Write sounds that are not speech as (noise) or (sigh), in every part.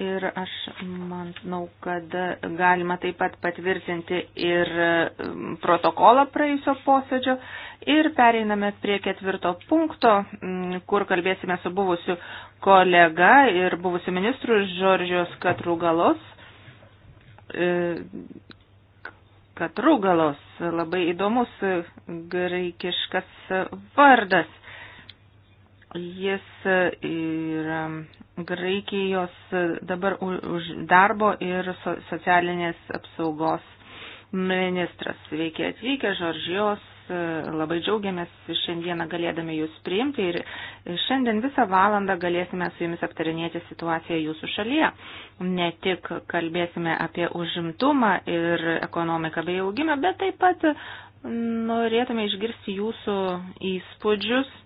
Ir aš manau, kad galima taip pat patvirtinti ir um, protokolą praėjusio posėdžio. Ir pereiname prie ketvirto punkto, mm, kur kalbėsime su buvusiu kolega ir buvusiu ministru Žoržijos Katrugalos. E, Katrugalos, labai įdomus graikiškas vardas. Jis e, yra Graikijos e, dabar už darbo ir socialinės apsaugos ministras. Sveiki atvykę, Žoržijos, e, labai džiaugiamės šiandieną galėdami jūs priimti ir šiandien visą valandą galėsime su jumis aptarinėti situaciją jūsų šalyje. Ne tik kalbėsime apie užimtumą ir ekonomiką bei augimą, bet taip pat norėtume išgirsti jūsų įspūdžius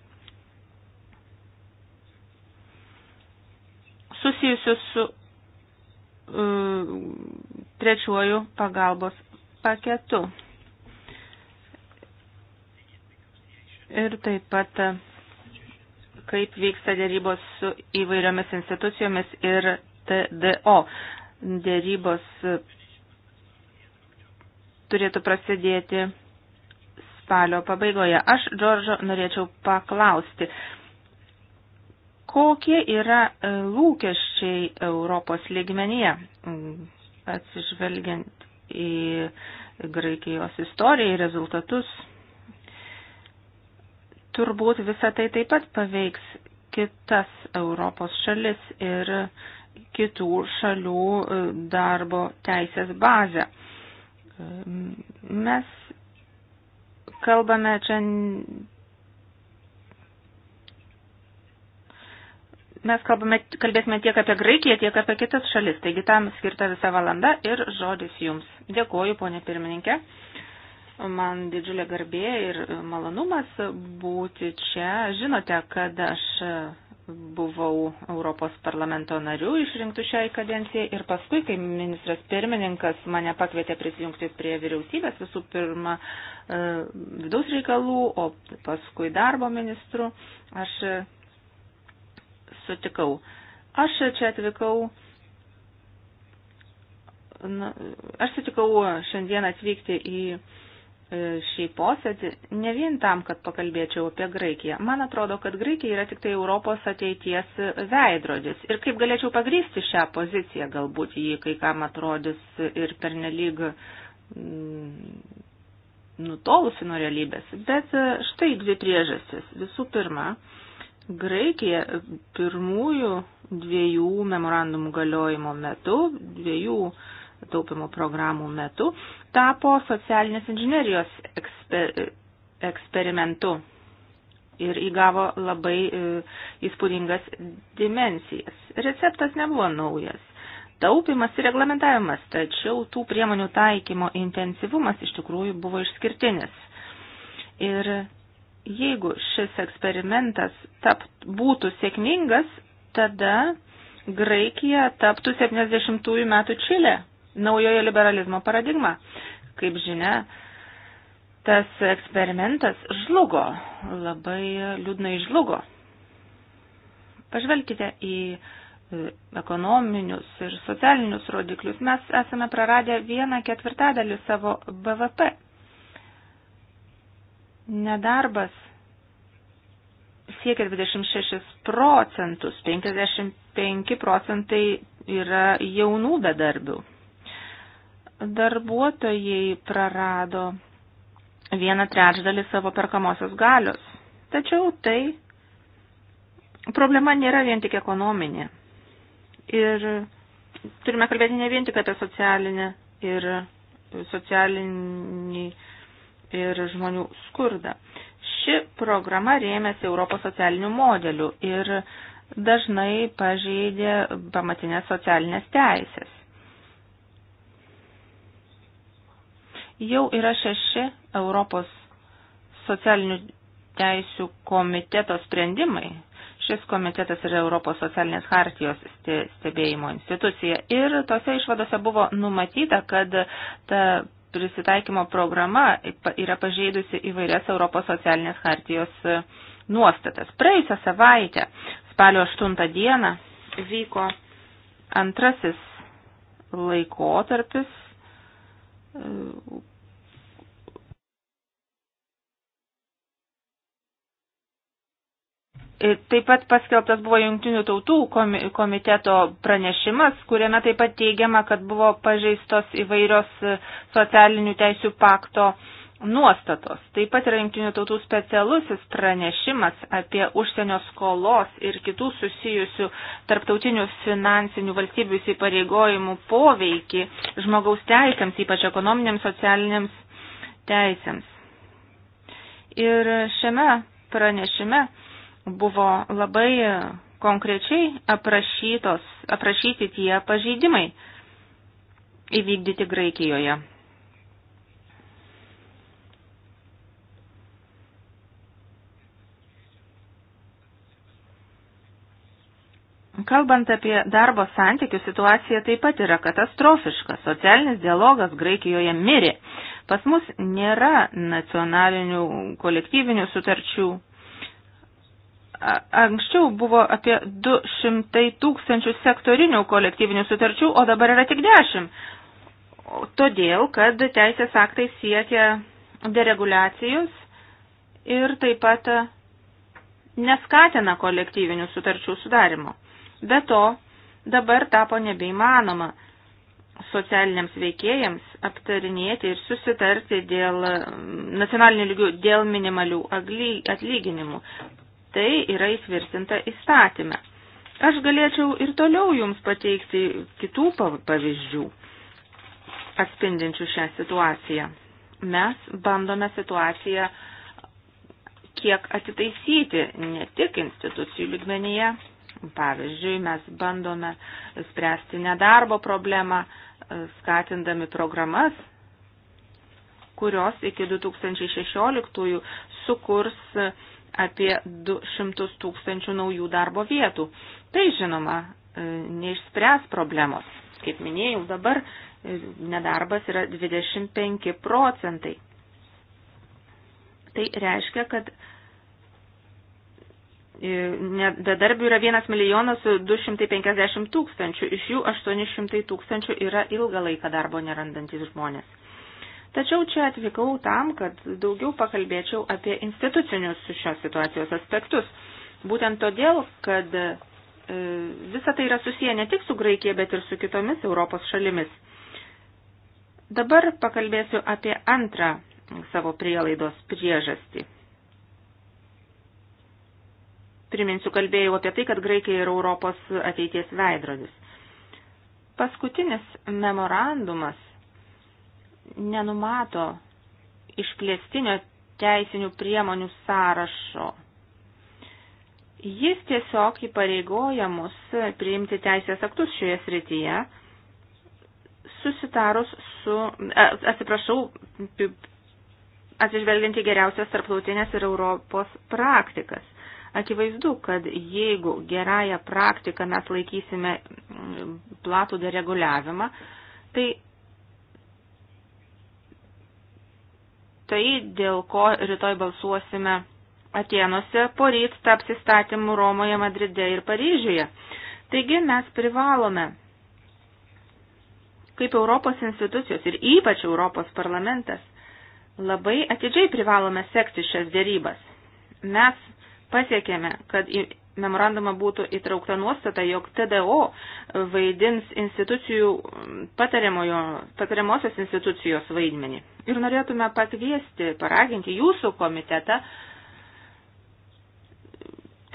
susijusius su uh, trečiuoju pagalbos paketu. Ir taip pat, e, kaip vyksta dėrybos su įvairiomis institucijomis ir TDO. Dėrybos e, turėtų prasidėti spalio pabaigoje. Aš, Džordžo, norėčiau paklausti, kokie yra e, lūkesčiai Europos lygmenyje, atsižvelgiant į Graikijos istoriją, į rezultatus. Turbūt visa tai taip pat paveiks kitas Europos šalis ir kitų šalių e, darbo teisės bazę. E, mes kalbame čia Mes kalbame, kalbėsime tiek apie Graikiją, tiek apie kitas šalis, taigi tam skirta visa valanda ir žodis jums. Dėkuoju, ponė pirmininkė. Man didžiulė garbė ir malonumas būti čia. Žinote, kad aš buvau Europos parlamento narių išrinktų šiai kadencijai ir paskui, kai ministras pirmininkas mane pakvietė prisijungti prie vyriausybės, visų pirma e, vidaus reikalų, o paskui darbo ministrų, aš sutikau. Aš čia atvykau. Na, aš sutikau šiandien atvykti į e, šį posėdį ne vien tam, kad pakalbėčiau apie Graikiją. Man atrodo, kad Graikija yra tik tai Europos ateities veidrodis. Ir kaip galėčiau pagrysti šią poziciją, galbūt jį kai kam atrodys ir pernelyg mm, nutolusi nuo realybės. Bet e, štai dvi priežastis. Visų pirma, Graikija pirmųjų dviejų memorandumų galiojimo metu, dviejų taupimo programų metu, tapo socialinės inžinerijos eksper, eksperimentu ir įgavo labai e, įspūdingas dimensijas. Receptas nebuvo naujas. Taupimas ir reglamentavimas, tačiau tų priemonių taikymo intensyvumas iš tikrųjų buvo išskirtinis. Ir Jeigu šis eksperimentas tap, būtų sėkmingas, tada Graikija taptų 70-ųjų metų Čilė, naujojo liberalizmo paradigma. Kaip žinia, tas eksperimentas žlugo, labai liūdnai žlugo. Pažvelkite į e, ekonominius ir socialinius rodiklius. Mes esame praradę vieną ketvirtadalį savo BVP Nedarbas siekia 26 procentus, 55 procentai yra jaunų bedarbių. Darbuotojai prarado vieną trečdalį savo perkamosios galios. Tačiau tai problema nėra vien tik ekonominė. Ir turime kalbėti ne vien tik apie socialinę ir socialinį ir žmonių skurdą. Ši programa rėmėsi Europos socialiniu modeliu ir dažnai pažeidė pamatinės socialinės teisės. Jau yra šeši Europos socialinių teisių komiteto sprendimai. Šis komitetas yra Europos socialinės hartijos stebėjimo institucija ir tose išvadose buvo numatyta, kad ta prisitaikymo programa yra pažeidusi įvairias Europos socialinės hartijos e, nuostatas. Praėjusią savaitę, spalio 8 dieną, vyko antrasis laikotarpis, e, Taip pat paskelbtas buvo Junktinių tautų komiteto pranešimas, kuriame taip pat teigiama, kad buvo pažeistos įvairios e, socialinių teisių pakto nuostatos. Taip pat yra Junktinių tautų specialusis pranešimas apie užsienio skolos ir kitų susijusių tarptautinių finansinių valstybių įsipareigojimų poveikį žmogaus teisėms, ypač ekonominėms, socialinėms teisėms. Ir šiame pranešime buvo labai konkrečiai aprašytos, aprašyti tie pažeidimai įvykdyti Graikijoje. Kalbant apie darbo santykių situaciją taip pat yra katastrofiška. Socialinis dialogas Graikijoje mirė. Pas mus nėra nacionalinių kolektyvinių sutarčių, Anksčiau buvo apie 200 tūkstančių sektorinių kolektyvinių sutarčių, o dabar yra tik 10. Todėl, kad teisės aktai siekia deregulacijos ir taip pat neskatina kolektyvinių sutarčių sudarimo. Be to, dabar tapo nebeįmanoma socialiniams veikėjams aptarinėti ir susitarti dėl nacionalinių lygių dėl minimalių atlyginimų tai yra įtvirtinta įstatymę. Aš galėčiau ir toliau jums pateikti kitų pavyzdžių atspindinčių šią situaciją. Mes bandome situaciją kiek atitaisyti ne tik institucijų lygmenyje, pavyzdžiui, mes bandome spręsti nedarbo problemą, e, skatindami programas, kurios iki 2016 sukurs apie 200 tūkstančių naujų darbo vietų. Tai žinoma, e, neišspręs problemos. Kaip minėjau, dabar e, nedarbas yra 25 procentai. Tai reiškia, kad e, bedarbių yra 1 milijonas 250 tūkstančių, iš jų 800 tūkstančių yra ilgą laiką darbo nerandantis žmonės. Tačiau čia atvykau tam, kad daugiau pakalbėčiau apie institucinius šios situacijos aspektus. Būtent todėl, kad e, visa tai yra susiję ne tik su Graikija, bet ir su kitomis Europos šalimis. Dabar pakalbėsiu apie antrą savo prielaidos priežastį. Priminsiu, kalbėjau apie tai, kad Graikija yra Europos ateities veidrodis. Paskutinis memorandumas nenumato išplėstinio teisinių priemonių sąrašo. Jis tiesiog įpareigoja mus priimti teisės aktus šioje srityje, susitarus su, e, atsiprašau, atsižvelgiant į geriausias tarptautinės ir Europos praktikas. Akivaizdu, kad jeigu gerąją praktiką mes laikysime platų dereguliavimą, tai tai, dėl ko rytoj balsuosime Atenuose, poryt taps įstatymų Romoje, Madride ir Paryžiuje. Taigi mes privalome, kaip Europos institucijos ir ypač Europos parlamentas, labai atidžiai privalome sekti šias dėrybas. Mes pasiekėme, kad memorandumą būtų įtraukta nuostata, jog TDO vaidins institucijų patariamosios institucijos vaidmenį. Ir norėtume pakviesti, paraginti jūsų komitetą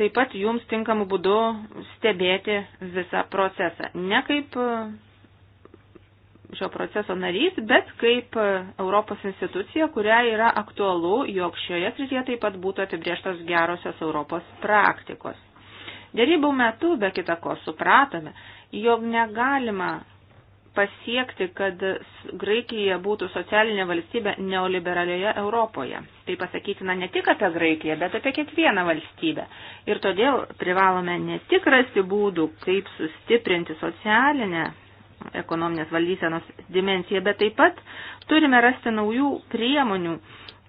taip pat jums tinkamu būdu stebėti visą procesą. Ne kaip e, šio proceso narys, bet kaip e, Europos institucija, kuria yra aktualu, jog šioje srityje taip pat būtų apibrieštos gerosios Europos praktikos. Dėrybų metu, be kita ko, supratome, jog negalima pasiekti, kad Graikija būtų socialinė valstybė neoliberalioje Europoje. Tai pasakytina ne tik apie Graikiją, bet apie kiekvieną valstybę. Ir todėl privalome ne tik rasti būdų, kaip sustiprinti socialinę ekonominės valdysenos dimenciją, bet taip pat turime rasti naujų priemonių,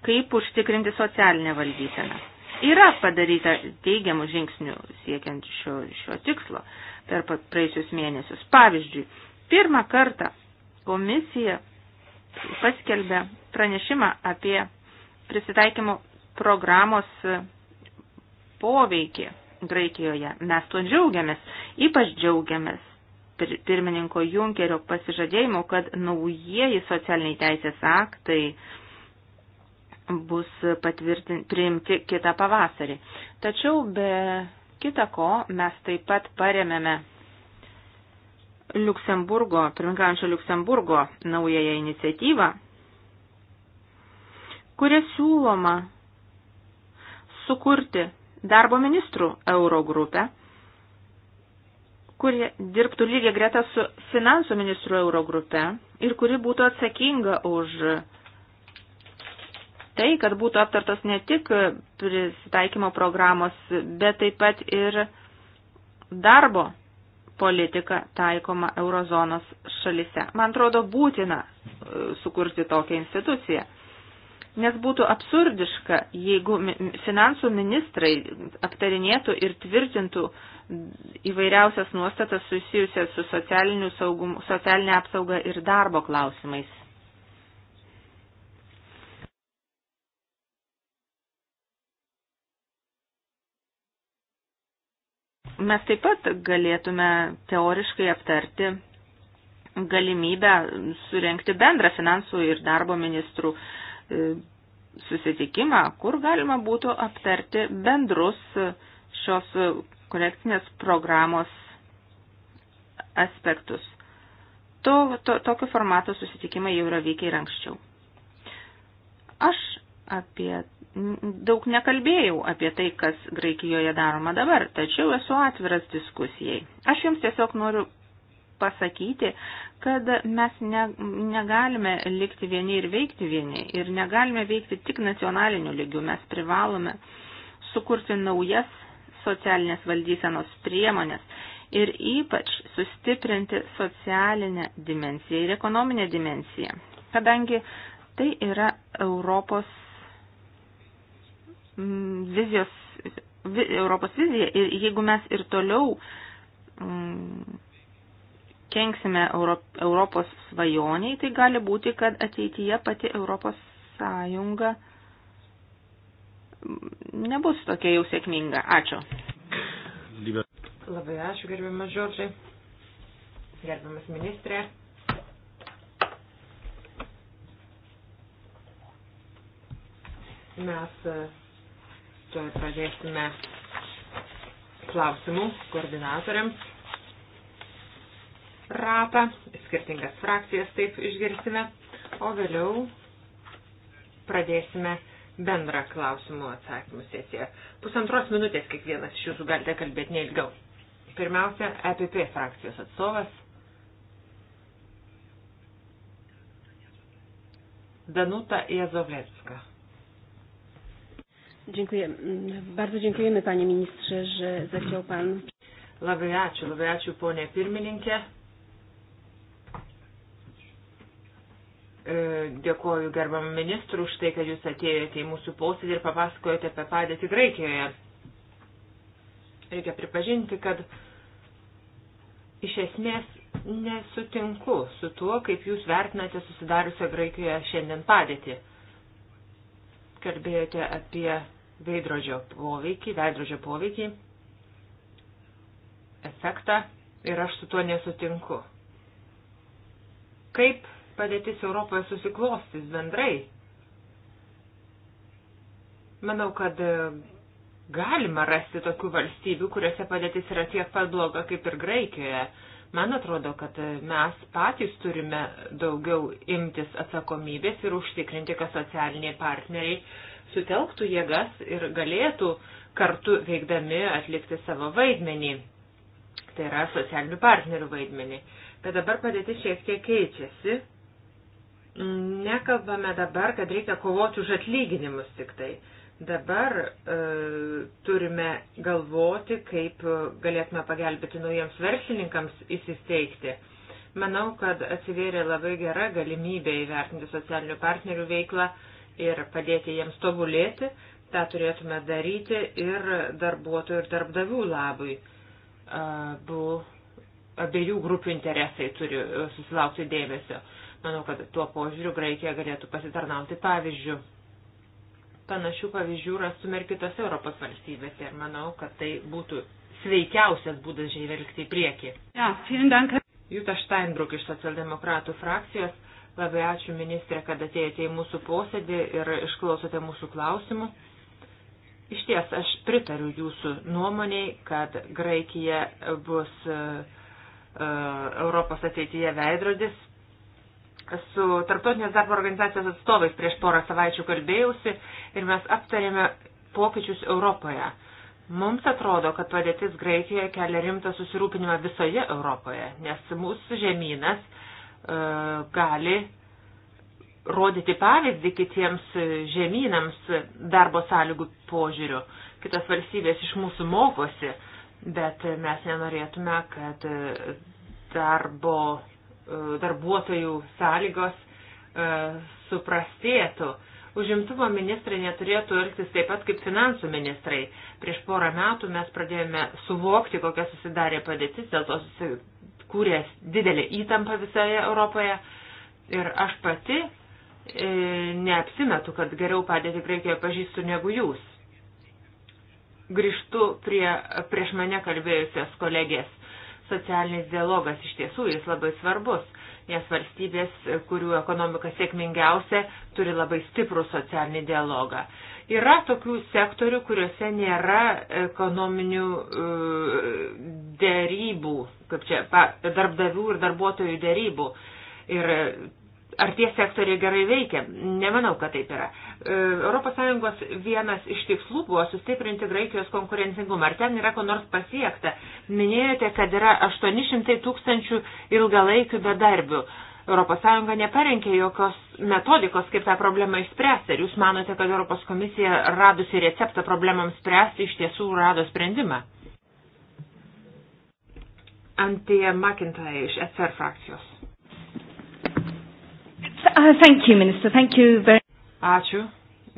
kaip užtikrinti socialinę valdyseną yra padaryta teigiamų žingsnių siekiant šio, šio tikslo per praeisius mėnesius. Pavyzdžiui, pirmą kartą komisija paskelbė pranešimą apie prisitaikymo programos poveikį Graikijoje. Mes tuo džiaugiamės, ypač džiaugiamės pirmininko Junkerio pasižadėjimu, kad naujieji socialiniai teisės aktai bus priimti kitą pavasarį. Tačiau be kita ko mes taip pat paremėme Luksemburgo, pirmininkančio Luksemburgo naująją iniciatyvą, kuria siūloma sukurti darbo ministrų eurogrupę, kuri dirbtų lygiai greta su finansų ministrų eurogrupe ir kuri būtų atsakinga už tai, kad būtų aptartos ne tik prisitaikymo programos, bet taip pat ir darbo politika taikoma eurozonos šalise. Man atrodo būtina e, sukurti tokią instituciją. Nes būtų absurdiška, jeigu finansų ministrai aptarinėtų ir tvirtintų įvairiausias nuostatas susijusias su socialiniu saugumu, socialinė apsauga ir darbo klausimais. mes taip pat galėtume teoriškai aptarti galimybę surenkti bendrą finansų ir darbo ministrų e, susitikimą, kur galima būtų aptarti bendrus šios korekcinės programos aspektus. To, to, tokio formato susitikimai jau yra vykę ir anksčiau. Aš apie, daug nekalbėjau apie tai, kas Graikijoje daroma dabar, tačiau esu atviras diskusijai. Aš jums tiesiog noriu pasakyti, kad mes ne, negalime likti vieni ir veikti vieni ir negalime veikti tik nacionaliniu lygiu, mes privalome sukurti naujas socialinės valdysenos priemonės ir ypač sustiprinti socialinę dimensiją ir ekonominę dimensiją, kadangi tai yra Europos Mm, vizijos, Europos viziją ir jeigu mes ir toliau mm, kenksime Europos svajoniai, tai gali būti, kad ateityje pati Europos sąjunga mm, nebus tokia jau sėkminga. Ačiū. Labai ačiū, gerbiamas Žodžiai, gerbiamas ministrė. Mes Tuo pradėsime klausimų koordinatoriams ratą, skirtingas frakcijas taip išgirsime, o vėliau pradėsime bendrą klausimų atsakymų sesiją. Pusantros minutės kiekvienas iš jūsų galite kalbėti neilgiau. Pirmiausia, EPP frakcijos atstovas Danuta Jazovlecka. Dziękuję. Bardzo dziękujemy Panie Ministrze, że zechciał Pan. Labai ačiū, labai ačiū ponė pirmininkė. E, dėkoju gerbam ministru už tai, kad jūs atėjote į mūsų posėdį ir papasakojote apie padėtį Graikijoje. Reikia pripažinti, kad iš esmės nesutinku su tuo, kaip jūs vertinate susidariusią Graikijoje šiandien padėtį kalbėjote apie veidrodžio poveikį, veidrodžio poveikį, efektą ir aš su tuo nesutinku. Kaip padėtis Europoje susiklostys bendrai? Manau, kad galima rasti tokių valstybių, kuriuose padėtis yra tiek pat bloga kaip ir Graikijoje. Man atrodo, kad mes patys turime daugiau imtis atsakomybės ir užtikrinti, kad socialiniai partneriai sutelktų jėgas ir galėtų kartu veikdami atlikti savo vaidmenį. Tai yra socialinių partnerių vaidmenį. Bet dabar padėtis šiek tiek keičiasi. Nekalbame dabar, kad reikia kovoti už atlyginimus tik tai. Dabar e, turime galvoti, kaip galėtume pagelbėti naujiems verslininkams įsisteigti. Manau, kad atsivėrė labai gera galimybė įvertinti socialinių partnerių veiklą ir padėti jiems tobulėti. Ta turėtume daryti ir darbuotojų ir darbdavių labui. Abu, e, abiejų grupių interesai turi e, susilaukti dėmesio. Manau, kad tuo požiūriu Graikija galėtų pasitarnauti pavyzdžių. Panašių pavyzdžių rastume ir kitose Europos valstybėse ir manau, kad tai būtų sveikiausias būdas žvelgti į priekį. Ja, Jūta Steinbruk iš socialdemokratų frakcijos. Labai ačiū ministrė, kad atėjote į mūsų posėdį ir išklausote mūsų klausimų. Iš ties, aš pritariu jūsų nuomoniai, kad Graikija bus uh, Europos ateityje veidrodis, su Tarptautinės darbo organizacijos atstovais prieš porą savaičių kalbėjausi ir mes aptarėme pokyčius Europoje. Mums atrodo, kad padėtis Graikijoje kelia rimtą susirūpinimą visoje Europoje, nes mūsų žemynas e, gali rodyti pavyzdį kitiems žemynams darbo sąlygų požiūrių. Kitos valstybės iš mūsų mokosi, bet mes nenorėtume, kad darbo E, darbuotojų sąlygos e, suprastėtų. Užimtumo ministrai neturėtų elgtis taip pat kaip finansų ministrai. Prieš porą metų mes pradėjome suvokti, kokia susidarė padėtis, dėl to susikūrė didelė įtampa visoje Europoje. Ir aš pati e, neapsimetu, kad geriau padėti Graikijoje pažįstu negu jūs. Grįžtu prie prieš mane kalbėjusios kolegės Socialinis dialogas iš tiesų jis labai svarbus, nes valstybės, kurių ekonomika sėkmingiausia, turi labai stiprų socialinį dialogą. Yra tokių sektorių, kuriuose nėra ekonominių e, dėrybų, kaip čia, darbdavių ir darbuotojų dėrybų. Ir Ar tie sektoriai gerai veikia? Nemanau, kad taip yra. ES vienas iš tikslų buvo sustiprinti Graikijos konkurencingumą. Ar ten yra ko nors pasiekta? Minėjote, kad yra 800 tūkstančių ilgalaikių bedarbių. ES neparenkė jokios metodikos, kaip tą problemą išspręsti. Ar jūs manote, kad ES komisija radusi receptą problemams spręsti iš tiesų rado sprendimą? Antie McIntyre iš SR frakcijos. Uh, thank you, minister. Thank you very... Ačiū,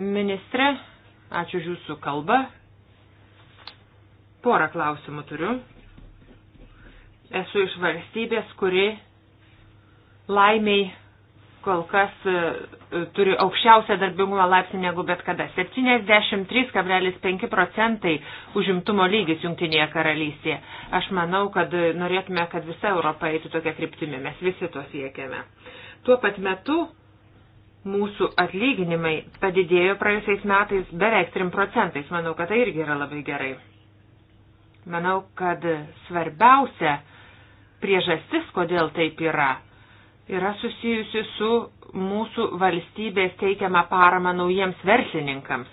ministre. Ačiū už jūsų kalbą. Porą klausimų turiu. Esu iš valstybės, kuri laimiai kol kas e, e, turi aukščiausią darbingumo laipsnį negu bet kada. 73,5 procentai užimtumo lygis Junktinėje karalystėje. Aš manau, kad norėtume, kad visa Europa eitų tokia kryptimi. Mes visi to siekiame. Uh, Tuo pat metu mūsų atlyginimai padidėjo praėjusiais metais beveik 3 procentais. Manau, kad tai irgi yra labai gerai. Manau, kad svarbiausia priežastis, kodėl taip yra, yra susijusi su mūsų valstybės teikiama parama naujiems verslininkams.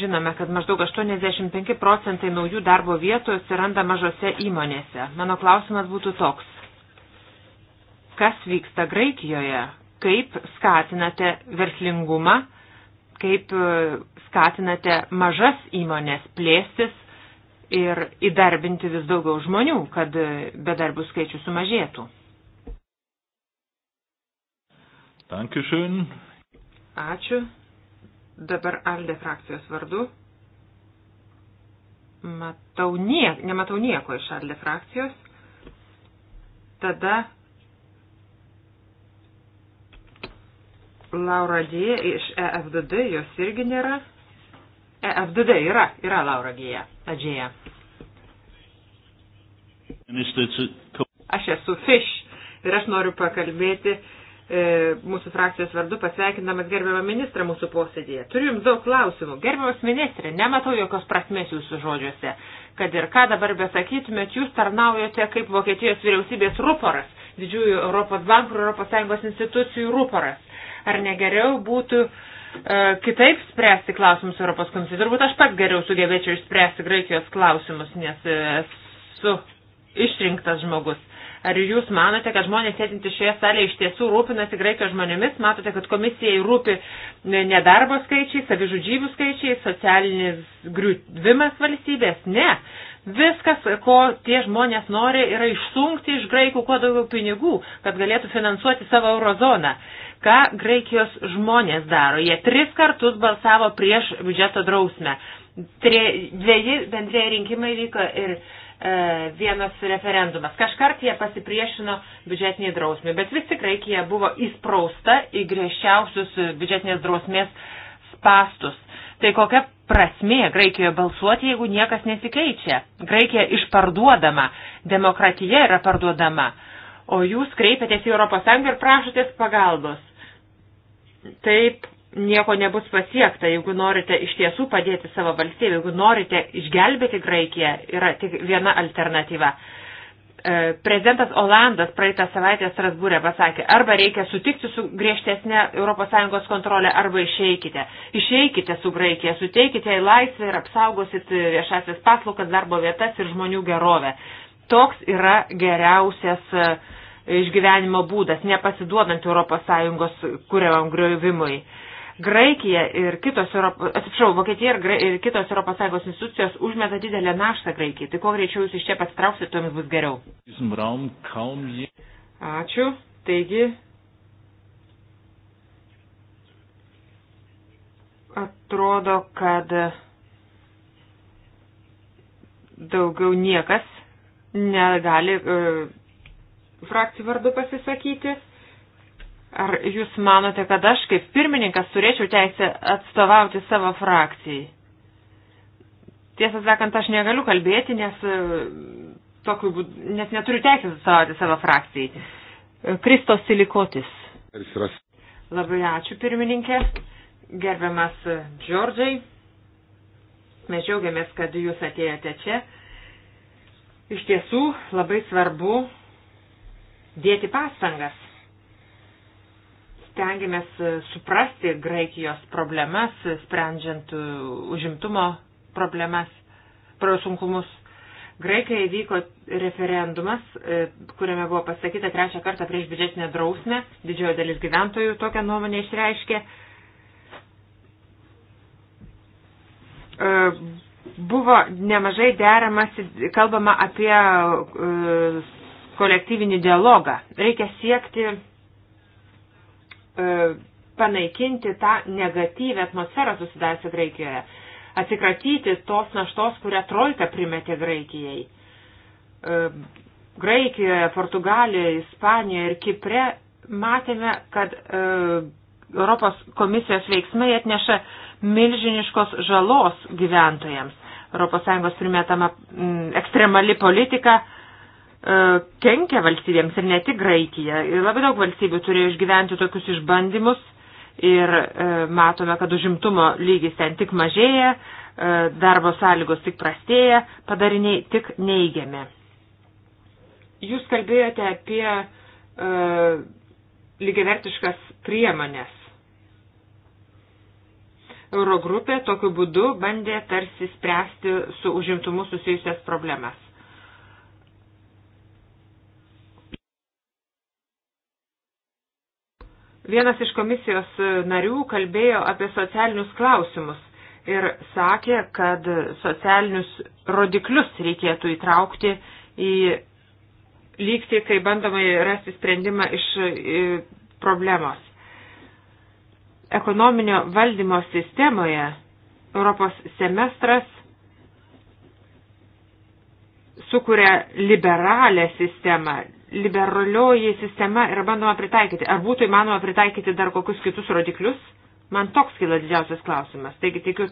Žinome, kad maždaug 85 procentai naujų darbo vietų atsiranda mažose įmonėse. Mano klausimas būtų toks kas vyksta Graikijoje, kaip skatinate verslingumą, kaip e, skatinate mažas įmonės plėstis ir įdarbinti vis daugiau žmonių, kad e, bedarbių skaičius sumažėtų. Dankeschön. Ačiū. Dabar Alde frakcijos vardu. Matau niek, nematau nieko iš Alde frakcijos. Tada Laura G. iš EFDD, jos irgi nėra. EFDD yra, yra Laura G. Adžėja. Aš esu Fish ir aš noriu pakalbėti e, mūsų frakcijos vardu, pasveikinamas gerbiamą ministrą mūsų posėdėje. Turiu Jums daug klausimų. Gerbiamas ministrė, nematau jokios prasmės Jūsų žodžiuose kad ir ką dabar besakytumėt, jūs tarnaujate kaip Vokietijos vyriausybės ruporas, didžiųjų Europos bankų ir ES institucijų ruporas. Ar negeriau būtų e, kitaip spręsti klausimus Europos komisijai? Turbūt aš pat geriau sugebėčiau išspręsti Graikijos klausimus, nes esu išrinktas žmogus. Ar jūs manote, kad žmonės sėdinti šioje salėje iš tiesų rūpinasi Graikijos žmonėmis? Matote, kad komisijai rūpi nedarbo skaičiai, savižudžybių skaičiai, socialinis griūvimas valstybės? Ne. Viskas, ko tie žmonės nori, yra išsunkti iš graikų kuo daugiau pinigų, kad galėtų finansuoti savo eurozoną. Ką Graikijos žmonės daro? Jie tris kartus balsavo prieš biudžeto drausmę. Dvieji bendrėjai rinkimai vyko ir E, vienas referendumas. Kažkart jie pasipriešino biudžetiniai drausmiai, bet vis tik Graikija buvo įsprausta į griežčiausius biudžetinės drausmės spastus. Tai kokia prasmė Graikijoje balsuoti, jeigu niekas nesikeičia? Graikija išparduodama, demokratija yra parduodama, o jūs kreipiatės į ES ir prašotės pagalbos. Taip nieko nebus pasiekta, jeigu norite iš tiesų padėti savo valstybę, jeigu norite išgelbėti Graikiją, yra tik viena alternatyva. E, prezidentas Olandas praeitą savaitę Strasbūrė pasakė, arba reikia sutikti su griežtesnė ES kontrolė, arba išeikite. Išeikite su Graikija, suteikite jai laisvę ir apsaugosit viešasis paslaugas, darbo vietas ir žmonių gerovę. Toks yra geriausias e, išgyvenimo būdas, nepasiduodant ES kuriamam griovimui. Graikija ir kitos, Europo, atsiprašau, Vokietija ir, ir kitos ES institucijos užmeta didelę naštą Graikijai. Tai kuo greičiau jūs iš čia pastrauksite, tuo jums bus geriau. Ačiū. Taigi, atrodo, kad daugiau niekas negali e, frakcijų vardu pasisakyti. Ar jūs manote, kad aš kaip pirmininkas turėčiau teisę atstovauti savo frakcijai? Tiesą sakant, aš negaliu kalbėti, nes, e, tokiu, nes neturiu teisės atstovauti savo frakcijai. E, Kristos Silikotis. Labai ačiū pirmininkė. Gerbiamas e, Džordžiai, mes džiaugiamės, kad jūs atėjote čia. Iš tiesų labai svarbu dėti pastangas stengiamės e, suprasti Graikijos problemas, sprendžiant e, užimtumo problemas, prasunkumus. Graikijoje vyko referendumas, e, kuriame buvo pasakyta trečią kartą prieš biudžetinę drausmę, didžioji dalis gyventojų tokią nuomonę išreiškė. Buvo nemažai deramasi, kalbama apie kolektyvinį dialogą. Reikia siekti E, panaikinti tą negatyvę atmosferą susidariusią Graikijoje, atsikratyti tos naštos, kurią trojka primetė Graikijai. E, Graikijoje, Portugalijoje, Ispanijoje ir Kipre matėme, kad e, Europos komisijos veiksmai atneša milžiniškos žalos gyventojams. ES primetama ekstremali politika E, kenkia valstybėms ir ne tik Graikija. Ir labai daug valstybių turėjo išgyventi tokius išbandymus ir e, matome, kad užimtumo lygis ten tik mažėja, e, darbo sąlygos tik prastėja, padariniai tik neigiami. Jūs kalbėjote apie uh, lygiavertiškas priemonės. Eurogrupė tokiu būdu bandė tarsi spręsti su užimtumu susijusias problemas. Vienas iš komisijos e, narių kalbėjo apie socialinius klausimus ir sakė, kad socialinius rodiklius reikėtų įtraukti į lygti, kai bandoma rasti sprendimą iš e, problemos. Ekonominio valdymo sistemoje Europos semestras sukuria liberalę sistemą, liberalioji sistema yra bandoma pritaikyti. Ar būtų įmanoma pritaikyti dar kokius kitus rodiklius? Man toks kila didžiausias klausimas. Taigi tikiu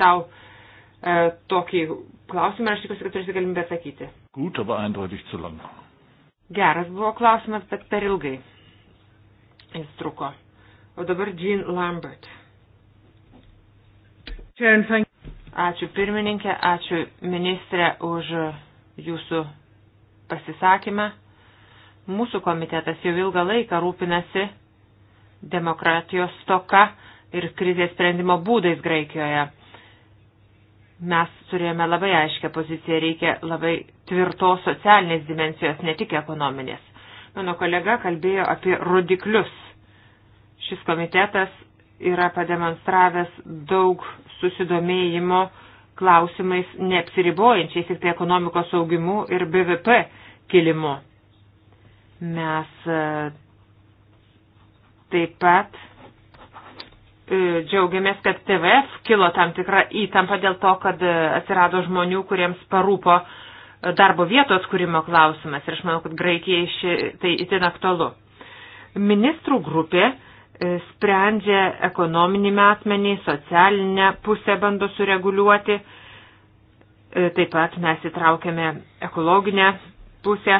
tau e, tokį klausimą ir aš tikiuosi, kad turėsi galimybę atsakyti. Gut, aber eindeutig zu lang. Geras buvo klausimas, bet per ilgai jis truko. O dabar Jean Lambert. Ačiū pirmininkė, ačiū ministrė už jūsų pasisakymą. Mūsų komitetas jau ilgą laiką rūpinasi demokratijos stoka ir krizės sprendimo būdais Graikijoje. Mes turėjome labai aiškę poziciją, reikia labai tvirtos socialinės dimensijos, ne tik ekonominės. Mano kolega kalbėjo apie rodiklius. Šis komitetas yra pademonstravęs daug susidomėjimo klausimais neapsiribojančiais tik tai ekonomikos augimu ir BVP kilimu. Mes e, taip pat e, džiaugiamės, kad TVF kilo tam tikrą įtampą dėl to, kad e, atsirado žmonių, kuriems parūpo darbo vietos kūrimo klausimas ir aš manau, kad Graikijai ši, tai itin aktualu. Ministrų grupė sprendžia ekonominį metmenį, socialinę pusę bando sureguliuoti, taip pat mes įtraukiame ekologinę pusę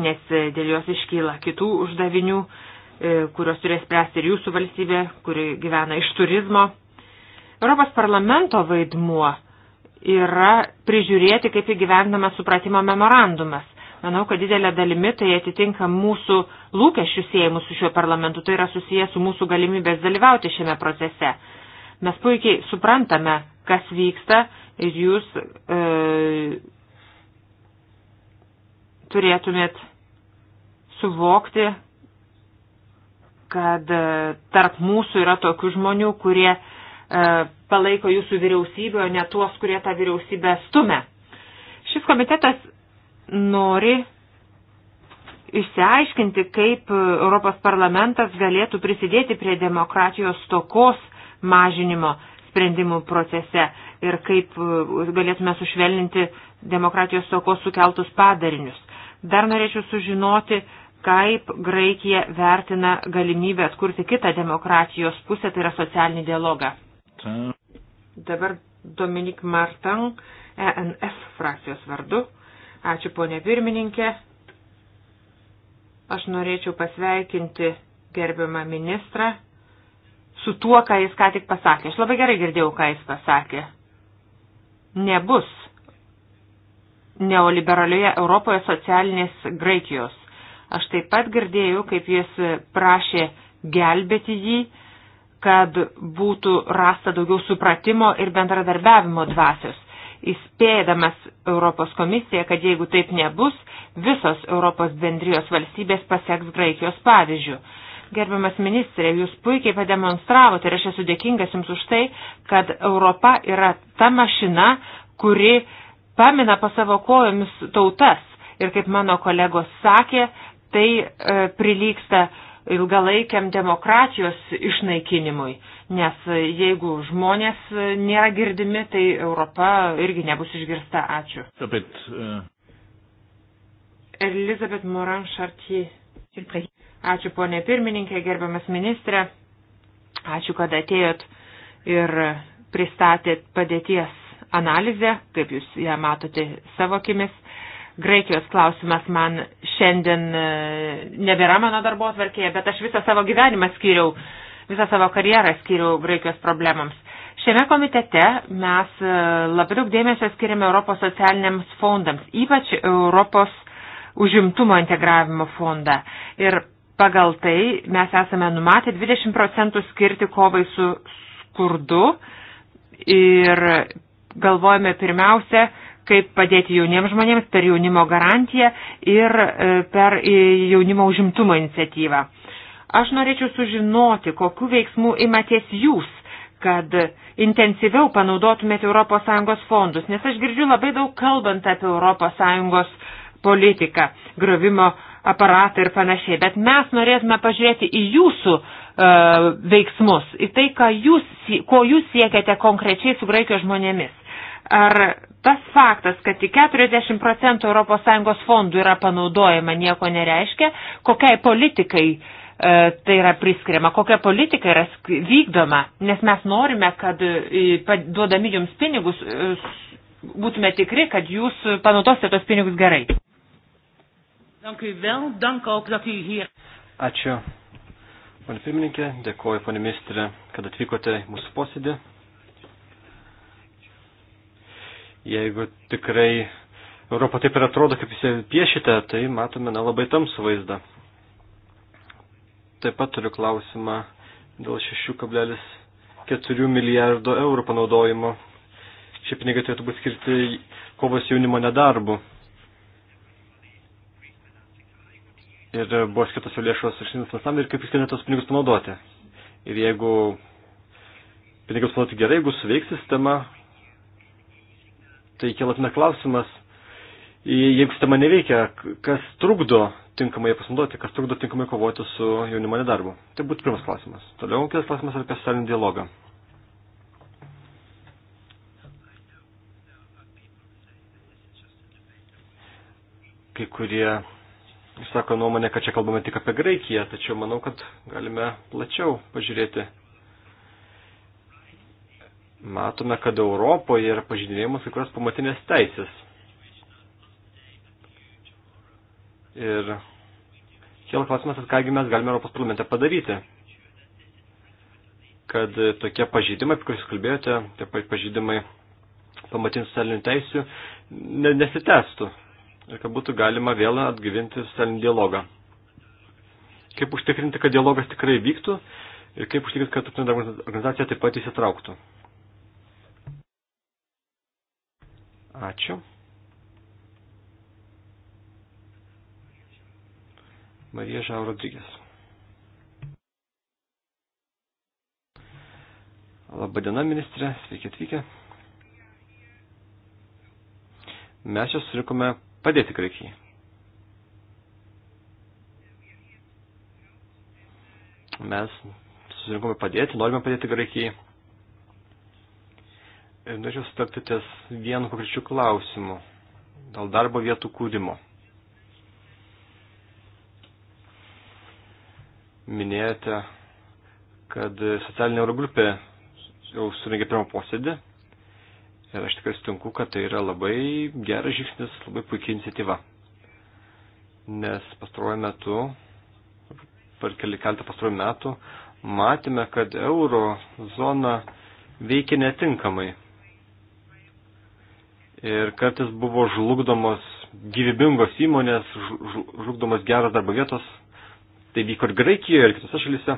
nes e, dėl jos iškyla kitų uždavinių, e, kurios turės spręsti ir jūsų valstybė, kuri gyvena iš turizmo. Europos parlamento vaidmuo yra prižiūrėti, kaip įgyvendama supratimo memorandumas. Manau, kad didelė dalimi tai atitinka mūsų lūkesčių siejimų su šiuo parlamentu, tai yra susijęs su mūsų galimybės dalyvauti šiame procese. Mes puikiai suprantame, kas vyksta ir jūs e, turėtumėt suvokti, kad e, tarp mūsų yra tokių žmonių, kurie e, palaiko jūsų vyriausybę, o ne tuos, kurie tą vyriausybę stumia. Šis komitetas nori išsiaiškinti, kaip Europos parlamentas galėtų prisidėti prie demokratijos stokos mažinimo sprendimų procese ir kaip e, galėtume sušvelninti demokratijos stokos sukeltus padarinius. Dar norėčiau sužinoti, kaip Graikija vertina galimybę atkurti kitą demokratijos pusę, tai yra socialinį dialogą. Dabar Dominik Martang, ENF frakcijos vardu. Ačiū, ponė pirmininkė. Aš norėčiau pasveikinti gerbiamą ministrą su tuo, ką jis ką tik pasakė. Aš labai gerai girdėjau, ką jis pasakė. Nebus neoliberalioje Europoje socialinės Graikijos. Aš taip pat girdėjau, kaip jis prašė gelbėti jį, kad būtų rasta daugiau supratimo ir bendradarbiavimo dvasios, įspėdamas Europos komisiją, kad jeigu taip nebus, visos Europos bendrijos valstybės paseks Graikijos pavyzdžių. Gerbiamas ministrė, jūs puikiai pademonstravote ir aš esu dėkingas jums už tai, kad Europa yra ta mašina, kuri uh, pamina po savo kojomis tautas ir kaip mano kolegos sakė, tai e, prilyksta ilgalaikiam demokratijos išnaikinimui, nes e, jeigu žmonės e, nėra girdimi, tai Europa irgi nebus išgirsta. Ačiū. Elizabeth e. Moran Chartier. Ačiū ponė pirmininkė, gerbiamas ministrė. Ačiū, kad atėjot ir pristatėt padėties analizę, kaip jūs ją matote savo akimis. Graikijos klausimas man šiandien e, nebėra mano darbo atvarkėje, bet aš visą savo gyvenimą skyriau, visą savo karjerą skyriau Graikijos problemams. Šiame komitete mes e, labai daug dėmesio skiriame Europos socialiniams fondams, ypač Europos užimtumo integravimo fondą. Ir pagal tai mes esame numatę 20 procentų skirti kovai su skurdu ir galvojame pirmiausia, kaip padėti jauniems žmonėms per jaunimo garantiją ir e, per e, jaunimo užimtumo iniciatyvą. Aš norėčiau sužinoti, kokiu veiksmu imatės jūs, kad intensyviau panaudotumėte ES fondus, nes aš girdžiu labai daug kalbant apie ES politiką, grovimo aparatą ir panašiai, bet mes norėtume pažiūrėti į jūsų uh, veiksmus, į tai, jūs, ko jūs siekiate konkrečiai su graikijos žmonėmis. Ar tas faktas, kad tik 40 procentų ES fondų yra panaudojama, nieko nereiškia, kokiai politikai e, tai yra priskiriama, kokia politika yra vykdoma, nes mes norime, kad e, duodami jums pinigus e, būtume tikri, kad jūs panaudosite tos pinigus gerai. Ačiū. Pane pirmininkė, dėkoju, pane ministrė, kad atvykote į mūsų posėdį. Jeigu tikrai Europa taip ir atrodo, kaip jūs piešite, tai matome nelabai tamsų vaizdą. Taip pat turiu klausimą dėl 6,4 milijardo eurų panaudojimo. Šie pinigai turėtų būti skirti kovos jaunimo nedarbu. Ir buvo skirtas jau lėšos išsinis tam ir kaip jūs galite tos pinigus panaudoti. Ir jeigu pinigus panaudoti gerai, jeigu suveiks sistema, tai kėlatina klausimas, jeigu sistema neveikia, kas trukdo tinkamai pasinaudoti, kas trukdo tinkamai kovoti su jaunimo nedarbu. Tai būtų pirmas klausimas. Toliau kitas klausimas apie socialinį dialogą. Kai kurie sako nuomonę, kad čia kalbame tik apie Graikiją, tačiau manau, kad galime plačiau pažiūrėti matome, kad Europoje yra pažydinėjimas kai kurios pamatinės teisės. Ir kėl klausimas, kągi mes galime Europos parlamente padaryti, kad tokie pažydimai, apie kuriuos kalbėjote, tie pažydimai pamatinių socialinių teisių nesitestų ir kad būtų galima vėl atgyvinti socialinį dialogą. Kaip užtikrinti, kad dialogas tikrai vyktų ir kaip užtikrinti, kad tarptautinė organizacija taip pat įsitrauktų. Ačiū. Marija Žau Rodrygės. Labadiena, ministrė, sveiki atvykę. Mes čia surikome padėti Graikijai. Mes susirinkome padėti, norime padėti Graikijai norėčiau sutapti ties vienu konkrečiu klausimu dėl darbo vietų kūrimo. Minėjote, kad socialinė eurogrupė jau surengė pirmą posėdį ir aš tikrai sutinku, kad tai yra labai geras žingsnis, labai puikia iniciatyva. Nes pastaruoju metu, per keletą pastaruoju metų, matėme, kad euro zona veikia netinkamai ir kartais buvo žlugdomos gyvybingos įmonės, žlugdomos geros darbo vietos. Tai vyko ir Graikijoje, ir kitose šalyse.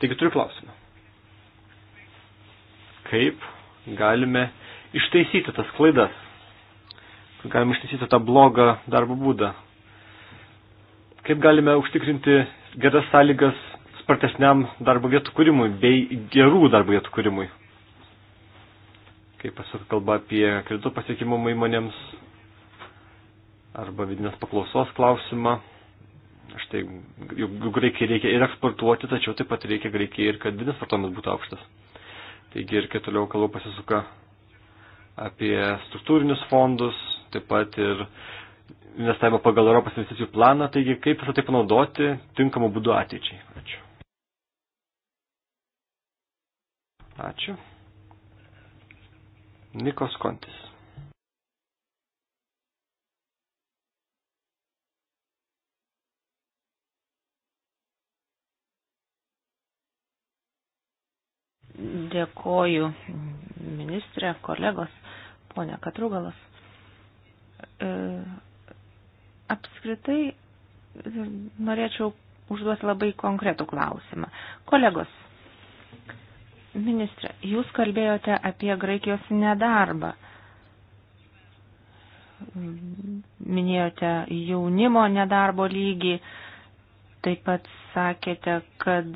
Taigi turiu klausimą. Kaip galime ištaisyti tas klaidas? Kaip galime ištaisyti tą blogą darbo būdą? Kaip galime užtikrinti geras sąlygas spartesniam darbo vietų kūrimui bei gerų darbo vietų kūrimui? kaip pasuk kalba apie kredito pasiekimumą įmonėms arba vidinės paklausos klausimą. Štai juk Graikijai reikia ir eksportuoti, tačiau taip pat reikia Graikijai ir kad vidinis vartojimas būtų aukštas. Taigi ir toliau kalba pasisuka apie struktūrinius fondus, taip pat ir investavimą pagal Europos investicijų planą, taigi kaip visą tai panaudoti tinkamu būdu ateičiai. Ačiū. Ačiū. Nikos Kontis. Dėkoju ministrė, kolegos, ponia Katrugalas. E, apskritai norėčiau užduoti labai konkretų klausimą. Kolegos Ministre, jūs kalbėjote apie Graikijos nedarbą. Minėjote jaunimo nedarbo lygį, taip pat sakėte, kad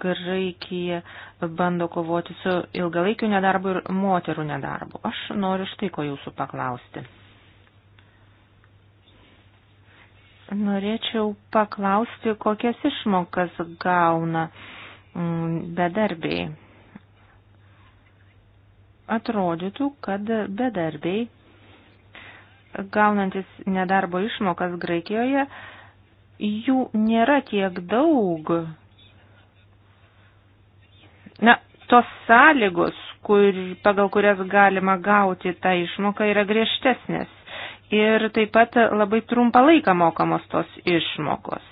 Graikija bando kovoti su ilgalaikiu nedarbu ir moterų nedarbu. Aš noriu štai ko jūsų paklausti. Norėčiau paklausti, kokias išmokas gauna mm, bedarbiai atrodytų, kad bedarbiai, gaunantis nedarbo išmokas Graikijoje, jų nėra tiek daug. Na, tos sąlygos, kur, pagal kurias galima gauti tą išmoką, yra griežtesnės. Ir taip pat labai trumpą laiką mokamos tos išmokos.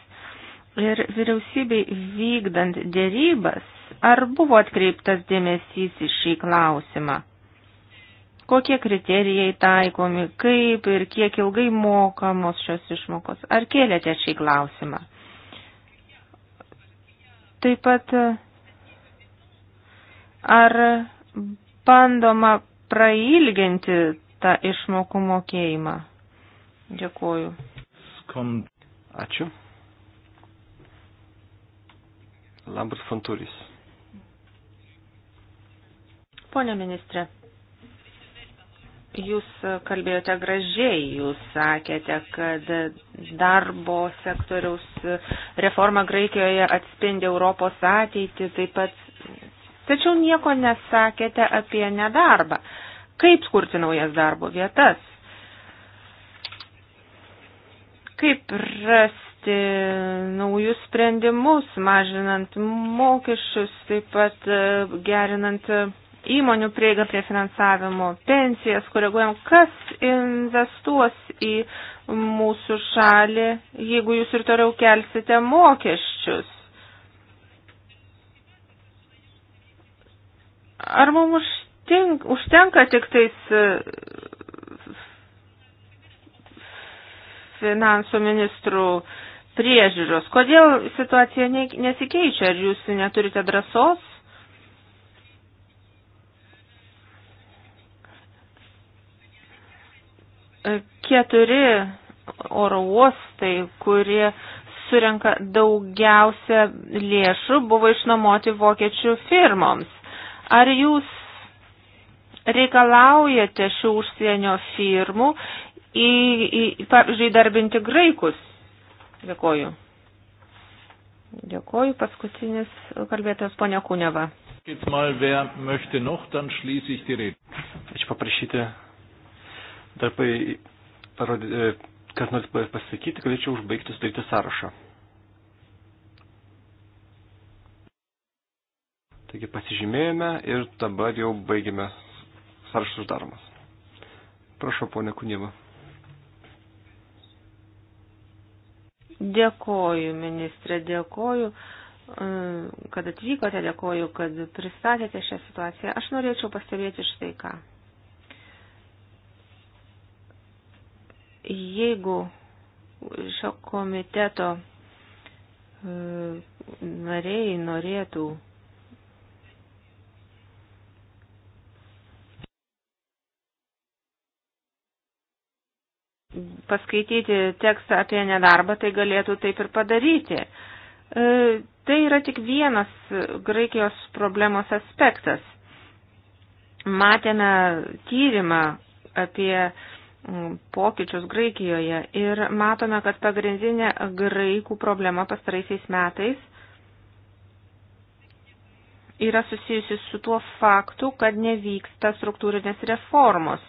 Ir vyriausybei vykdant dėrybas, ar buvo atkreiptas dėmesys į šį klausimą? kokie kriterijai taikomi, kaip ir kiek ilgai mokamos šios išmokos. Ar kėlėte šį klausimą? Taip pat, ar bandoma prailginti tą išmokų mokėjimą? Dėkuoju. Ačiū. Lambert Fonturis. Pone ministrė. Jūs kalbėjote gražiai, jūs sakėte, kad darbo sektoriaus reforma Graikijoje atspindi Europos ateitį, taip pat, tačiau nieko nesakėte apie nedarbą. Kaip kurti naujas darbo vietas? Kaip rasti naujus sprendimus, mažinant mokesčius, taip pat gerinant įmonių prieigą prie finansavimo, pensijas, koreguojam, kas investuos į mūsų šalį, jeigu jūs ir toliau kelsite mokesčius. Ar mums užtenka, užtenka tik tais e, finansų ministrų priežiūros? Kodėl situacija nesikeičia? Ar jūs neturite drąsos? keturi oro uostai, kurie surenka daugiausia lėšų, buvo išnuomoti vokiečių firmoms. Ar jūs reikalaujate šių užsienio firmų į, į, pavyzdžiui, darbinti graikus? Dėkoju. Dėkoju, paskutinis kalbėtojas ponia Kuneva. Aš paprašyti Dar parodė, e, kas nors pasakyti, galėčiau užbaigti sudaryti sąrašą. Taigi pasižymėjome ir dabar jau baigėme sąrašas uždaromas. Prašau, ponė Kunieva. Dėkoju, ministrė, dėkoju, e, kad atvykote, dėkoju, kad pristatėte šią situaciją. Aš norėčiau pastebėti štai ką. Jeigu šio komiteto e, nariai norėtų paskaityti tekstą apie nedarbą, tai galėtų taip ir padaryti. E, tai yra tik vienas Graikijos problemos aspektas. Matėme tyrimą apie Mm, pokyčius Graikijoje ir matome, kad pagrindinė graikų problema pastaraisiais metais yra susijusi su tuo faktu, kad nevyksta struktūrinės reformos.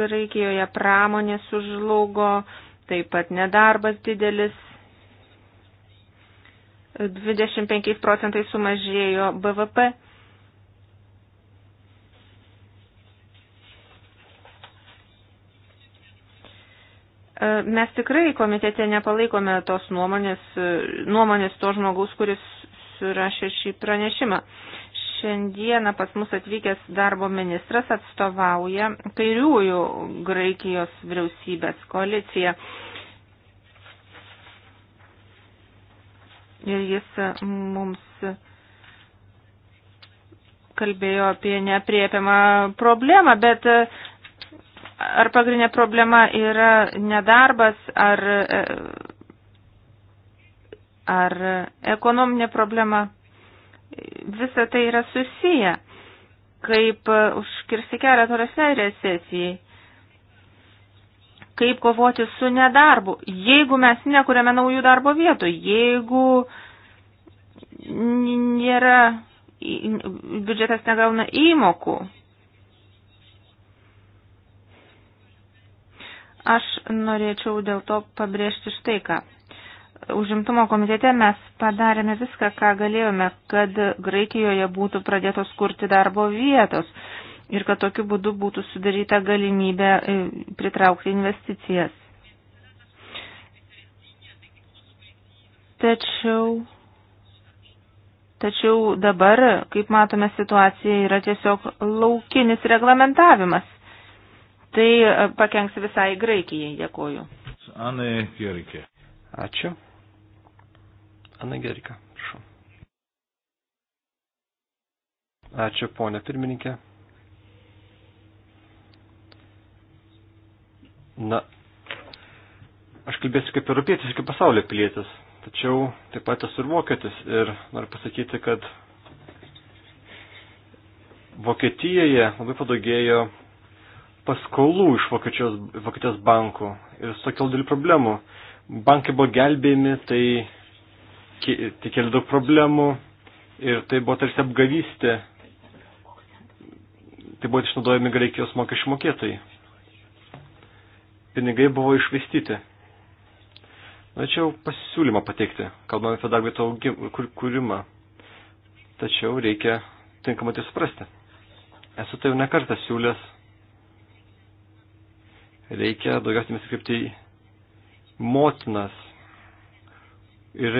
Graikijoje pramonė sužlugo, taip pat nedarbas didelis, 25 procentai sumažėjo BVP E, mes tikrai komitete nepalaikome tos nuomonės, e, nuomonės to žmogaus, kuris surašė šį pranešimą. Šiandieną pas mus atvykęs darbo ministras atstovauja kairiųjų Graikijos vyriausybės koaliciją. Ir jis e, mums kalbėjo apie nepriepiamą problemą, bet ar pagrindinė problema yra nedarbas, ar, e, ar ekonominė problema. Visa tai yra susiję, kaip užkirsti kelią tolesnei recesijai, kaip kovoti su nedarbu. Jeigu mes nekuriame naujų darbo vietų, jeigu nėra, biudžetas negauna įmokų, Aš norėčiau dėl to pabrėžti štai ką. Užimtumo komitete mes padarėme viską, ką galėjome, kad Graikijoje būtų pradėtos kurti darbo vietos ir kad tokiu būdu būtų sudaryta galimybė e, pritraukti investicijas. Tačiau, tačiau dabar, kaip matome, situacija yra tiesiog laukinis reglamentavimas tai e, pakenks visai Graikijai. Dėkoju. Ana Gerikė. Ačiū. Ana Gerika, prašau. Ačiū, ponė pirmininkė. Na, aš kalbėsiu kaip europietis, kaip pasaulio pilietis, tačiau taip pat esu ir vokietis ir noriu pasakyti, kad Vokietijoje labai padaugėjo paskolų iš Vokietijos, Vokietijos bankų ir sukėlė dėl problemų. Bankai buvo gelbėjami, tai, tai kėlė daug problemų ir tai buvo tarsi apgavystė. Tai buvo išnaudojami greikijos mokesčių mokėtojai. Pinigai buvo išvaistyti. Norėčiau pasiūlymą pateikti, kalbant apie darbo vietų kūrimą. Tačiau reikia tinkamai tai suprasti. Esu tai jau nekartą siūlęs reikia daugiausiai mes kreipti motinas ir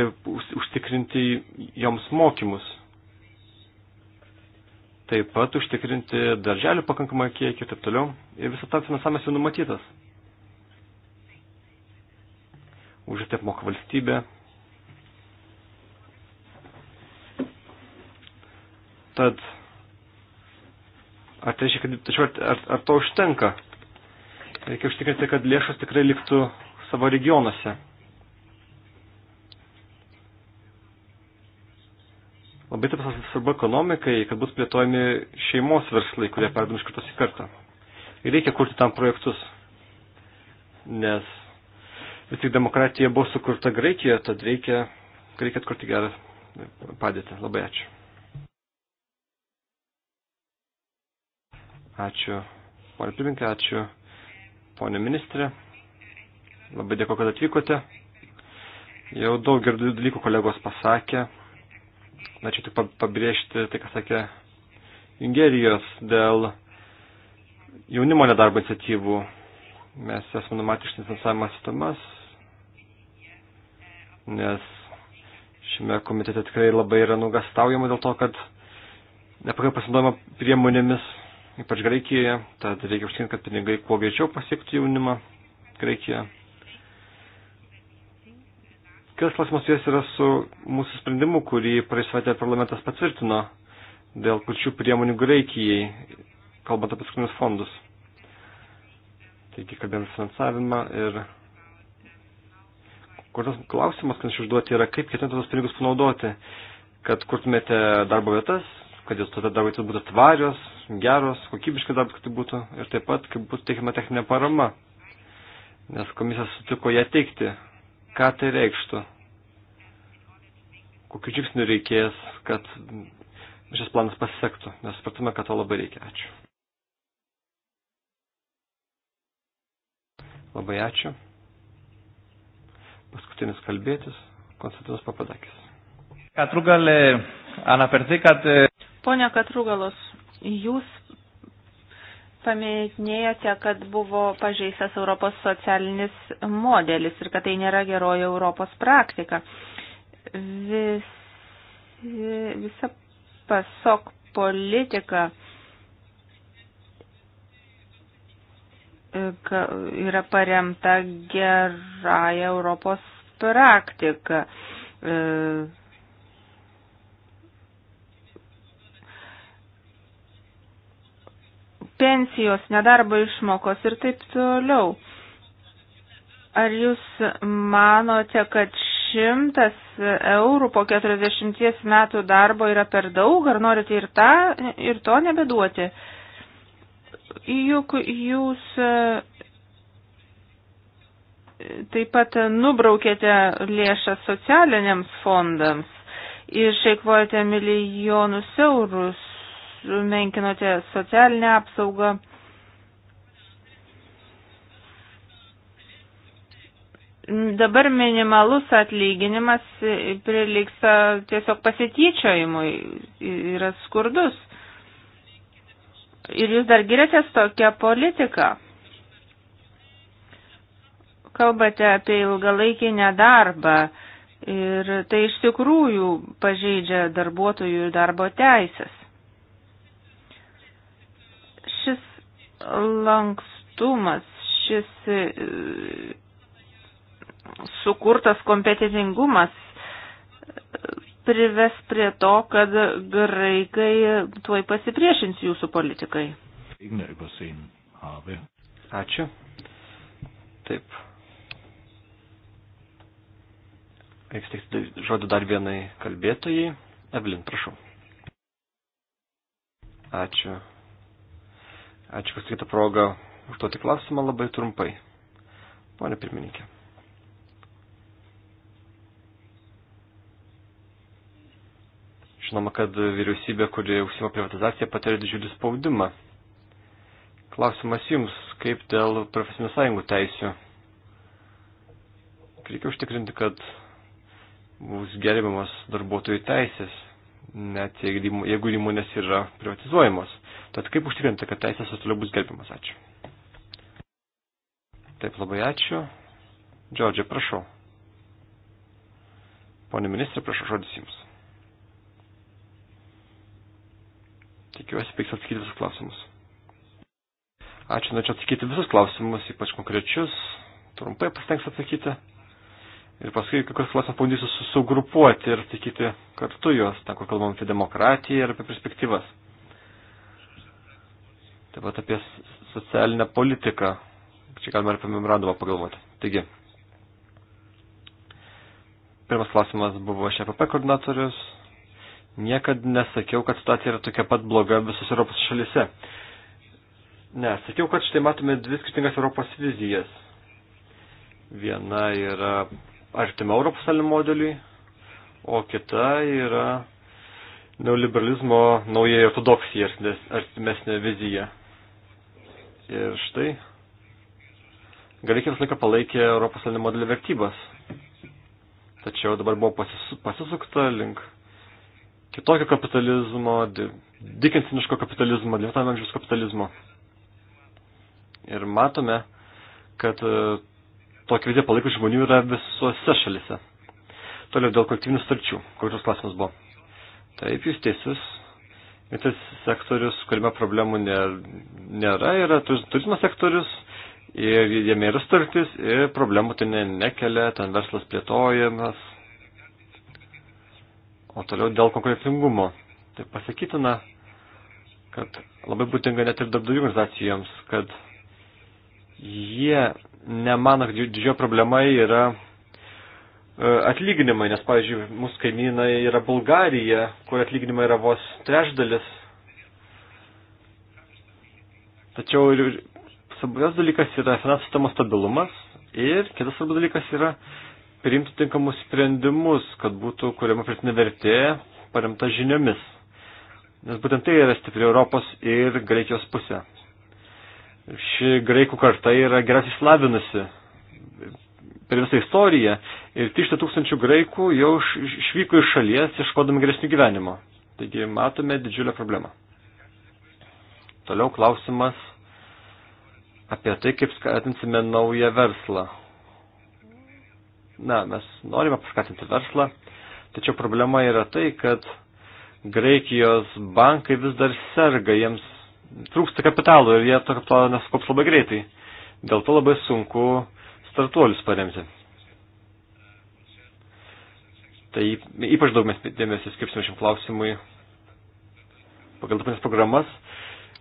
užtikrinti joms mokymus. Taip pat užtikrinti darželių pakankamą kiekį ir taip toliau. Ir visą tą finansavimas jau numatytas. Už tai apmoka valstybė. Tad, ar tai reiškia, kad, tačiau ar, ar, ar to užtenka? Reikia užtikrinti, kad lėšos tikrai liktų savo regionuose. Labai taip svarbu ekonomikai, kad bus plėtojami šeimos verslai, kurie perdami iš kartos į kartą. Ir reikia kurti tam projektus, nes vis tik demokratija buvo sukurta Graikijoje, tad reikia, reikia atkurti gerą padėtį. Labai ačiū. Ačiū, ponė pirmininkė, ačiū ponė ministrė. Labai dėkuoju, kad atvykote. Jau daug gerų dalykų kolegos pasakė. Norėčiau tik pabrėžti tai, ką sakė Ingerijos dėl jaunimo nedarbo iniciatyvų. Mes esame numatę ištinsavimo sistemas, nes šiame komitete tikrai labai yra nugastaujama dėl to, kad nepakankamai pasinaudojama priemonėmis ypač Graikijoje, tad reikia užtikrinti, kad pinigai kuo greičiau pasiektų jaunimą Graikijoje. Kitas klausimas jas yra su mūsų sprendimu, kurį praeisvatė parlamentas patvirtino dėl pačių priemonių Graikijai, kalbant apie skrinius fondus. Taigi, kalbėjom finansavimą ir kurios klausimas, kad aš užduoti, yra kaip ketinate tos pinigus panaudoti, kad kurtumėte darbo vietas, kad jūs tada darbo vietas būtų tvarios, geros, kokybiškai darbas, kad būtų ir taip pat, kaip būtų teikiama techninė parama, nes komisija sutiko ją teikti. Ką tai reikštų? Kokiu žingsniu reikės, kad šis planas pasisektų, nes supratome, kad to labai reikia. Ačiū. Labai ačiū. Paskutinis kalbėtis, Konstantinas Papadakis. Κατρούγκαλε, αναφερθήκατε... Πόνια Κατρούγκαλος, Jūs paminėjote, kad buvo pažeistas Europos socialinis modelis ir kad tai nėra geroji Europos praktika. Vis, visa pasok politika yra paremta gerąją Europos praktiką. E, pensijos, nedarbo išmokos ir taip toliau. Ar jūs manote, kad šimtas eurų po 40 metų darbo yra per daug, ar norite ir, tą, ir to nebeduoti? Juk jūs e, taip pat nubraukėte lėšas socialiniams fondams ir šeikvojate milijonus eurus menkinote socialinę apsaugą. Dabar minimalus atlyginimas priliksta tiesiog pasityčiojimui, yra skurdus. Ir jūs dar girėtės tokią politiką. Kalbate apie ilgalaikį nedarbą ir tai iš tikrųjų pažeidžia darbuotojų ir darbo teisės. lankstumas, šis e, sukurtas kompetitingumas e, prives prie to, kad graikai tuoj pasipriešins jūsų politikai. Ačiū. Taip. Reiks teikti žodį dar vienai kalbėtojai. Evelin, prašau. Ačiū. Ačiū, kas kitą progą užduoti klausimą labai trumpai. Pone pirmininkė. Žinoma, kad vyriausybė, kuri užsima privatizaciją, patiria didžiulį spaudimą. Klausimas jums, kaip dėl profesinių sąjungų teisių? Reikia užtikrinti, kad bus gerbiamas darbuotojų teisės, net jeigu įmonės yra privatizuojamos. Tad kaip užtikrinti, kad teisės ir toliau bus gerbiamas? Ačiū. Taip, labai ačiū. Džordžiai, prašau. Pone ministrė, prašau žodis jums. Tikiuosi, peiks atsakyti visus klausimus. Ačiū, norėčiau atsakyti visus klausimus, ypač konkrečius. Trumpai pasitengs atsakyti. Ir paskui kai kurios klausimus pabandysiu sugrupuoti ir atsakyti kartu juos, ten, kur kalbam apie demokratiją ir apie perspektyvas. Taip pat apie socialinę politiką. Čia galima ir apie memorandumą pagalvoti. Taigi, pirmas klausimas buvo iš EPP koordinatorius. Niekad nesakiau, kad situacija yra tokia pat bloga visos Europos šalise. Ne, sakiau, kad štai matome dvi skirtingas Europos vizijas. Viena yra artima Europos salim modeliui, o kita yra neoliberalizmo nauja ortodoksija artimesnė vizija. Ir štai, Graikija visą laiką palaikė Europos valdymo modelį vertybas. Tačiau dabar buvo pasisukta link kitokio kapitalizmo, dikensiniško kapitalizmo, 19 amžiaus kapitalizmo. Ir matome, kad e, tokia vizija palaikų žmonių yra visuose šalise. Toliau dėl kolektyvinių starčių, kokios klausimas buvo. Taip, jūs teisus, Ir tas sektorius, kuriame problemų nėra, yra turizmo sektorius ir jame yra startis ir problemų tai ne, nekelia, ten verslas plėtojamas. O toliau dėl konkurencingumo. Tai pasakytina, kad labai būtinga net ir darbdavių organizacijoms, kad jie nemano, kad didžioji problema yra E, atlyginimai, nes, pavyzdžiui, mūsų kaimynai yra Bulgarija, kur atlyginimai yra vos trešdalis. Tačiau ir svarbus dalykas yra finansų sistemos stabilumas ir kitas svarbus dalykas yra priimti tinkamus sprendimus, kad būtų kuriama pritinė vertė paremta žiniomis. Nes būtent tai yra stipri Europos ir Graikijos pusė. Ši graikų karta yra geriausiai išlavinusi per visą istoriją ir 300 tūkstančių graikų jau išvyko iš šalies iškodami geresnių gyvenimo. Taigi matome didžiulę problemą. Toliau klausimas apie tai, kaip skatinsime naują verslą. Na, mes norime paskatinti verslą, tačiau problema yra tai, kad Graikijos bankai vis dar serga, jiems trūksta kapitalo ir jie to kapitalo nesukops labai greitai. Dėl to labai sunku startuolius paremti. Tai ypač daug mes dėmesio skirsime šiam klausimui pagal dabartinės programas,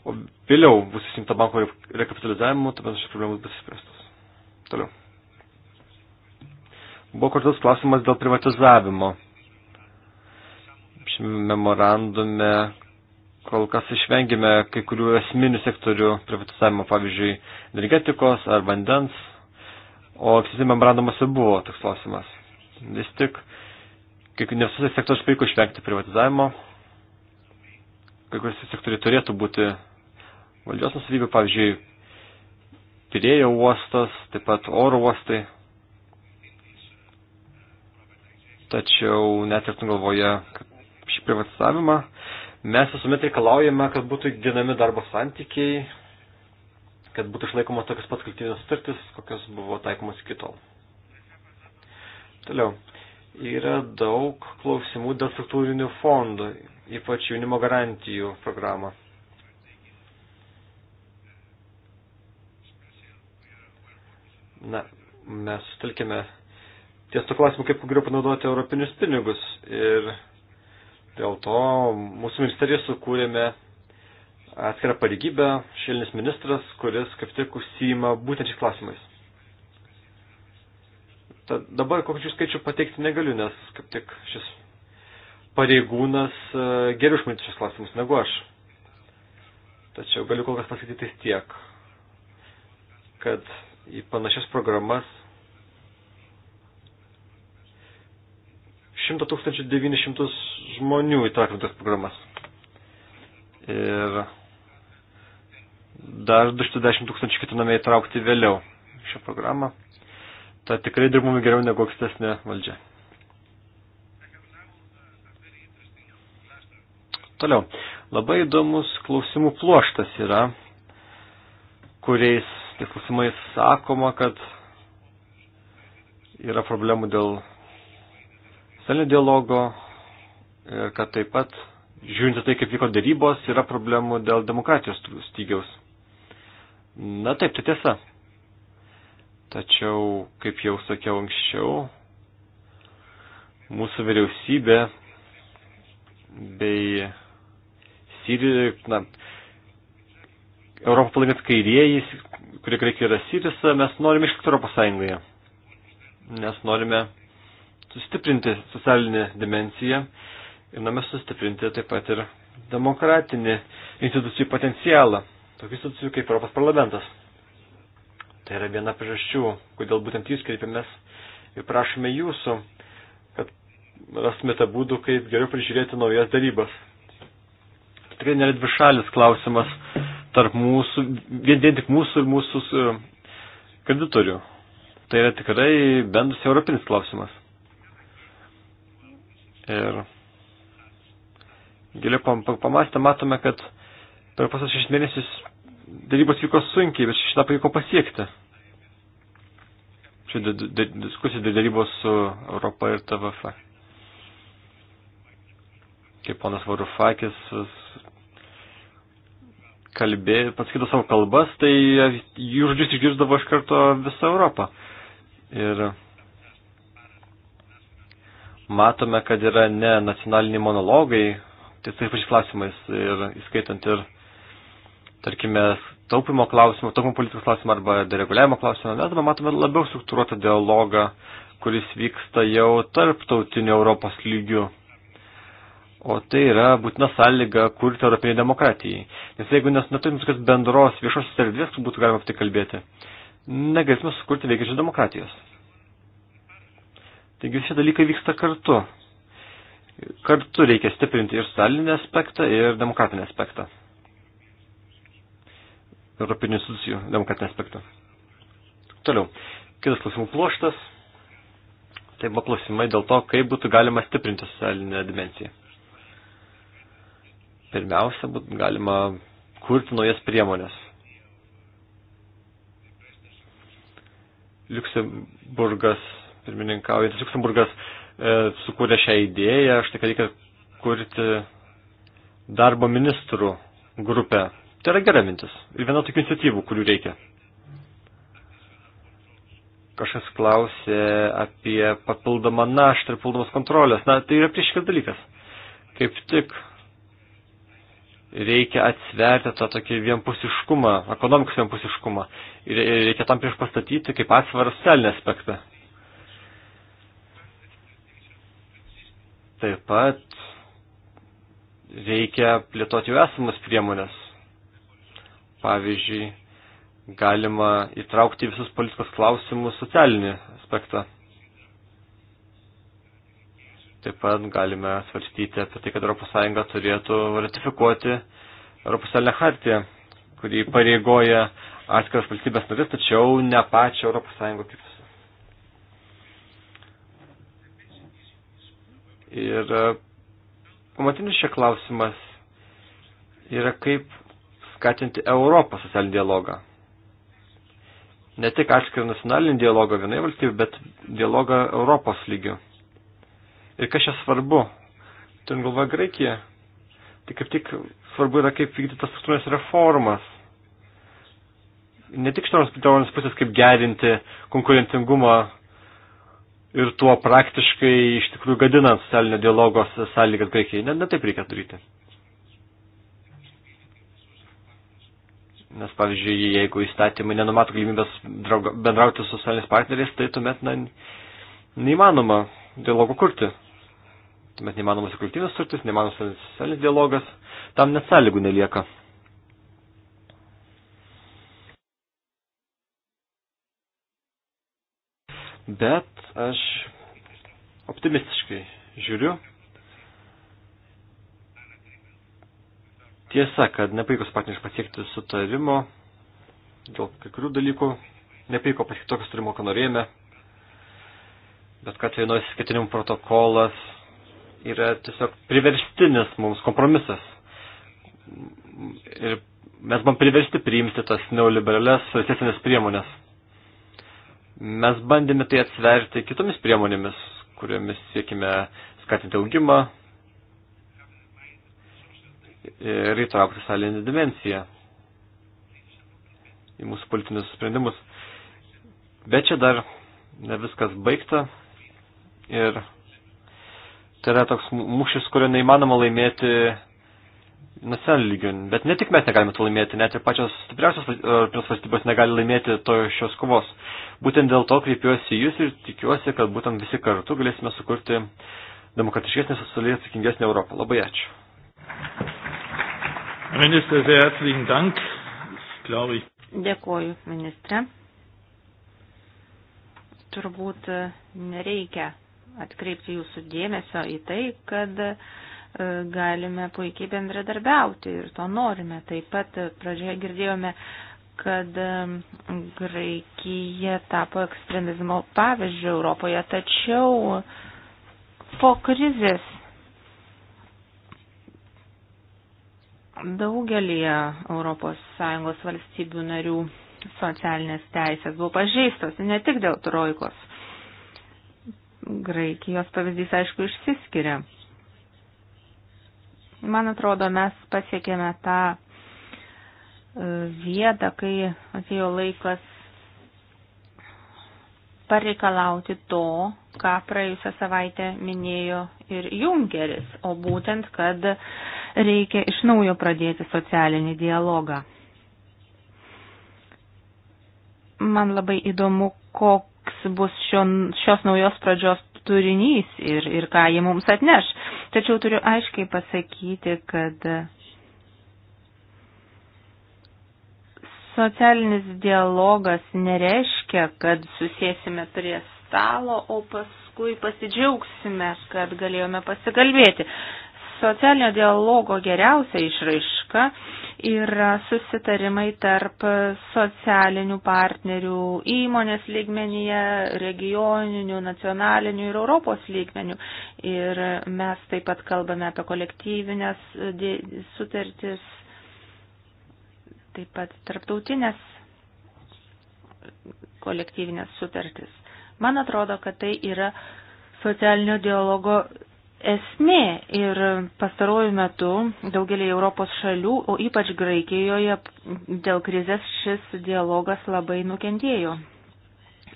o vėliau bus įsimta banko rekapitalizavimu, tuomet šios problemos bus įspręstos. Toliau. Buvo kartas klausimas dėl privatizavimo. Šiame memorandume kol kas išvengime kai kurių esminių sektorių privatizavimo, pavyzdžiui, energetikos ar vandens O apsisim memorandumuose buvo toks klausimas. Vis tik, kaip ne visose sektoriuose pavyko išvengti privatizavimo, kai kuriuose sektoriai turėtų būti valdžios nusavybė, pavyzdžiui, Pirėjo uostas, taip pat oro uostai. Tačiau net ir galvoje šį privatizavimą, mes visuomet reikalaujame, kad būtų ginami darbo santykiai, kad būtų išlaikomos tokios pats kolektyvinės sutartys, kokios buvo taikomas iki tol. Toliau. Yra daug klausimų dėl struktūrinių fondų, ypač jaunimo garantijų programą. Na, mes sutelkime ties to klausimu, kaip geriau panaudoti europinius pinigus. Ir dėl to mūsų ministerija sukūrėme atskirą pareigybę šėlinis ministras, kuris kaip tik užsijima būtent šiais klausimais. Tad dabar kokių skaičių pateikti negaliu, nes kaip tik šis pareigūnas e, geriau išmanyti šios klausimus negu aš. Tačiau galiu kol kas pasakyti tai tiek, kad į panašias programas 100 900 žmonių įtraukti tas programas. Ir Dar 210 tūkstančių ketiname įtraukti vėliau šią programą. Ta tikrai dirbame geriau negu ankstesnė valdžia. Toliau. Labai įdomus klausimų pluoštas yra, kuriais tie klausimai sakoma, kad yra problemų dėl socialinio dialogo ir kad taip pat, žiūrint tai, kaip vyko darybos, yra problemų dėl demokratijos stygiaus. Na taip, tai tiesa. Tačiau, kaip jau sakiau anksčiau, mūsų vyriausybė bei Sirija, na, Europą palaimėt kairieji, kurie graikiai yra Sirisa, mes norime išlikti Europos Sąjungoje. Nes norime sustiprinti socialinę dimenciją ir norime sustiprinti taip pat ir demokratinį institucijų potencialą tokių institucijų kaip Europos parlamentas. Tai yra viena priežasčių, kodėl būtent jūs kreipiamės ir prašome jūsų, kad rastumėte būdų, kaip geriau prižiūrėti naujas darybas. Tikrai nėra dvišalis klausimas tarp mūsų, vien, vien tik mūsų ir mūsų e, kreditorių. Tai yra tikrai bendras europinis klausimas. Ir giliau pamastę matome, kad per pasas šešis mėnesius Darybos vyko sunkiai, bet šitą pavyko pasiekti. Čia diskusija dėl darybos su Europa ir TVF. Kaip ponas Varufakis kalbė, pasakytų savo kalbas, tai jų žodžius išgirdavo iš karto visą Europą. Ir matome, kad yra ne nacionaliniai monologai, tais pačiais klausimais, ir įskaitant ir tarkime, taupimo klausimų, taupimo politikos klausimų arba dereguliavimo klausimų, mes dabar matome labiau struktūruotą dialogą, kuris vyksta jau tarptautiniu Europos lygiu. O tai yra būtina sąlyga kurti Europinį demokratijai. Nes jeigu nes neturim tokios bendros viešos erdvės, kur būtų galima apie tai kalbėti, negalėsime sukurti veikiančios demokratijos. Taigi šie dalykai vyksta kartu. Kartu reikia stiprinti ir socialinį aspektą, ir demokratinį aspektą. Europinių institucijų demokratinį aspektą. Toliau. Kitas klausimų pluoštas. Tai buvo klausimai dėl to, kaip būtų galima stiprinti socialinę dimenciją. Pirmiausia, būtų galima kurti naujas priemonės. Liuksemburgas, pirmininkaujantis Liuksemburgas, e, sukūrė šią idėją, štai kad reikia kurti darbo ministrų grupę Tai yra gera mintis. Ir viena tokių iniciatyvų, kurių reikia. Kažkas klausė apie papildomą naštą ir papildomas kontrolės. Na, tai yra priešikas dalykas. Kaip tik reikia atsverti tą tokį vienpusiškumą, ekonomikos vienpusiškumą. Ir reikia tam prieš pastatyti kaip atsvarą socialinį aspektą. Taip pat reikia plėtoti jau esamas priemonės. Pavyzdžiui, galima įtraukti visus politikos klausimus socialinį aspektą. Taip pat galime svarstyti apie tai, kad ES turėtų ratifikuoti ES hartiją, kurį pareigoja atskiras valstybės narės, tačiau ne pačią ES kaip Ir e, pamatinis šia klausimas yra kaip skatinti Europos socialinį dialogą. Ne tik atskirą nacionalinį dialogą vienai valstybė, bet dialogą Europos lygių. Ir kas čia svarbu? Turim galvoje Graikiją. Tai kaip tik svarbu yra kaip vykdyti tas struktūrinės reformas. Ne tik šitos teorinės pusės, kaip gerinti konkurentingumą ir tuo praktiškai iš tikrųjų gadinant socialinio dialogos sąlygas Graikijai. Ne, ne taip reikia daryti. Nes, pavyzdžiui, jeigu įstatymai nenumato galimybės drauga, bendrauti su socialiniais partneriais, tai tuomet na, neįmanoma dialogo kurti. Tuomet neįmanomas kolektyvinis turtis, neįmanomas socialinis dialogas, tam net sąlygų nelieka. Bet aš optimistiškai žiūriu Tiesa, kad nepavyko su partneriais pasiekti sutarimo dėl kai kurių dalykų, nepavyko pasiekti tokio sutarimo, ką norėjome, bet kad tai nuosis ketinimų protokolas yra tiesiog priverstinis mums kompromisas. Ir mes buvom priversti priimti tas neoliberales sėsinės priemonės. Mes bandėme tai atsverti kitomis priemonėmis, kuriomis siekime skatinti augimą, ir įtraukti salinį dimensiją į mūsų politinius sprendimus. Bet čia dar ne viskas baigta ir tai yra toks mūšis, kurio neįmanoma laimėti nacionaliniu lygiu. Bet ne tik mes negalime to laimėti, net ir pačios stipriausios e, valstybės negali laimėti to šios kovos. Būtent dėl to kreipiuosi jūs ir tikiuosi, kad būtent visi kartu galėsime sukurti demokratiškesnį, socialiai atsakingesnį Europą. Labai ačiū. Minister, sehr herzlichen Dank. Ich glaube, ich. Dėkuoju, ministre. Turbūt nereikia atkreipti jūsų dėmesio į tai, kad e, galime puikiai bendradarbiauti ir to norime. Taip pat pradžioje girdėjome, kad e, Graikija tapo ekstremizmo pavyzdžių Europoje, tačiau po krizės Daugelį ES valstybių narių socialinės teisės buvo pažeistos, ne tik dėl trojkos. Graikijos pavyzdys, aišku, išsiskiria. Man atrodo, mes pasiekėme tą e, vietą, kai atėjo laikas pareikalauti to, ką praėjusią savaitę minėjo ir Junkeris, o būtent, kad reikia iš naujo pradėti socialinį dialogą. Man labai įdomu, koks bus šio, šios naujos pradžios turinys ir, ir ką jie mums atneš. Tačiau turiu aiškiai pasakyti, kad socialinis dialogas nereiškia, kad susėsime prie stalo, o paskui pasidžiaugsime, kad galėjome pasikalbėti. Socialinio dialogo geriausia išraiška yra susitarimai tarp socialinių partnerių įmonės lygmenyje, regioninių, nacionalinių ir Europos lygmenių. Ir mes taip pat kalbame apie kolektyvinės sutartis, taip pat tarptautinės kolektyvinės sutartis. Man atrodo, kad tai yra socialinio dialogo esmė ir pastarojų metų daugelį Europos šalių, o ypač Graikijoje dėl krizės šis dialogas labai nukentėjo.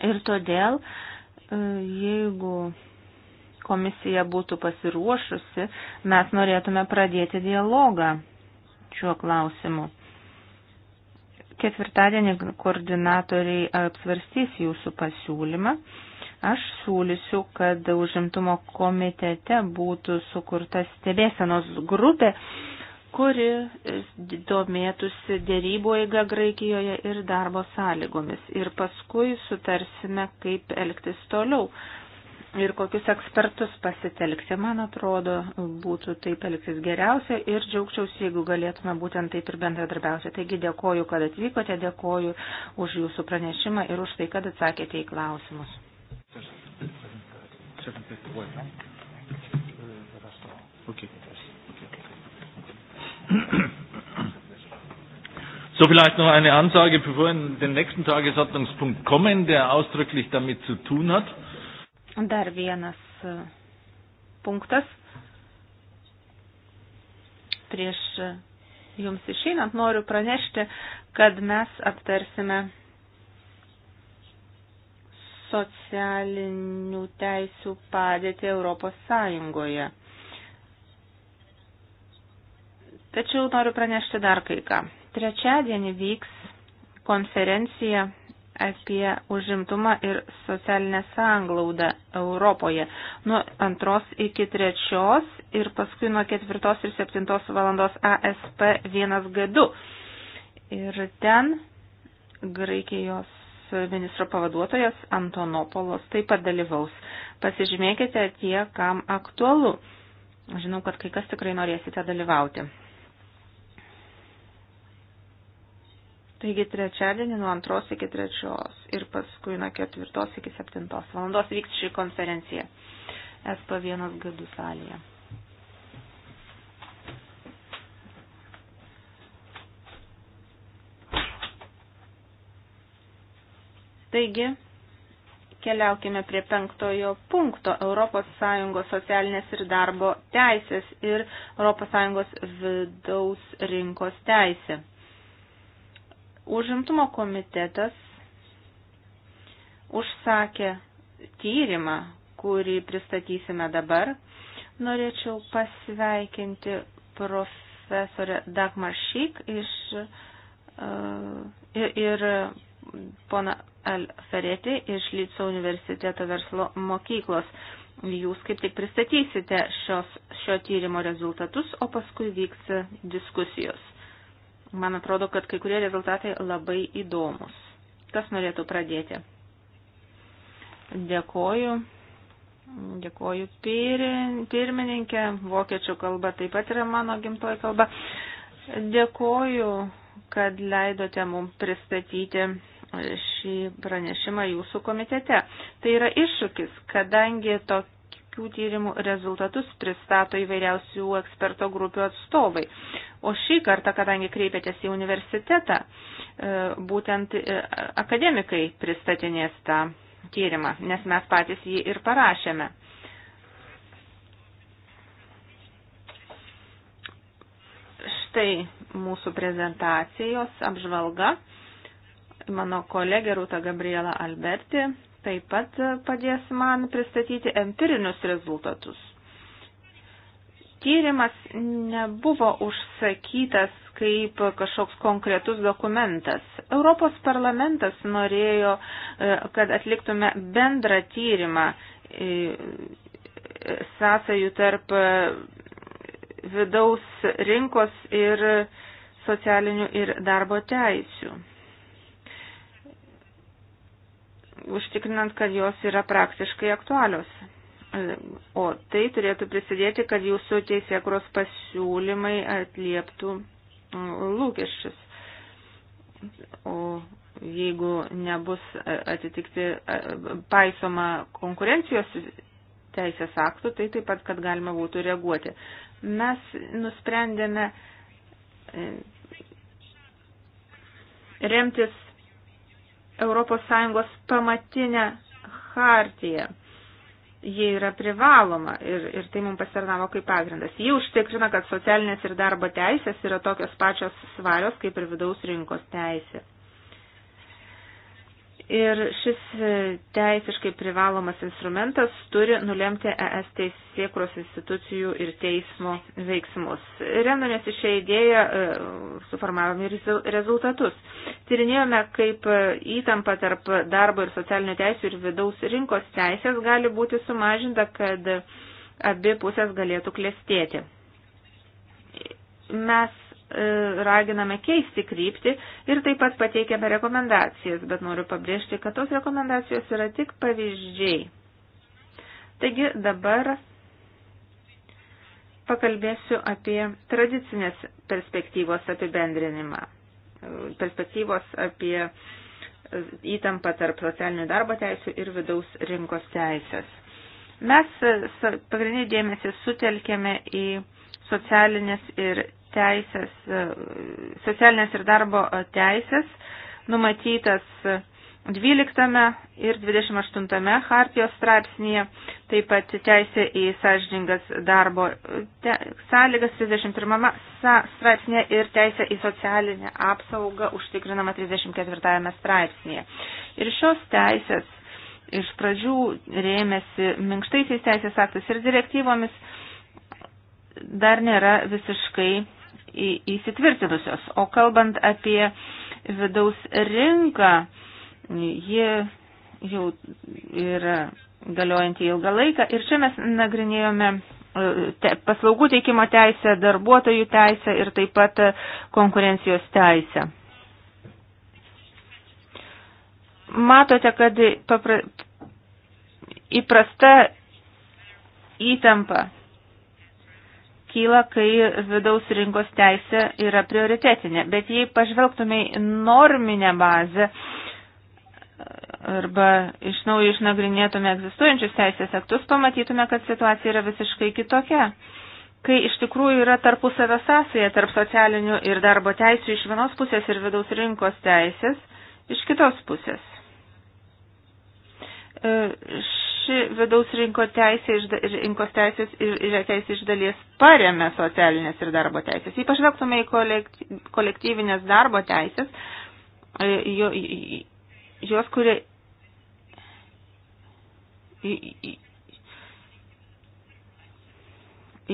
Ir todėl, e, jeigu komisija būtų pasiruošusi, mes norėtume pradėti dialogą šiuo klausimu. Ketvirtadienį koordinatoriai apsvarstys jūsų pasiūlymą Aš siūlysiu, kad užimtumo komitete būtų sukurta stebėsenos grupė, kuri domėtųsi dėrybų eiga Graikijoje ir darbo sąlygomis. Ir paskui sutarsime, kaip elgtis toliau ir kokius ekspertus pasitelkti. Man atrodo, būtų taip elgtis geriausia ir džiaugčiausi, jeigu galėtume būtent taip ir bendradarbiausia. Taigi dėkoju, kad atvykote, dėkoju už jūsų pranešimą ir už tai, kad atsakėte į klausimus. So vielleicht noch eine Ansage, bevor wir in den nächsten Tagesordnungspunkt kommen, der ausdrücklich damit zu tun hat. Un dar vienas äh, punktas. Prieš äh, jums išeinant noriu pranešti, kad mes aptarsime socialinių teisių padėtį Europos Sąjungoje. Tačiau noriu pranešti dar kai ką. Trečiadienį vyks konferencija apie užimtumą ir socialinę sąnglaudą Europoje nuo antros iki trečios ir paskui nuo ketvirtos ir septintos valandos ASP 1G2. Ir ten Graikijos ministro pavaduotojas Antonopolos taip pat dalyvaus. Pasižymėkite tie, kam aktualu. Žinau, kad kai kas tikrai norėsite dalyvauti. Taigi trečiadienį nuo antros iki trečios ir paskui nuo ketvirtos iki septintos valandos vyks ši konferencija. SP1 gadu salėje. Taigi, keliaukime prie penktojo punkto ES socialinės ir darbo teisės ir ES vidaus rinkos teisė. Užimtumo komitetas užsakė tyrimą, kurį pristatysime dabar. Norėčiau pasveikinti profesorę Dagmar Šyk iš, uh, ir, ir pona Al Fereti iš Lyco universiteto verslo mokyklos. Jūs kaip tik pristatysite šios, šio tyrimo rezultatus, o paskui vyks diskusijos. Man atrodo, kad kai kurie rezultatai labai įdomus. Kas norėtų pradėti? Dėkoju. Dėkoju pirmininkė. Vokiečių kalba taip pat yra mano gimtoji kalba. Dėkoju, kad leidote mums pristatyti šį pranešimą jūsų komitete. Tai yra iššūkis, kadangi tokių tyrimų rezultatus pristato įvairiausių eksperto grupių atstovai. O šį kartą, kadangi kreipėtės į universitetą, e, būtent e, akademikai pristatinės tą tyrimą, nes mes patys jį ir parašėme. štai mūsų prezentacijos apžvalga. Mano kolegė Rūta Gabriela Alberti taip pat padės man pristatyti empirinius rezultatus. Tyrimas nebuvo užsakytas kaip kažkoks konkretus dokumentas. Europos parlamentas norėjo, e, kad atliktume bendrą tyrimą e, sąsajų tarp e, vidaus rinkos ir socialinių ir darbo teisių užtikrinant, kad jos yra praktiškai aktualios. O tai turėtų prisidėti, kad jūsų teisėkros pasiūlymai atlieptų mm, lūkesčius. O jeigu nebus atitikti paisoma konkurencijos teisės aktų, tai taip pat, kad galima būtų reaguoti. Mes nusprendėme e, remtis ES pamatinę hartiją. Jie yra privaloma ir, ir tai mums pasitarnavo kaip pagrindas. Jie užtikrina, kad socialinės ir darbo teisės yra tokios pačios svarios kaip ir vidaus rinkos teisė. Ir šis teisiškai privalomas instrumentas turi nulemti ES teisėkros institucijų ir teismo veiksmus. Remdamės į šią idėją e, suformavome rezultatus. Tyrinėjome, kaip e, įtampa tarp darbo ir socialinių teisų ir vidaus rinkos teisės gali būti sumažinta, kad abi pusės galėtų klestėti. Mes E, raginame keisti kryptį ir taip pat pateikiame rekomendacijas, bet noriu pabrėžti, kad tos rekomendacijos yra tik pavyzdžiai. Taigi dabar pakalbėsiu apie tradicinės perspektyvos apibendrinimą. Perspektyvos apie įtampą tarp socialinių darbo teisų ir vidaus rinkos teisės. Mes e, pagrindinį dėmesį sutelkėme į socialinės ir teisės, e, socialinės ir darbo teisės numatytas 12 ir 28 Hartijos straipsnėje, taip pat teisė į sąžiningas darbo te, sąlygas 31 straipsnėje ir teisė į socialinę apsaugą užtikrinama 34 straipsnėje. Ir šios teisės iš pradžių rėmėsi minkštaisiais teisės aktais ir direktyvomis, dar nėra visiškai įsitvirtinusios. O kalbant apie vidaus rinką, ji jau yra galiojanti ilgą laiką. Ir čia mes nagrinėjome e, paslaugų teikimo teisę, darbuotojų teisę ir taip pat e, konkurencijos teisę. Matote, kad papra... įprasta įtampa kyla, kai vidaus rinkos teisė yra prioritetinė. Bet jei pažvelgtume į norminę bazę arba iš naujo išnagrinėtume egzistuojančius teisės aktus, pamatytume, kad situacija yra visiškai kitokia. Kai iš tikrųjų yra tarpusavio sąsaja tarp socialinių ir darbo teisų iš vienos pusės ir vidaus rinkos teisės iš kitos pusės e, ši vidaus rinko teisė, rinkos teisės ir teisė iš dalies paremia socialinės ir darbo teisės. Ypač žvelgtume į kolektyvinės darbo teisės, e, jos, kurie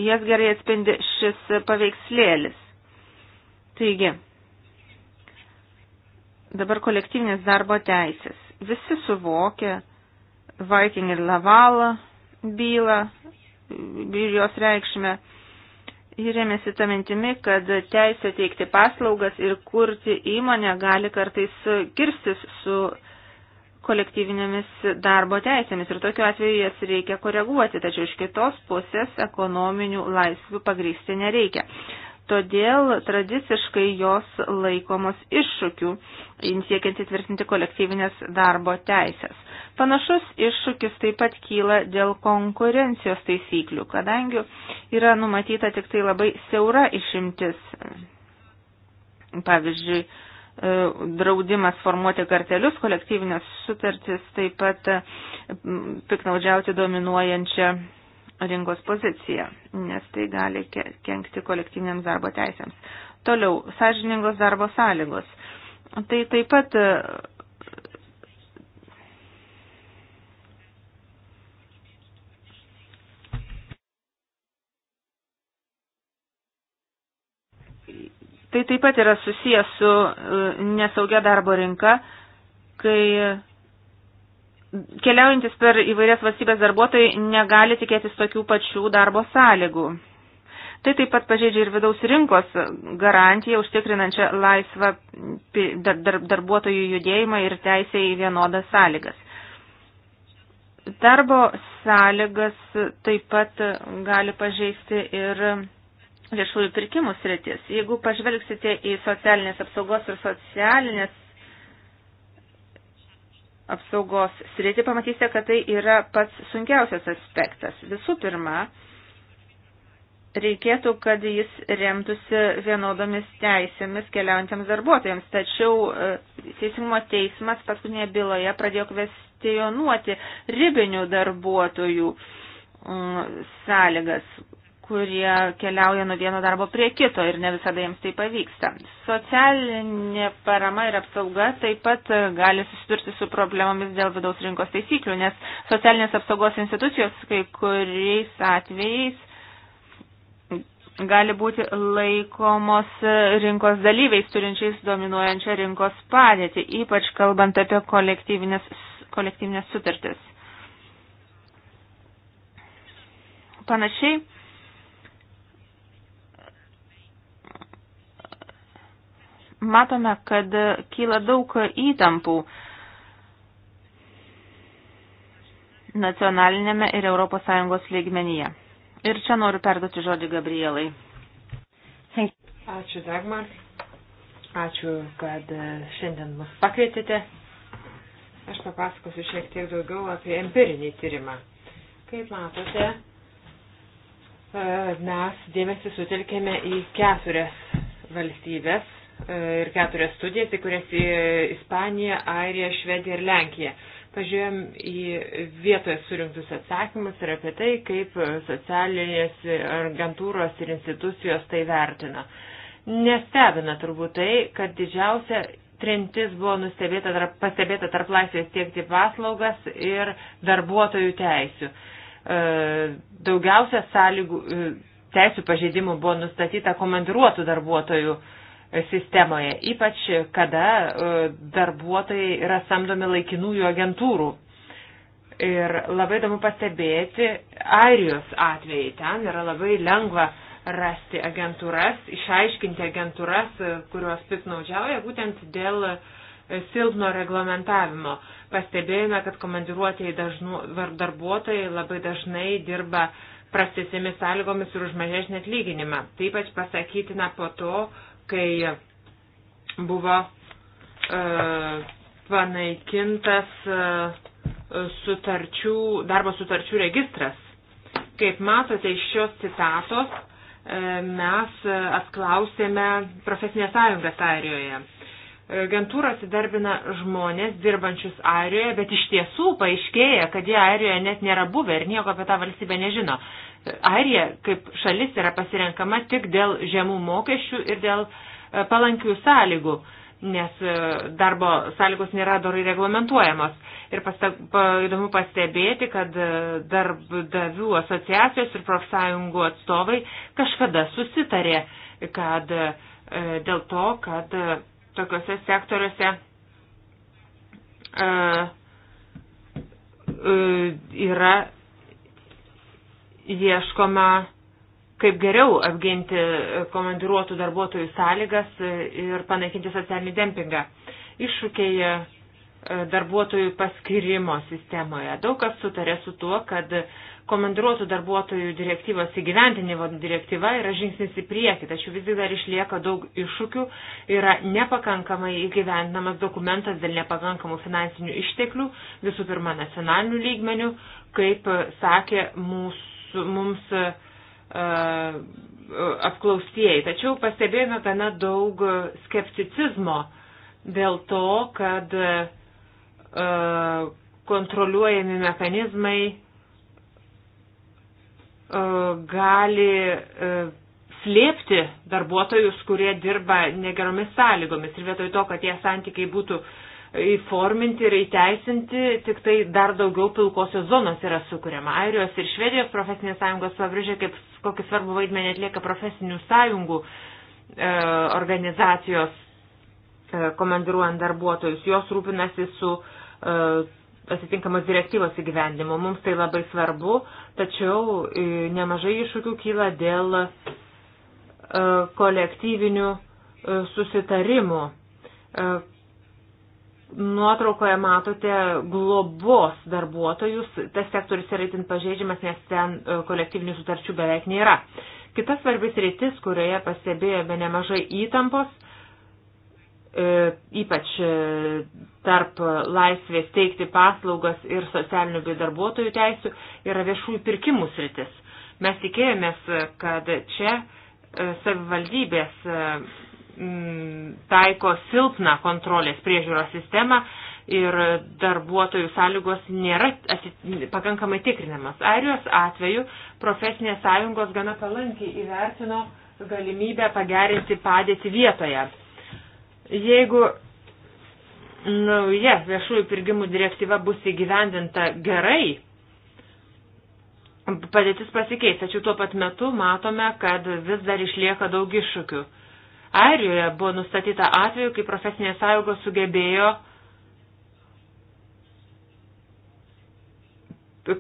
jas gerai atspindi šis paveikslėlis. Taigi, dabar kolektyvinės darbo teisės. Visi suvokia, Viking ir Laval bylą ir jos reikšmę. Ji rėmėsi tą mintimi, kad teisė teikti paslaugas ir kurti įmonę gali kartais kirstis su kolektyvinėmis darbo teisėmis ir tokiu atveju jas reikia koreguoti, tačiau iš kitos pusės ekonominių laisvių pagrįsti nereikia todėl tradiciškai jos laikomos iššūkių, siekiant įtvirtinti kolektyvinės darbo teisės. Panašus iššūkis taip pat kyla dėl konkurencijos taisyklių, kadangi yra numatyta tik tai labai siaura išimtis. Pavyzdžiui, e, draudimas formuoti kartelius, kolektyvinės sutartis, taip pat piknaudžiauti dominuojančią rinkos poziciją, nes tai gali kenkti kolektyviniams darbo teisėms. Toliau, sąžiningos darbo sąlygos. Tai taip pat Tai taip pat yra susijęs su e, nesaugia darbo rinka, kai Keliaujantis per įvairias valstybės darbuotojai negali tikėtis tokių pačių darbo sąlygų. Tai taip pat pažeidžia ir vidaus rinkos garantiją užtikrinančią laisvą darbuotojų judėjimą ir teisę į vienodas sąlygas. Darbo sąlygas taip pat gali pažeisti ir viešųjų pirkimų sritis. Jeigu pažvelgsite į socialinės apsaugos ir socialinės apsaugos sritį, pamatysite, kad tai yra pats sunkiausias aspektas. Visų pirma, reikėtų, kad jis remtųsi vienodomis teisėmis keliaujantiems darbuotojams. Tačiau e, Teisingumo teismas paskutinėje byloje pradėjo kvestionuoti ribinių darbuotojų mm, sąlygas, kurie keliauja nuo vieno darbo prie kito ir ne visada jiems tai pavyksta. Socialinė parama ir apsauga taip pat gali susidurti su problemomis dėl vidaus rinkos taisyklių, nes socialinės apsaugos institucijos kai kuriais atvejais gali būti laikomos rinkos dalyviais turinčiais dominuojančią rinkos padėtį, ypač kalbant apie kolektyvinės, kolektyvinės sutartis. Panašiai, matome, kad kyla daug įtampų nacionalinėme ir ES lygmenyje. Ir čia noriu perduoti žodį Gabrielai. Ačiū, Dagmar. Ačiū, kad e, šiandien mus pakvietėte. Aš papasakosiu šiek tiek daugiau apie empirinį tyrimą. Kaip matote, e, mes dėmesį sutelkėme į keturias valstybės E, ir keturias studijas, į kurias į Ispaniją, Airiją, Švediją ir Lenkiją. Pažiūrėjom į vietoje surinktus atsakymus ir apie tai, kaip socialinės agentūros ir institucijos tai vertina. Nestebina turbūt tai, kad didžiausia trintis buvo nustebėta, tarp, pastebėta tarp laisvės tiekti paslaugas ir darbuotojų teisių. E, daugiausia sąlygų, e, teisų pažeidimų buvo nustatyta komandiruotų darbuotojų uh, sistemoje, ypač kada e, darbuotojai yra samdomi laikinųjų agentūrų. Ir labai įdomu pastebėti Airijos atvejai. Ten yra labai lengva rasti agentūras, išaiškinti agentūras, e, kurios piknaudžiauja būtent dėl e, silpno reglamentavimo. Pastebėjome, kad komandiruotėjai dažnu, darbuotojai labai dažnai dirba prastesėmis sąlygomis ir už mažesnį atlyginimą. Taip pat pasakytina po to, kai buvo e, panaikintas e, sutarčių, darbo sutarčių registras. Kaip matote iš šios citatos, e, mes apklausėme profesinės sąjungas Airijoje. Agentūros įdarbina žmonės dirbančius Airijoje, bet iš tiesų paaiškėja, kad jie Airijoje net nėra buvę ir nieko apie tą valstybę nežino. Airija kaip šalis yra pasirenkama tik dėl žemų mokesčių ir dėl e, palankių sąlygų, nes e, darbo sąlygos nėra dorai reglamentuojamos. Ir pasta, pa, įdomu pastebėti, kad e, darbdavių asociacijos ir profsąjungų atstovai kažkada susitarė, kad dėl to, kad tokiuose sektoriuose e, e, yra ieškoma, kaip geriau apginti komandiruotų darbuotojų sąlygas ir panaikinti socialinį dempingą. Iššūkiai e, darbuotojų paskirimo sistemoje. Daug kas sutarė su tuo, kad komandiruotų darbuotojų direktyvos įgyventinimo direktyva yra žingsnis į priekį, tačiau vis dar išlieka daug iššūkių, yra nepakankamai įgyventinamas dokumentas dėl nepakankamų finansinių išteklių, visų pirma nacionalinių lygmenių, kaip sakė mūsų, mums e, apklaustieji. Tačiau pastebėjome gana daug skepticizmo dėl to, kad e, kontroliuojami mechanizmai E, gali e, slėpti darbuotojus, kurie dirba negeromis sąlygomis. Ir vietoj to, kad tie santykiai būtų įforminti ir įteisinti, tik tai dar daugiau pilkosios zonos yra sukūriama. Airijos ir Švedijos profesinės sąjungos pabrėžia, kaip kokį svarbų vaidmenį atlieka profesinių sąjungų e, organizacijos e, komandiruojant darbuotojus. Jos rūpinasi su e, atitinkamos direktyvos įgyvendimo. Mums tai labai svarbu, tačiau e, nemažai iššūkių kyla dėl e, kolektyvinių e, susitarimų. Nuotraukoje matote globos darbuotojus. Tas sektorius yra itin pažeidžiamas, nes ten kolektyvinių sutarčių beveik nėra. Kita svarbis rytis, kurioje pastebėjome nemažai įtampos, ypač tarp laisvės teikti paslaugas ir socialinių bei darbuotojų teisų yra viešųjų pirkimų sritis. Mes tikėjomės, kad čia e, savivaldybės e, taiko silpną kontrolės priežiūros sistemą ir darbuotojų sąlygos nėra atit, pakankamai tikrinamas. Airijos atveju profesinės sąjungos gana palankiai įvertino galimybę pagerinti padėtį vietoje. Jeigu nauja viešųjų pirkimų direktyva bus įgyvendinta gerai, padėtis pasikeis, tačiau tuo pat metu matome, kad vis dar išlieka daug iššūkių. Airijoje buvo nustatyta atveju, kai profesinės sąjungos sugebėjo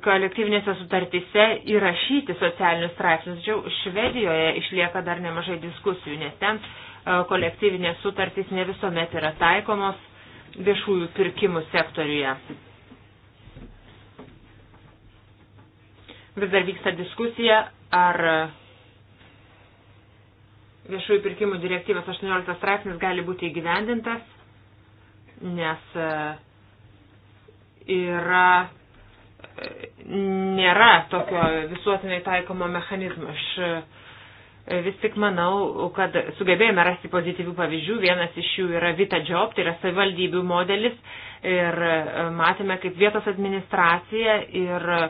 kolektyvinėse sutartyse įrašyti socialinius straipsnius. Tačiau Švedijoje išlieka dar nemažai diskusijų, nes ten e, kolektyvinės sutartys ne visuomet yra taikomos viešųjų pirkimų sektoriuje. Vis dar vyksta diskusija, ar viešųjų pirkimų direktyvos 18 straipsnis gali būti įgyvendintas, nes e, yra, e, nėra tokio visuotinai taikomo mechanizmo. Aš Vis tik manau, kad sugebėjome rasti pozityvių pavyzdžių. Vienas iš jų yra Vita Job, tai yra savivaldybių modelis. Ir e, matėme, kaip vietos administracija ir e,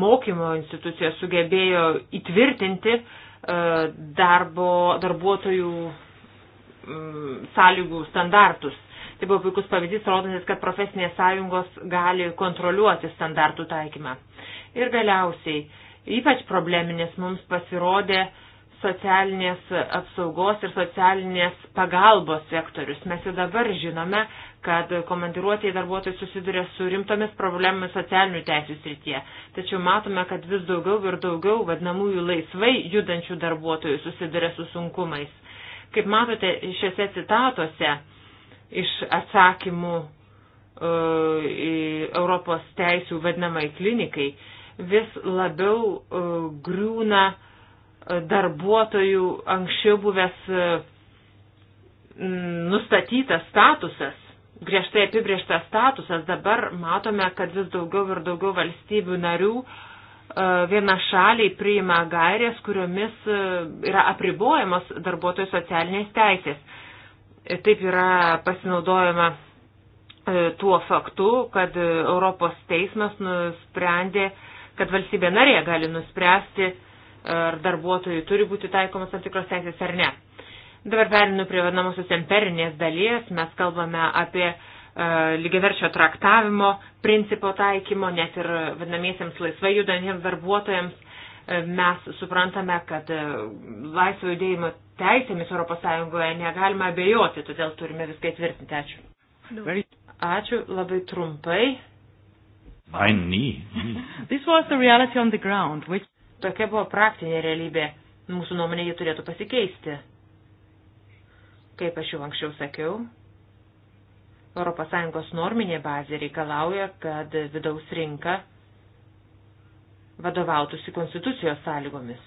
mokymo institucijos sugebėjo įtvirtinti e, darbo, darbuotojų m, sąlygų standartus. Tai buvo puikus pavyzdys, rodantis, kad profesinės sąjungos gali kontroliuoti standartų taikymą. Ir galiausiai Ypač probleminės mums pasirodė socialinės apsaugos ir socialinės pagalbos sektorius. Mes jau dabar žinome, kad komandiruotieji darbuotojai susiduria su rimtomis problemomis socialinių teisų srityje. Tačiau matome, kad vis daugiau ir daugiau vadinamųjų laisvai judančių darbuotojų susiduria su sunkumais. Kaip matote šiuose citatuose iš atsakymų e, Europos teisų vadinamai klinikai, e, vis labiau e, griūna e, darbuotojų anksčiau buvęs e, nustatytas statusas, griežtai apibrieštas statusas. Dabar matome, kad vis daugiau ir daugiau valstybių narių viena šaliai priima gairės, kuriomis yra apribojamos darbuotojų socialinės teisės. Taip yra pasinaudojama tuo faktu, kad Europos teismas nusprendė kad valstybė narė gali nuspręsti, ar darbuotojui turi būti taikomas tam tikros teisės ar ne. Dabar perinu prie vadinamosios imperinės dalies, mes kalbame apie e, lygiaverčio traktavimo principo taikymo, net ir vadinamiesiems laisvai judantiems darbuotojams. E, mes suprantame, kad e, laisvo judėjimo teisėmis ES negalima abejoti, todėl turime viską įtvirtinti. Ačiū. Ačiū labai trumpai. Nein, nie. nie. This was the reality on the ground, which... Tokia buvo praktinė realybė. Mūsų nuomonė jį turėtų pasikeisti. Kaip aš jau anksčiau sakiau, ES norminė bazė reikalauja, kad vidaus rinka vadovautųsi konstitucijos sąlygomis.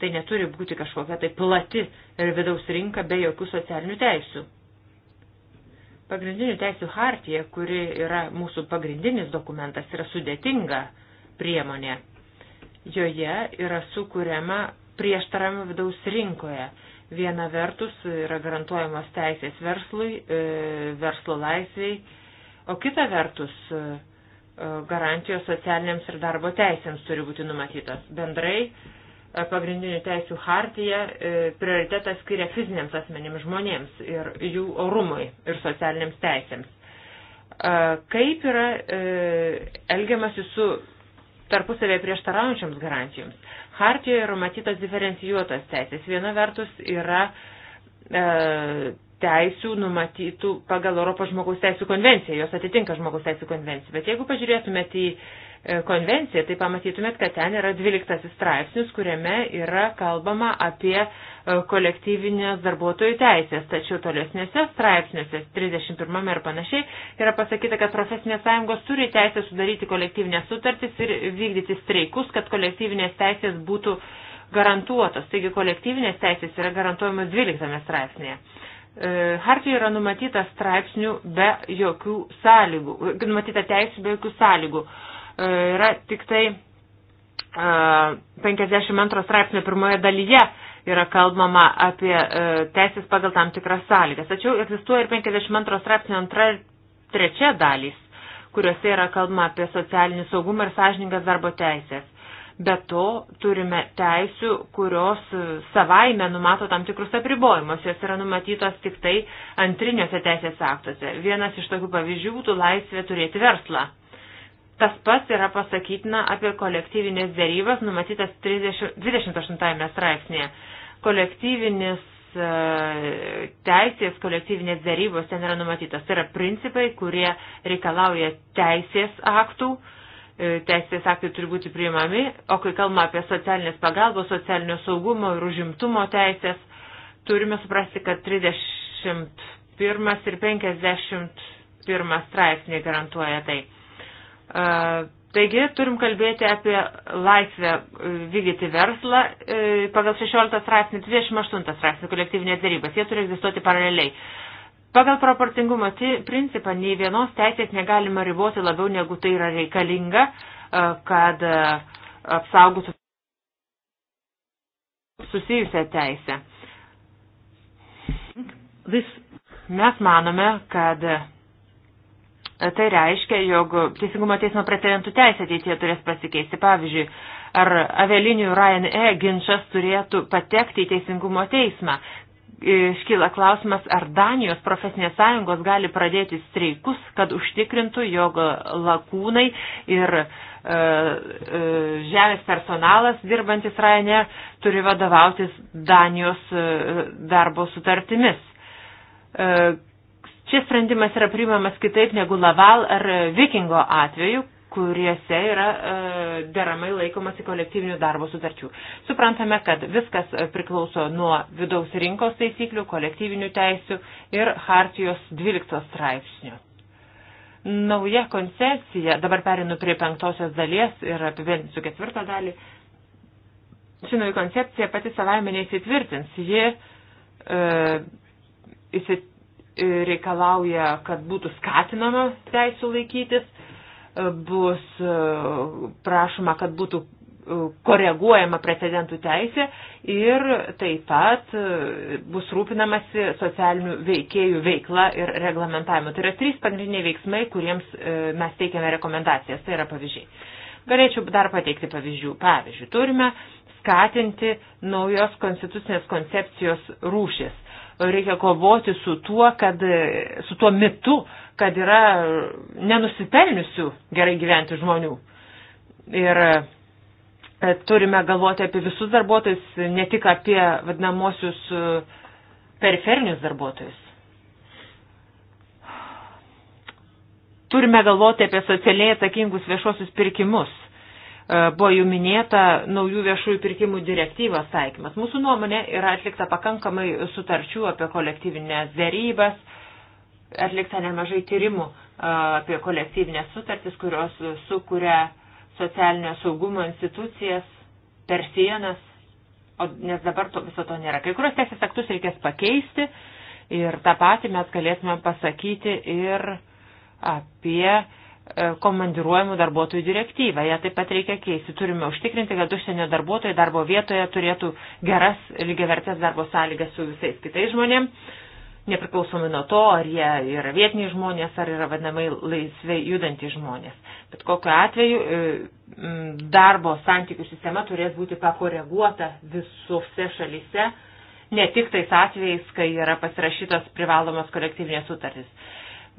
Tai neturi būti kažkokia tai plati ir vidaus rinka be jokių socialinių teisių. Pagrindinių teisų hartija, kuri yra mūsų pagrindinis dokumentas, yra sudėtinga priemonė. Joje yra sukūriama prieštaravimų vidaus rinkoje. Viena vertus yra garantuojamos teisės verslui, e, verslo laisviai, o kita vertus e, e, garantijos socialiniams ir darbo teisėms turi būti numatytos. Bendrai pagrindinių teisių hartija e, prioritetą skiria fiziniams asmenims žmonėms ir jų orumui ir socialiniams teisėms. E, kaip yra e, elgiamasi su tarpusavėje prieštaraujančiams garantijoms? Hartijoje yra matytas diferencijuotas teisės. Viena vertus yra teisių numatytų pagal Europos žmogaus teisų konvenciją, jos atitinka žmogaus teisų konvenciją. Bet jeigu pažiūrėtumėte į E, konvenciją, tai pamatytumėt, kad ten yra 12 straipsnis, kuriame yra kalbama apie e, kolektyvinės darbuotojų teisės. Tačiau tolesnėse straipsniuose, 31 ir panašiai, yra pasakyta, kad profesinės sąjungos turi teisę sudaryti kolektyvinės sutartis ir vykdyti streikus, kad kolektyvinės teisės būtų garantuotos. Taigi kolektyvinės teisės yra garantuojamos 12 straipsnėje. E, Hartijoje yra numatyta straipsnių be jokių sąlygų, numatyta teisų be jokių sąlygų. E, yra tik tai 52 e, straipsnio pirmoje dalyje yra kalbama apie e, teisės pagal tam tikras sąlygas. Tačiau egzistuoja ir 52 straipsnio antra ir trečia dalys, kuriuose yra kalbama apie socialinį saugumą ir sąžiningas darbo teisės. Be to turime teisių, kurios savaime numato tam tikrus apribojimus, jos yra numatytos tik tai antriniuose teisės aktuose. Vienas iš tokių pavyzdžių būtų laisvė turėti verslą. Tas pats yra pasakytina apie kolektyvinės dėrybas numatytas 30, 28 straipsnėje. Kolektyvinis e, teisės, kolektyvinės dėrybos ten yra numatytas. Tai yra principai, kurie reikalauja teisės aktų, e, teisės aktai turi būti priimami, o kai kalbame apie socialinės pagalbos, socialinio saugumo ir užimtumo teisės, turime suprasti, kad 31 ir 51 straipsniai garantuoja tai. Taigi turim kalbėti apie laisvę vykdyti verslą e, pagal 16 straipsnį, 28 straipsnį kolektyvinės darybas. Jie turi egzistuoti paraleliai. Pagal proporcingumo principą nei vienos teisės negalima riboti labiau negu tai yra reikalinga, e, kad e, apsaugotų susijusią teisę. Mes manome, kad Tai reiškia, jog Teisingumo teismo precedentų teisė ateityje turės pasikeisti. Pavyzdžiui, ar avialinių Ryanair e. ginčas turėtų patekti į Teisingumo teismą. E, Iškyla klausimas, ar Danijos profesinės sąjungos gali pradėti streikus, kad užtikrintų, jog lakūnai ir e, e, žemės personalas dirbantis Ryanair turi vadovautis Danijos e, darbo sutartimis. E, Šis sprendimas yra priimamas kitaip negu Laval ar Vikingo atveju, kuriuose yra e, deramai laikomasi kolektyvinių darbo sutarčių. Suprantame, kad viskas priklauso nuo vidaus rinkos taisyklių, kolektyvinių teisių ir Hartijos 12 straipsnių. Nauja koncepcija, dabar perinu prie penktosios dalies ir apibendrinsiu ketvirtą dalį. Ši nauja koncepcija pati savaime neįsitvirtins. Ji e, įsit, reikalauja, kad būtų skatinama teisų laikytis, e, bus e, prašoma, kad būtų e, koreguojama precedentų teisė ir taip pat bus rūpinamasi socialinių veikėjų veikla ir reglamentavimu. Tai yra trys pagrindiniai veiksmai, kuriems mes teikiame rekomendacijas. Tai yra pavyzdžiai. Galėčiau dar pateikti pavyzdžių. Pavyzdžiui, turime skatinti naujos konstitucinės koncepcijos rūšis reikia kovoti su tuo, kad, su tuo mitu, kad yra nenusipelniusių gerai gyventi žmonių. Ir e, turime galvoti apie visus darbuotojus, ne tik apie vadinamosius e, periferinius darbuotojus. Turime galvoti apie socialiai atsakingus viešuosius pirkimus E, buvo jau minėta naujų viešųjų pirkimų direktyvos taikymas. Mūsų nuomonė yra atlikta pakankamai sutarčių apie kolektyvinės dėrybas, atlikta nemažai tyrimų e, apie kolektyvinės sutartis, kurios sukuria socialinio saugumo institucijas per sienas, o, nes dabar to, viso to nėra. Kai kurios teisės aktus reikės pakeisti ir tą patį mes galėsime pasakyti ir apie E, komandiruojamų darbuotojų direktyvą. Ja taip pat reikia keisti. Turime užtikrinti, kad užsienio darbuotojai darbo vietoje turėtų geras lygiavertės darbo sąlygas su visais kitais žmonėmis, nepriklausomai nuo to, ar jie yra vietiniai žmonės, ar yra vadinamai laisvai judantys žmonės. Bet kokiu atveju e, darbo santykių sistema turės būti pakoreguota visose šalyse ne tik tais atvejais, kai yra pasirašytos privalomos kolektyvinės sutartys.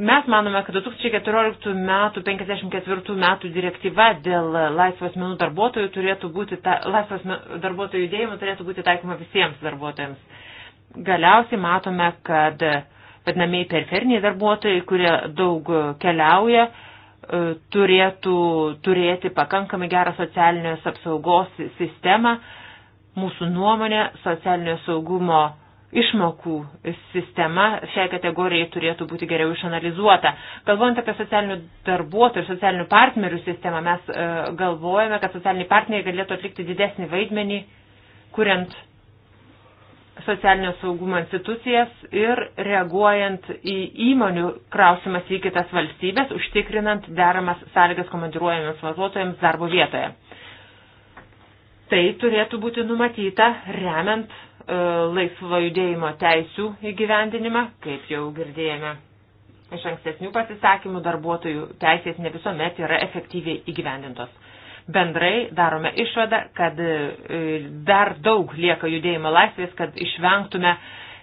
Mes manome, kad 2014 metų 54 metų direktyva dėl laisvos menų darbuotojų turėtų būti, ta, laisvos darbuotojų judėjimų turėtų būti taikoma visiems darbuotojams. Galiausiai matome, kad vadinamiai periferiniai darbuotojai, kurie daug keliauja, e, turėtų turėti pakankamai gerą socialinės apsaugos sistemą. Mūsų nuomonė socialinio saugumo išmokų sistema šiai kategorijai turėtų būti geriau išanalizuota. Galvojant apie socialinių darbuotojų ir socialinių partnerių sistemą, mes e, galvojame, kad socialiniai partneriai galėtų atlikti didesnį vaidmenį, kuriant socialinio saugumo institucijas ir reaguojant į įmonių krausimas į kitas valstybės, užtikrinant deramas sąlygas komandiruojamiems vazuotojams darbo vietoje. Tai turėtų būti numatyta remiant E, laisvo judėjimo teisių įgyvendinimą, kaip jau girdėjome iš ankstesnių pasisakymų, darbuotojų teisės ne visuomet yra efektyviai įgyvendintos. Bendrai darome išvadą, kad e, dar daug lieka judėjimo laisvės, kad išvengtume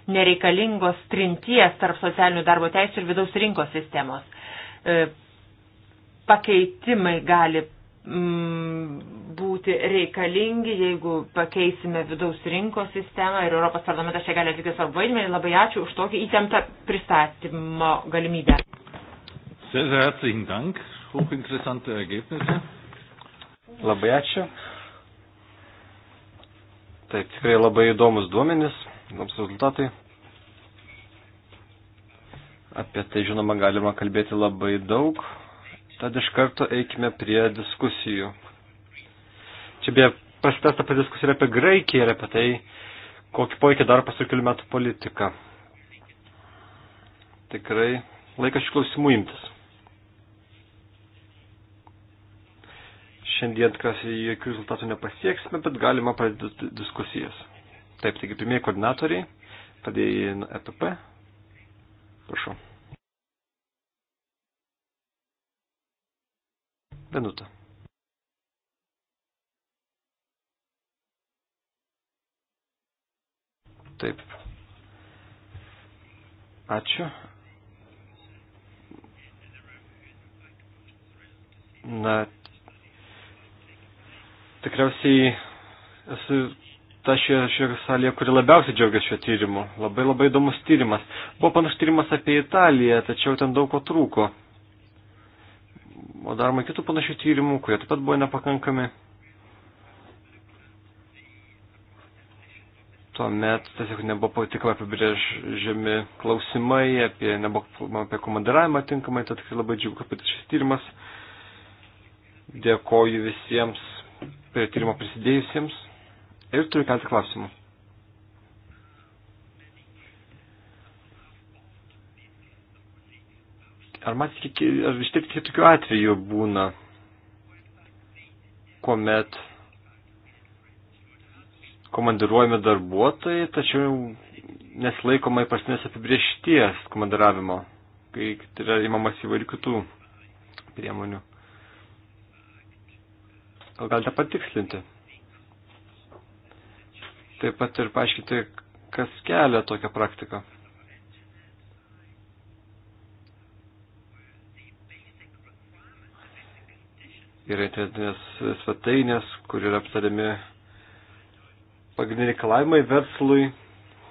nereikalingos trinties tarp socialinių darbo teisų ir vidaus rinkos sistemos. E, pakeitimai gali Mm, būti reikalingi, jeigu pakeisime vidaus rinkos sistemą ir Europos parlamentas čia gali atlikti svarbu vaidmenį. Labai ačiū už tokį įtemptą pristatymo galimybę. Sehr, sehr herzlichen Dank. Hochinteressante Ergebnisse. Labai ačiū. Taip, tikrai labai įdomus duomenis, įdomus rezultatai. Apie tai, žinoma, galima kalbėti labai daug. Tad iš karto eikime prie diskusijų. Čia beje pasitęsta apie diskusiją apie Graikiją ir apie tai, kokį poveikį daro pasakelių metų politika. Tikrai laikas šių klausimų imtis. Šiandien tikriausiai jokių rezultatų nepasieksime, bet galima pradėti diskusijas. Taip, taigi pirmieji koordinatoriai, padėjai EPP. Prašau. Danuta. Taip. Ačiū. Na, tikriausiai esu ta šioje, šioje salėje, kuri labiausiai džiaugiasi šio tyrimu. Labai labai įdomus tyrimas. Buvo panašus tyrimas apie Italiją, tačiau ten daug ko trūko o daroma kitų panašių tyrimų, kurie taip pat buvo nepakankami. Tuomet tiesiog nebuvo patikama apibrėžiami klausimai, apie, nebuvo kalbama apie komandiravimą tinkamai, tad tikrai labai džiugu, kad šis tyrimas. Dėkoju visiems prie tyrimo prisidėjusiems ir turiu keletą klausimų. Ar matyti, ar vis tiek kitokių atvejų būna, kuomet komandiruojami darbuotojai, tačiau nesilaikoma įprastinės apibriešties komandiravimo, kai tai yra įmamas įvairių kitų priemonių. Gal galite patikslinti? Taip pat ir paaiškinti, kas kelia tokią praktiką. yra internetinės svetainės, kur yra aptariami pagrindiniai reikalavimai verslui.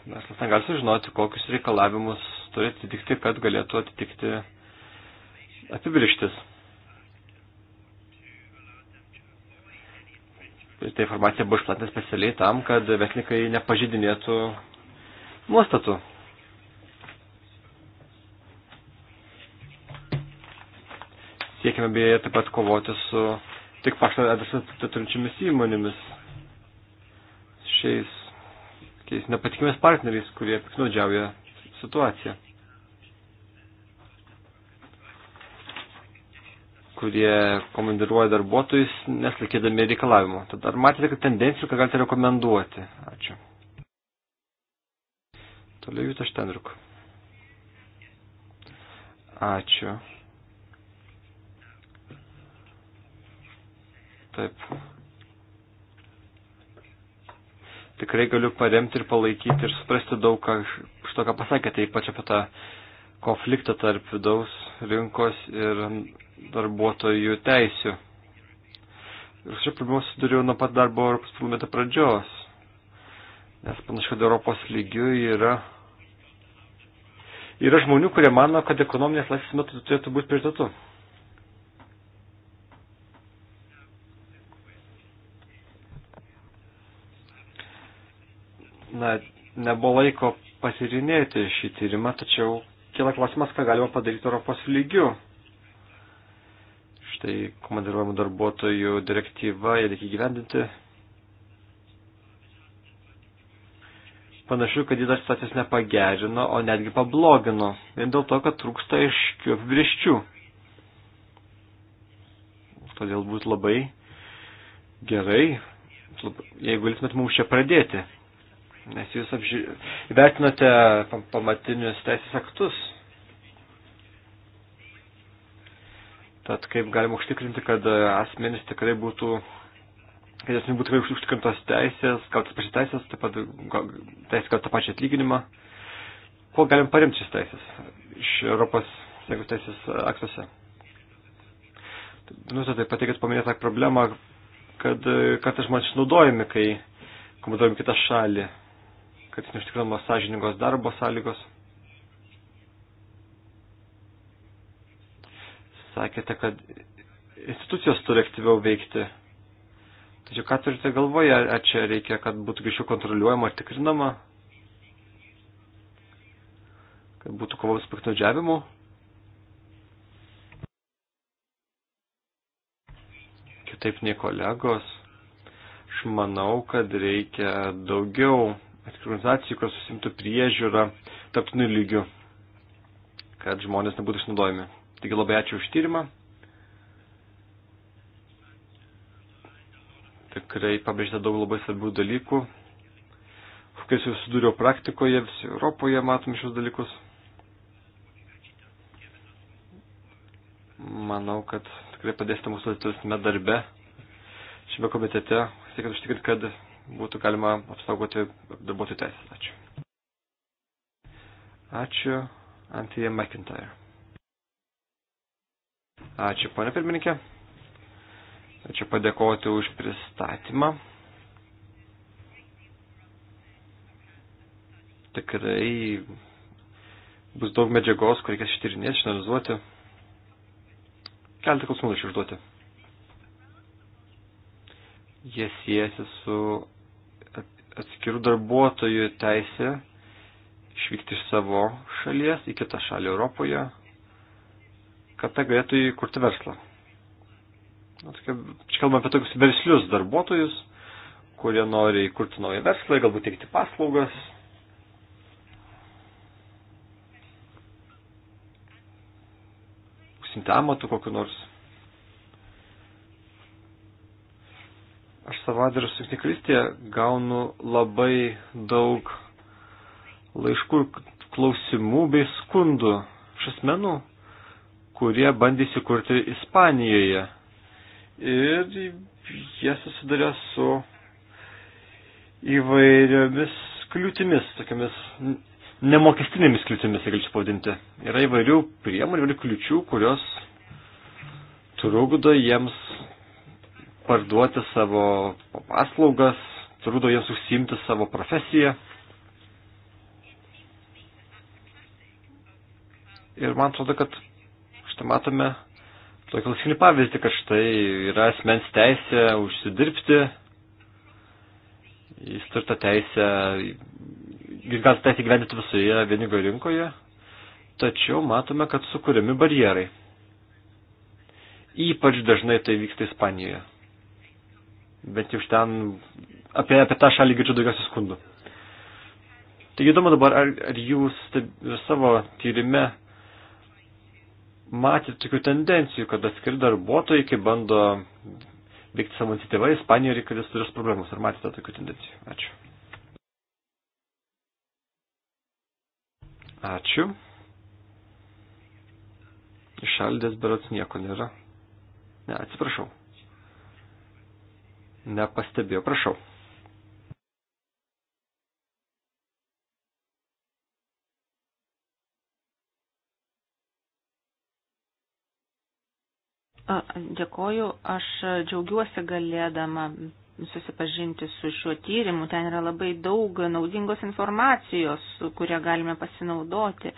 Verslas ten gali sužinoti, kokius reikalavimus turi atitikti, kad galėtų atitikti apibrištis. Ir ta informacija buvo išplatinta specialiai tam, kad verslininkai nepažydinėtų nuostatų. Siekime beje taip pat kovoti su tik pašto adresą turinčiomis įmonėmis. Šiais tokiais nepatikimais partneriais, kurie piknaudžiauja situaciją. kurie komandiruoja darbuotojus, neslaikydami reikalavimo. Tad ar matėte, kad tendencijų, ką galite rekomenduoti? Ačiū. Toliau Jūta Štenruk. Ačiū. Taip. Tikrai galiu paremti ir palaikyti ir suprasti daug ką iš to, ką pasakėte, ypač apie tą konfliktą tarp vidaus rinkos ir darbuotojų teisių. Ir šiaip pirmiau susidūrėjau nuo pat darbo Europos parlamento pradžios, nes panašu, kad Europos lygių yra yra žmonių, kurie mano, kad ekonominės laisvės metu turėtų būti prioritetu. na, nebuvo laiko pasirinėti šį tyrimą, tačiau kila klausimas, ką galima padaryti Europos lygių. Štai komandiruojamų darbuotojų direktyva, ją reikia gyvendinti. Panašu, kad jis situacijos nepagerino, o netgi pablogino. Vien dėl to, kad trūksta aiškių apibrieščių. Todėl būtų labai gerai, jeigu galėtumėt mums čia pradėti nes jūs apži... vertinote pamatinius teisės aktus. Tad kaip galima užtikrinti, kad e, asmenys tikrai būtų, kad asmenys būtų tikrai užtikrintos teisės, gautas pačias teisės, taip pat teisės gautas pačią atlyginimą. Kuo galim paremti šis teisės iš Europos Sąjungos teisės aktuose? Nu, taip pat, kad paminėta problema, kad kartais žmonės naudojami, kai komanduojami kitą šalį kad neužtikrinamos sąžiningos darbo sąlygos. Sakėte, kad institucijos turi aktyviau veikti. Tačiau ką turite galvoje, ar čia reikia, kad būtų grįžčiau kontroliuojama ar tikrinama, kad būtų kovoms piktnaudžiavimu. Kitaip nei kolegos, aš manau, kad reikia daugiau atskirų organizacijų, kurios susimtų priežiūrą tarptautiniu lygiu, kad žmonės nebūtų išnaudojami. Taigi labai ačiū už tyrimą. Tikrai pabrėžta daug labai svarbių dalykų. Kokiais jau sudūriau praktikoje, visi Europoje matome šios dalykus. Manau, kad tikrai padėsite mūsų tolesnėme darbe šiame komitete, siekiant užtikrinti, kad būtų galima apsaugoti darbuotojų teisės. Ačiū. Ačiū Antija McIntyre. Ačiū, ponė pirmininkė. Ačiū padėkoti už pristatymą. Tikrai bus daug medžiagos, kur reikės ištyrinėti, išanalizuoti. Keletą klausimų iš užduoti. Jie siejasi su atskirų darbuotojų teisė išvykti iš savo šalies į kitą šalį Europoje, kad ta galėtų įkurti verslą. Čia kalbame apie tokius verslius darbuotojus, kurie nori įkurti naują verslą, galbūt teikti paslaugas. Užsimti amatų kokiu nors. aš savo adresu Jungtinė gaunu labai daug laiškų klausimų bei skundų iš asmenų, kurie bandė įsikurti Ispanijoje. Ir jie susidarė su įvairiomis kliūtimis, tokiamis nemokestinėmis kliūtimis, galėčiau pavadinti. Yra įvairių priemonių, įvairių kliučių, kurios trukdo jiems parduoti savo paslaugas, trūdo jas užsiimti savo profesiją. Ir man atrodo, kad štai matome tokį klasikinį pavyzdį, kad štai yra asmens teisė užsidirbti, jis turta teisę, jis gali teisę gyventi visoje vienigoje rinkoje, tačiau matome, kad sukūrimi barjerai. Ypač dažnai tai vyksta Ispanijoje bet iš ten apie, apie tą šalį girdžiu daugiausiai skundų. Taigi įdomu dabar, ar, ar jūs steb, savo tyrime matėte tokių tendencijų, kad atskiri darbuotojai, kai bando veikti savo iniciatyvą, Ispanijoje reikalis turės problemus. Ar matėte tokių tendencijų? Ačiū. Ačiū. Išaldės berats nieko nėra. Ne, atsiprašau nepastebėjo. Prašau. Dėkoju, aš džiaugiuosi galėdama susipažinti su šiuo tyrimu. Ten yra labai daug naudingos informacijos, kurią galime pasinaudoti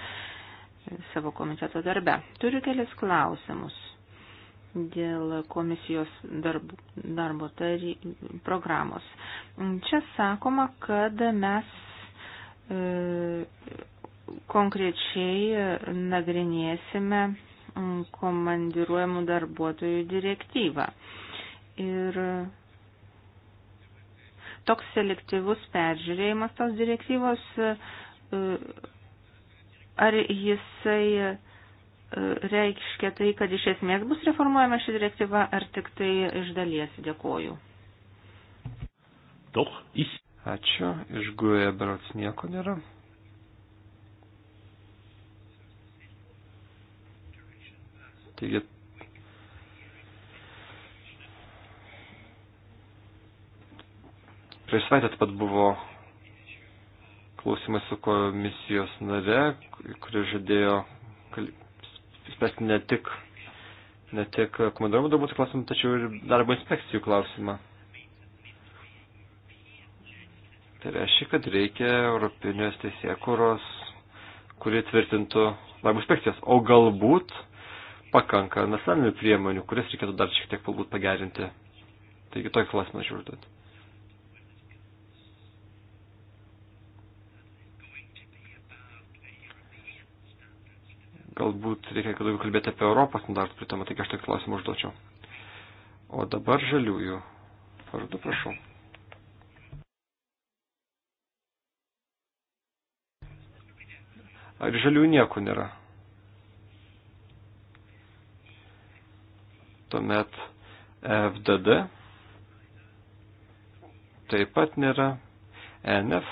savo komiteto darbe. Turiu kelis klausimus dėl komisijos darbų, darbo tari, programos. Čia sakoma, kad mes e, konkrečiai nagrinėsime komandiruojamų darbuotojų direktyvą. Ir toks selektyvus peržiūrėjimas tos direktyvos, e, ar jisai reiškia tai, kad iš esmės bus reformuojama ši direktyva ar tik tai iš dalies? Dėkoju. Doch, ich. Ačiū, iš Guė e Berots nieko nėra. Taigi. Prieš savaitę taip pat buvo klausimas su komisijos nare, kuris žadėjo spręsti ne tik, ne tik komanduojamų darbuotojų klausimą, tačiau ir darbo inspekcijų klausimą. Tai reiškia, kad reikia Europinės teisėkuros, kuri tvirtintų darbo inspekcijas, o galbūt pakanka nacionalinių priemonių, kurias reikėtų dar šiek tiek galbūt pagerinti. Taigi tokį klausimą žiūrėt. galbūt reikia daugiau kalbėti apie Europos standartų pritamą, taigi aš tik klausimą užduočiau. O dabar žaliųjų vardu prašau. Ar žaliųjų nieko nėra? Tuomet FDD taip pat nėra. NF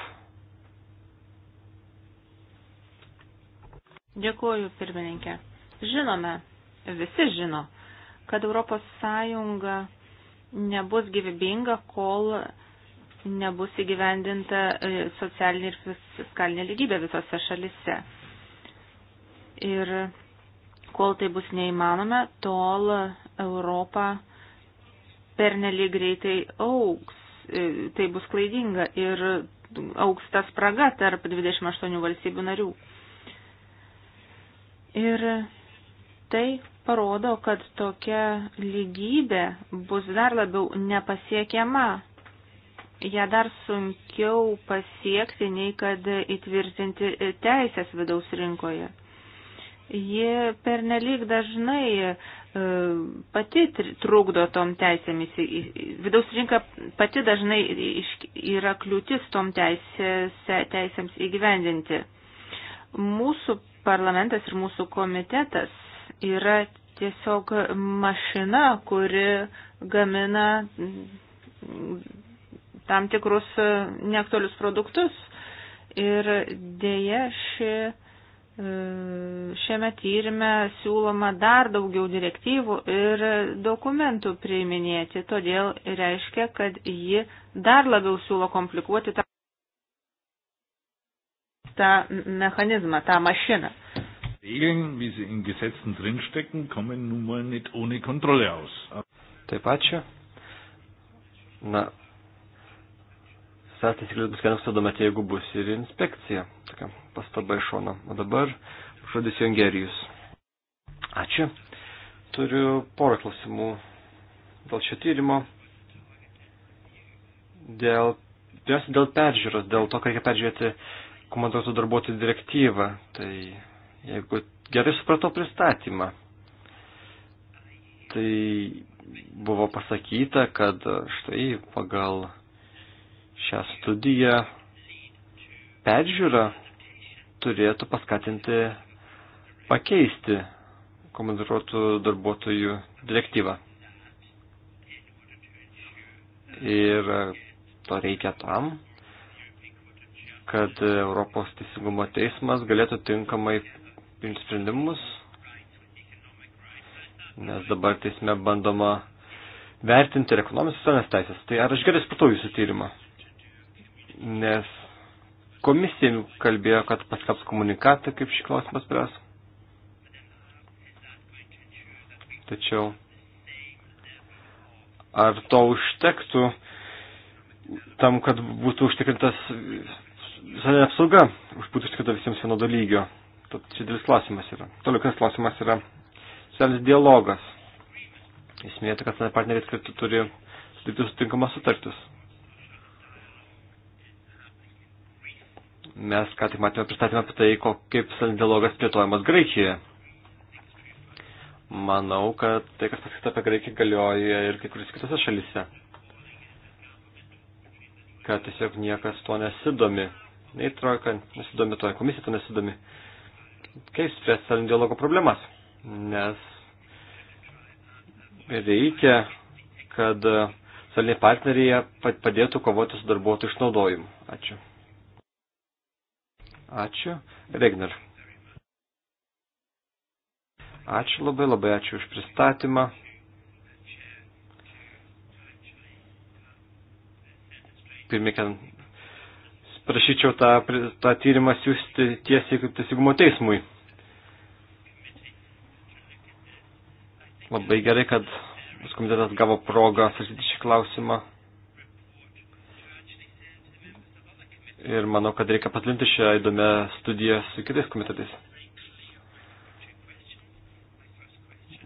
Dėkuoju, pirmininkė. Žinome, visi žino, kad Europos Sąjunga nebus gyvybinga, kol nebus įgyvendinta e, socialinė ir fiskalinė lygybė visose šalise. Ir kol tai bus neįmanome, tol Europa pernelyg greitai auks. E, tai bus klaidinga ir auks ta spraga tarp 28 valstybių narių. Ir tai parodo, kad tokia lygybė bus dar labiau nepasiekiama. Ja dar sunkiau pasiekti, nei kad įtvirtinti teisės vidaus rinkoje. Ji pernelyg dažnai e, pati trukdo tom teisėmis. Vidaus rinka pati dažnai yra kliūtis tom teisės, teisėms įgyvendinti. Mūsų parlamentas ir mūsų komitetas yra tiesiog mašina, kuri gamina tam tikrus neaktualius produktus. Ir dėja ši, šiame tyrimė siūloma dar daugiau direktyvų ir dokumentų priiminėti, todėl reiškia, kad ji dar labiau siūlo komplikuoti tą tą mechanizmą, tą mašiną. Regeln, wie sie in Gesetzen drinstecken, kommen nun mal nicht ohne Kontrolle aus. Taip ačiū. Na, visas taisyklės bus galima sudomėti, jeigu bus ir inspekcija. Tokia pastaba iš šono. O dabar žodis Jongerijus. Ačiū. Turiu porą klausimų dėl šio tyrimo. Dėl, dėl peržiūros, dėl to, kad reikia peržiūrėti komandotų darbuotojų direktyvą. Tai jeigu gerai supratau pristatymą, tai buvo pasakyta, kad štai pagal šią studiją peržiūra turėtų paskatinti pakeisti komandiruotų darbuotojų direktyvą. Ir to reikia tam, kad Europos teisingumo teismas galėtų tinkamai priimti sprendimus, nes dabar teisme bandoma vertinti ir ekonomis socialinės teisės. Tai ar aš gerai supratau jūsų tyrimą? Nes komisija kalbėjo, kad paskelbs komunikatą, kaip šį klausimą spręs. Tačiau ar to užtektų tam, kad būtų užtikrintas socialinė apsauga būtų ištikta visiems vienodo lygio. Tad čia dvis klausimas yra. Toliau, kas klausimas yra socialinis dialogas. Jis minėtų, kad partneriai kartu turi sudaryti sutinkamas sutartis. Mes ką tik matėme pristatymą apie tai, kaip socialinis dialogas plėtojamas Graikijoje. Manau, kad tai, kas pasakyta apie Graikiją, galioja ir kai kuris kitose šalise kad tiesiog niekas to nesidomi nei trojka nesidomi to, komisija to nesidomi. Kaip spręsti socialinio dialogo problemas? Nes reikia, kad socialiniai partneriai padėtų kovoti su darbuotojų išnaudojimu. Ačiū. Ačiū. Regner. Ačiū labai, labai ačiū už pristatymą. Pirmikant prašyčiau tą, tą tyrimą siūsti tiesiai kaip teisingumo teismui. Labai gerai, kad mūsų komitetas gavo progą svarstyti šį klausimą. Ir manau, kad reikia patlinti šią įdomią studiją su kitais komitetais.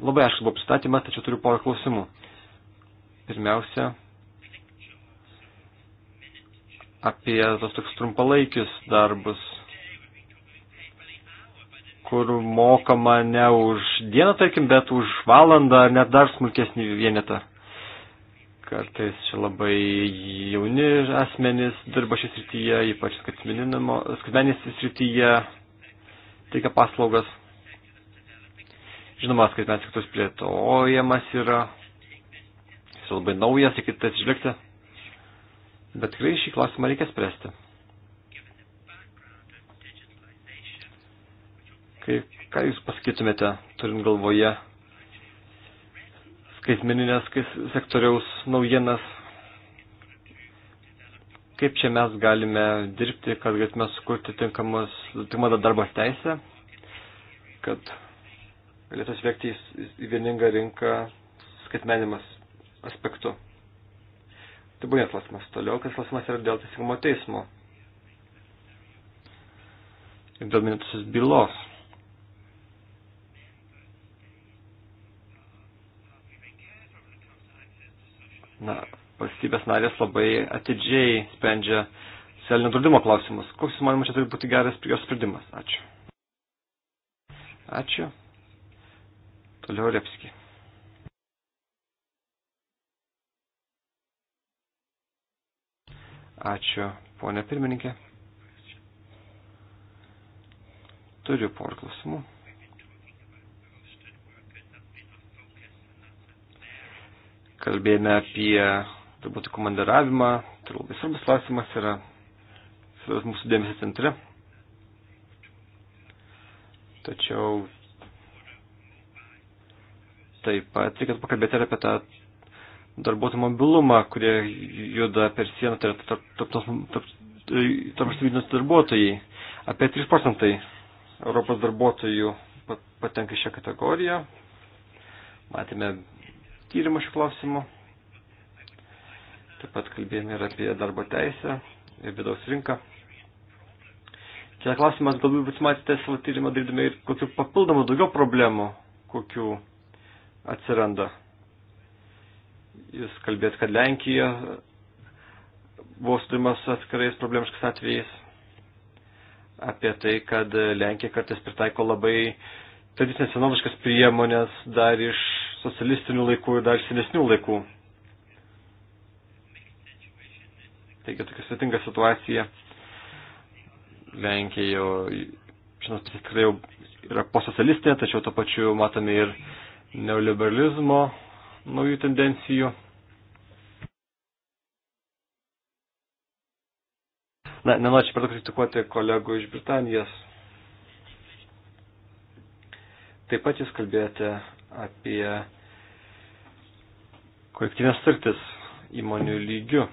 Labai aišku buvo pristatymas, tačiau turiu porą klausimų. Pirmiausia, apie tos toks trumpalaikius darbus, kur mokama ne už dieną, tarkim, bet už valandą ar net dar smulkesnį vienetą. Kartais čia labai jauni asmenys dirba šį srityje, ypač skaitmenės srityje, teikia paslaugas. Žinoma, skaitmenės sektorius plėtojamas yra, jis labai naujas, reikia tai atsižvelgti. Bet tikrai šį klausimą reikia spręsti. Kai, ką Jūs pasakytumėte, turint galvoje skaitmeninės sektoriaus naujienas, kaip čia mes galime dirbti, kad galėtume sukurti tinkamas, tinkamą darbo teisę, kad galėtų sveikti į vieningą rinką skaitmenimas aspektu. Tai buvo vienas klausimas. Toliau, kas klausimas yra dėl teisingumo teismo ir dėl minėtusios bylos. Na, valstybės narės labai atidžiai sprendžia socialinio draudimo klausimus. Koks jūs manimo čia turi būti geras jos sprendimas? Ačiū. Ačiū. Toliau Repski. Ačiū, ponė pirmininkė. Turiu porą klausimų. Kalbėjome apie darbuotojų komandaravimą. Tai labai svarbus klausimas yra svarbus mūsų dėmesio centre. Tačiau taip pat reikėtų pakalbėti ir apie tą darbuotojų mobilumą, kurie juda per sieną, tai yra tarpvalstybinės darbuotojai. Apie 3 procentai Europos darbuotojų patenka šią kategoriją. Matėme tyrimą šių klausimų. Taip pat kalbėjome ir apie darbo teisę ir vidaus rinką. Čia klausimas, galbūt jūs matėte savo tyrimą darydami ir kokių papildomų daugiau problemų, kokių atsiranda Jūs kalbėt, kad Lenkija buvo studimas atskirais problemiškais atvejais apie tai, kad Lenkija kartais pritaiko labai tradicinės senoviškas priemonės dar iš socialistinių laikų ir dar iš senesnių laikų. Taigi tokia svetinga situacija. Lenkija jau, žinot, tikrai jau yra posocialistė, tačiau to pačiu matome ir neoliberalizmo naujų tendencijų. Na, nenočiau per daug kritikuoti kolegų iš Britanijos. Taip pat jūs kalbėjote apie kolektyvinės sutartis įmonių lygių.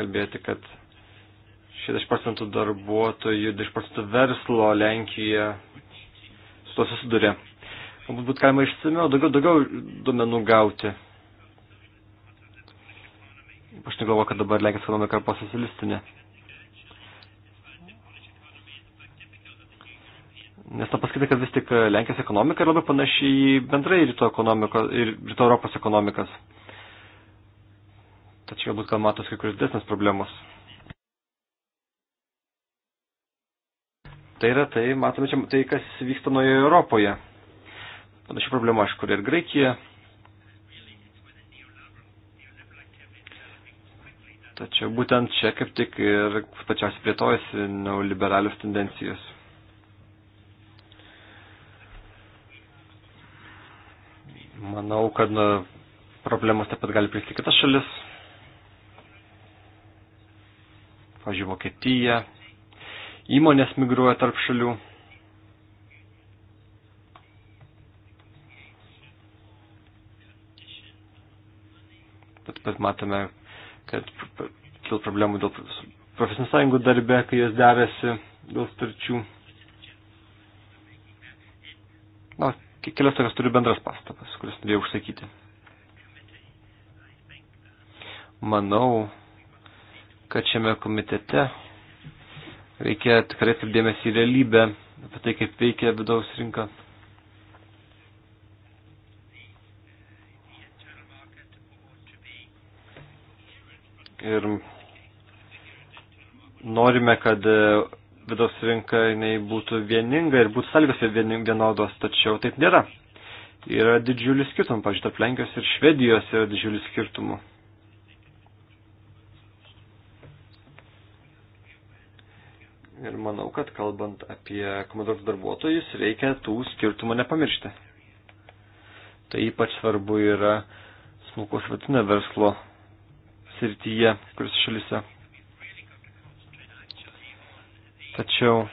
Kalbėti, kad 60 procentų darbuotojų, 10 procentų verslo Lenkijoje tuo susiduria. Galbūt būtų galima išsimiau daugiau, daugiau duomenų gauti. Aš negalvoju, kad dabar Lenkijos ekonomika yra posocialistinė. Nes ta paskaita, kad vis tik Lenkijos ekonomika yra labai panaši į bendrai rytų, ir rytų Europos ekonomikas. Tačiau galbūt gal matos kai kurios desnės problemos. Tai yra tai, matome čia, tai kas vyksta naujoje Europoje. Panaši problema, aišku, ir Graikija. Tačiau būtent čia kaip tik ir pačiausiai plėtojasi neoliberalios tendencijos. Manau, kad na, problemos taip pat gali pristi kitas šalis. Pavyzdžiui, Vokietija, įmonės migruoja tarp šalių. Bet, bet matome, kad kil problemų dėl profesinių sąjungų darbe, kai jos derasi dėl starčių. Na, kelias tokias turi bendras pastabas, kuris norėjau užsakyti. Manau, kad šiame komitete Reikia tikrai atkreipdėmės į realybę, apie tai, kaip veikia vidaus rinka. Ir norime, kad e, vidaus rinka jinai būtų vieninga ir būtų sąlygos vienodos, tačiau taip nėra. Yra didžiulis skirtumas, pažiūrėjau, tarp Lenkijos ir Švedijos yra didžiulis skirtumas. Ir manau, kad kalbant apie komandos darbuotojus, reikia tų skirtumų nepamiršti. Tai ypač svarbu yra smulkos vatinio verslo srityje, kuris šalise. Tačiau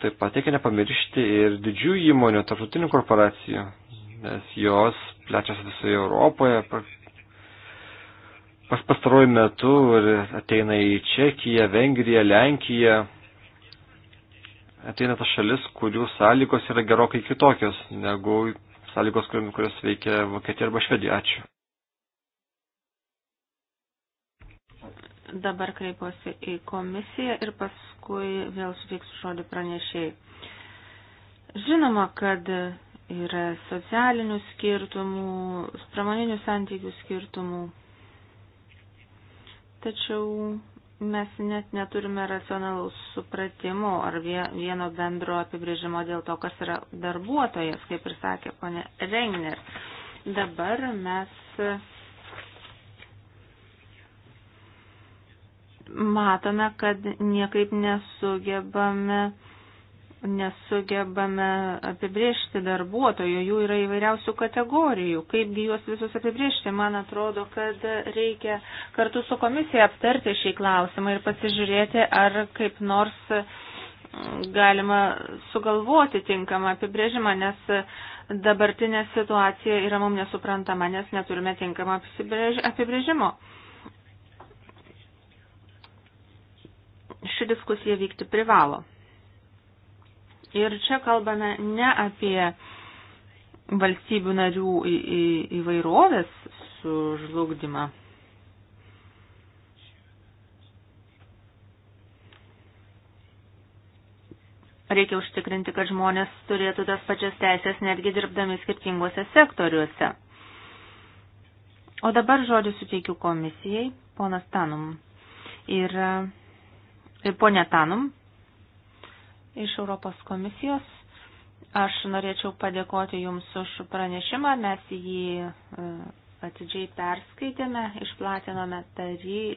taip pat reikia nepamiršti ir didžių įmonių, tarptautinių korporacijų, nes jos plečiasi visoje Europoje, pas pastaruoju metu ateina į Čekiją, Vengriją, Lenkiją, ateina tas šalis, kurių sąlygos yra gerokai kitokios negu sąlygos, kurios veikia Vokietija arba Švedija. Ačiū. Dabar kreipiuosi į komisiją ir paskui vėl suteiksiu žodį pranešėjai. Žinoma, kad yra socialinių skirtumų, pramoninių santykių skirtumų, tačiau mes net neturime racionalaus supratimo ar vieno bendro apibrėžimo dėl to, kas yra darbuotojas, kaip ir sakė ponė Regner. Dabar mes matome, kad niekaip nesugebame nesugebame apibriežti darbuotojų, jų yra įvairiausių kategorijų. Kaipgi juos visus apibriežti, man atrodo, kad reikia kartu su komisija aptarti šį klausimą ir pasižiūrėti, ar kaip nors mm, galima sugalvoti tinkamą apibrėžimą, nes dabartinė situacija yra mums nesuprantama, nes neturime tinkamą apibrėžimo. Ši diskusija vykti privalo. Ir čia kalbame ne apie valstybių narių įvairovės sužlugdymą. Reikia užtikrinti, kad žmonės turėtų tas pačias teisės netgi dirbdami skirtinguose sektoriuose. O dabar žodį suteikiu komisijai, ponas Tanum. Ir, ir ponė Tanum, iš Europos komisijos. Aš norėčiau padėkoti Jums už pranešimą, mes jį e, atidžiai perskaitėme, išplatinome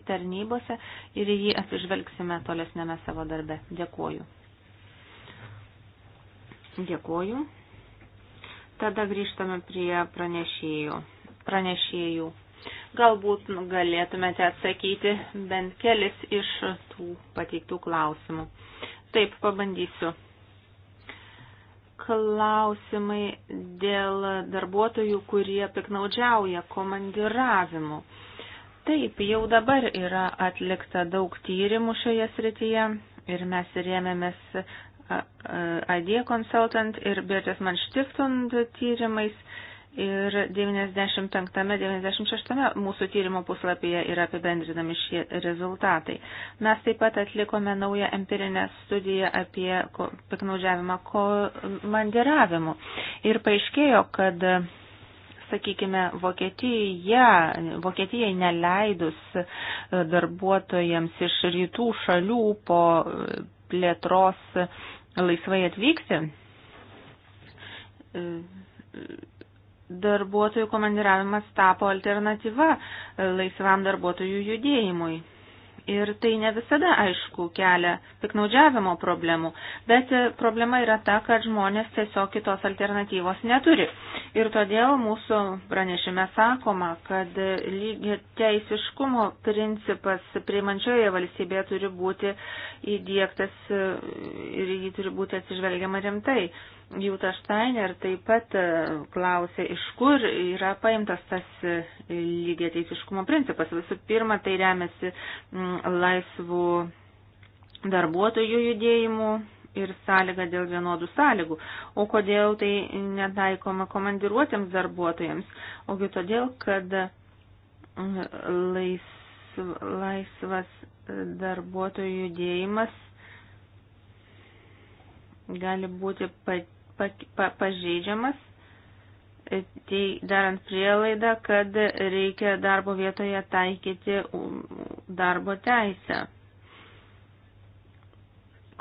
tarnybose ir jį atsižvelgsime tolesnėme savo darbe. Dėkuoju. Dėkuoju. Tada grįžtame prie pranešėjų. pranešėjų. Galbūt galėtumėte atsakyti bent kelis iš tų pateiktų klausimų. Taip, pabandysiu. Klausimai dėl darbuotojų, kurie piknaudžiauja komandiravimu. Taip, jau dabar yra atlikta daug tyrimų šioje srityje ir mes rėmėmės ID Consultant ir Bertesman Stiftund tyrimais Ir 95-96 mūsų tyrimo puslapyje yra apibendrinami šie rezultatai. Mes taip pat atlikome naują empirinę studiją apie piknaudžiavimą komandiravimu. Ir paaiškėjo, kad, sakykime, Vokietija, Vokietijai neleidus darbuotojams iš rytų šalių po plėtros laisvai atvykti, darbuotojų komandiravimas tapo alternatyva e, laisvam darbuotojų judėjimui. Ir tai ne visada, aišku, kelia piknaudžiavimo problemų, bet e, problema yra ta, kad žmonės tiesiog kitos alternatyvos neturi. Ir todėl mūsų pranešime sakoma, kad e, teisiškumo principas priimančioje valstybėje turi būti įdėktas ir jį turi būti atsižvelgiama rimtai. Jūta Steiner taip pat e, klausė, iš kur yra paimtas tas e, lygiai teisiškumo principas. Visų pirma, tai remiasi laisvų darbuotojų judėjimų ir sąlyga dėl vienodų sąlygų. O kodėl tai netaikoma komandiruotėms darbuotojams? Ogi todėl, kad lais, laisvas darbuotojų judėjimas gali būti pat pa, pa, pažeidžiamas, e, tai darant prielaidą, kad reikia darbo vietoje taikyti darbo teisę.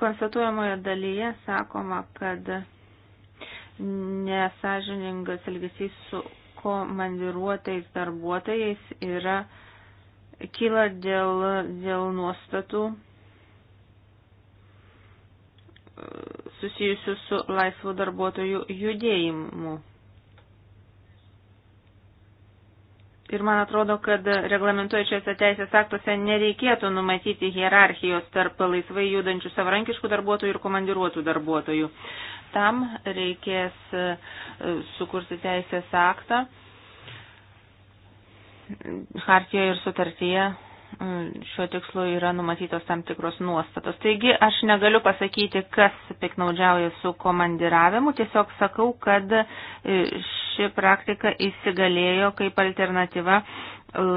Konstatuojamoje dalyje sakoma, kad nesažiningas elgesys su komandiruotais darbuotojais yra kyla dėl, dėl nuostatų susijusių su laisvų darbuotojų judėjimu. Ir man atrodo, kad reglamentuojančiose teisės aktuose nereikėtų numatyti hierarchijos tarp laisvai judančių savarankiškų darbuotojų ir komandiruotų darbuotojų. Tam reikės e, sukurti teisės aktą. Hartijoje ir sutartyje šiuo tikslu yra numatytos tam tikros nuostatos. Taigi aš negaliu pasakyti, kas piknaudžiauja su komandiravimu, tiesiog sakau, kad e, ši praktika įsigalėjo kaip alternatyva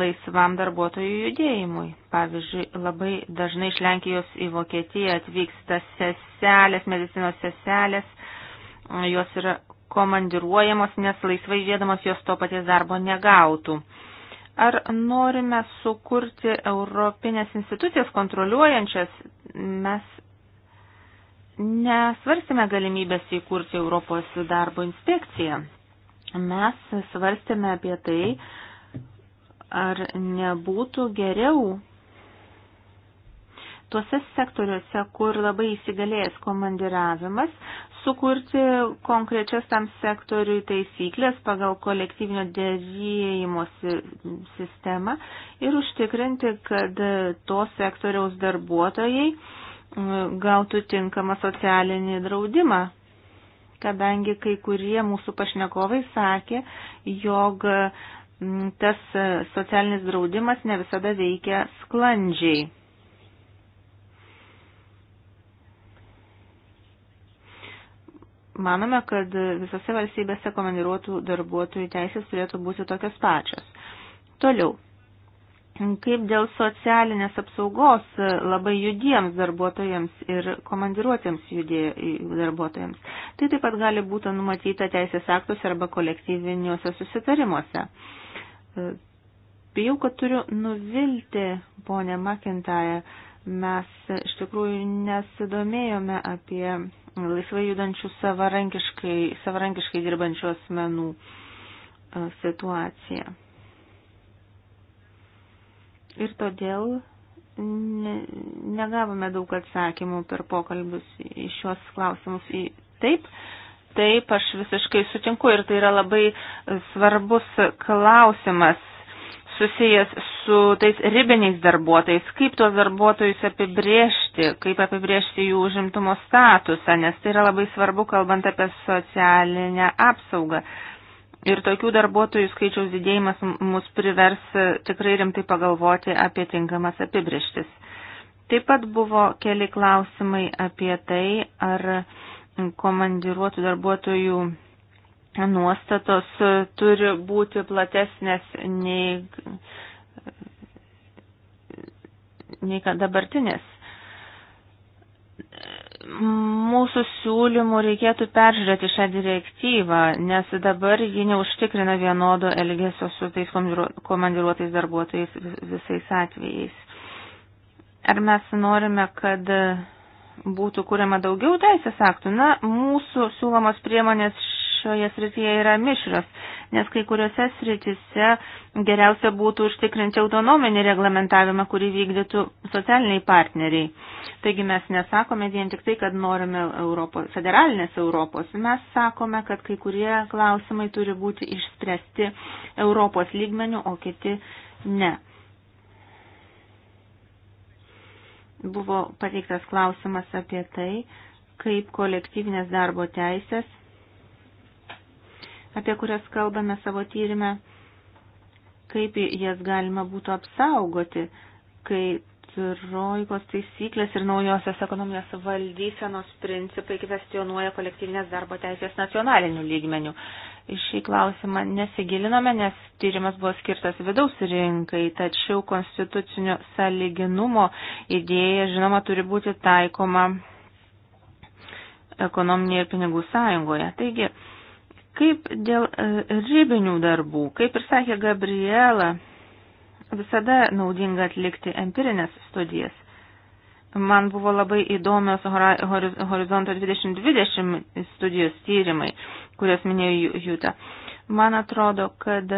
laisvam darbuotojų judėjimui. Pavyzdžiui, labai dažnai iš Lenkijos į Vokietiją atvyksta seselės, medicinos seselės, jos yra komandiruojamos, nes laisvai žiedamos jos to paties darbo negautų. Ar norime sukurti europinės institucijas kontroliuojančias? Mes nesvarstėme galimybės įkurti Europos darbo inspekciją. Mes svarstėme apie tai, ar nebūtų geriau tuose sektoriuose, kur labai įsigalėjęs komandiravimas, sukurti konkrečias tam sektoriui taisyklės pagal kolektyvinio dėrėjimo sistemą ir užtikrinti, kad to sektoriaus darbuotojai gautų tinkamą socialinį draudimą kadangi kai kurie mūsų pašnekovai sakė, jog tas socialinis draudimas ne visada veikia sklandžiai. Manome, kad visose valstybėse komandiruotų darbuotojų teisės turėtų būti tokios pačios. Toliau. Kaip dėl socialinės apsaugos labai judiems darbuotojams ir komandiruotėms darbuotojams. Tai taip pat gali būti numatyta teisės aktuose arba kolektyviniuose susitarimuose. Bijau, kad turiu nuvilti ponę Makintają Mes iš tikrųjų nesidomėjome apie laisvai judančių savarankiškai, savarankiškai dirbančių asmenų e, situaciją. Ir todėl ne, negavome daug atsakymų per pokalbius į šios klausimus. Į, taip, taip, aš visiškai sutinku ir tai yra labai svarbus klausimas susijęs su tais ribiniais darbuotojais, kaip tuos darbuotojus apibriežti, kaip apibriežti jų užimtumo statusą, nes tai yra labai svarbu, kalbant apie socialinę apsaugą. Ir tokių darbuotojų skaičiaus didėjimas mus privers e, tikrai rimtai pagalvoti apie tinkamas apibrieštis. Taip pat buvo keli klausimai apie tai, ar komandiruotų darbuotojų nuostatos e, turi būti platesnės nei, nei dabartinės. Mūsų siūlymų reikėtų peržiūrėti šią direktyvą, nes dabar ji neužtikrina vienodo elgesio su tais komandiruotais darbuotojais visais atvejais. Ar mes norime, kad būtų kuriama daugiau teisės aktų? Na, mūsų siūlomos priemonės šioje srityje yra mišras, nes kai kuriuose srityse geriausia būtų užtikrinti autonominį reglamentavimą, kurį vykdytų socialiniai partneriai. Taigi mes nesakome vien tik tai, kad norime Europos, federalinės Europos, mes sakome, kad kai kurie klausimai turi būti išspręsti Europos lygmenių, o kiti ne. Buvo pateiktas klausimas apie tai, kaip kolektyvinės darbo teisės apie kurias kalbame savo tyrimę, kaip jas galima būtų apsaugoti, kai trojkos taisyklės ir naujosios ekonominės valdysenos principai kvestionuoja kolektyvinės darbo teisės nacionalinių lygmenių. Šį klausimą nesigilinome, nes tyrimas buvo skirtas vidaus rinkai, tačiau konstitucinio sąlyginumo idėja, žinoma, turi būti taikoma ekonominėje ir pinigų sąjungoje. Taigi, Kaip dėl e, ribinių darbų, kaip ir sakė Gabriela, visada naudinga atlikti empirinės studijas. Man buvo labai įdomios Horizonto 2020 studijos tyrimai, kurias minėjo Jūta. Man atrodo, kad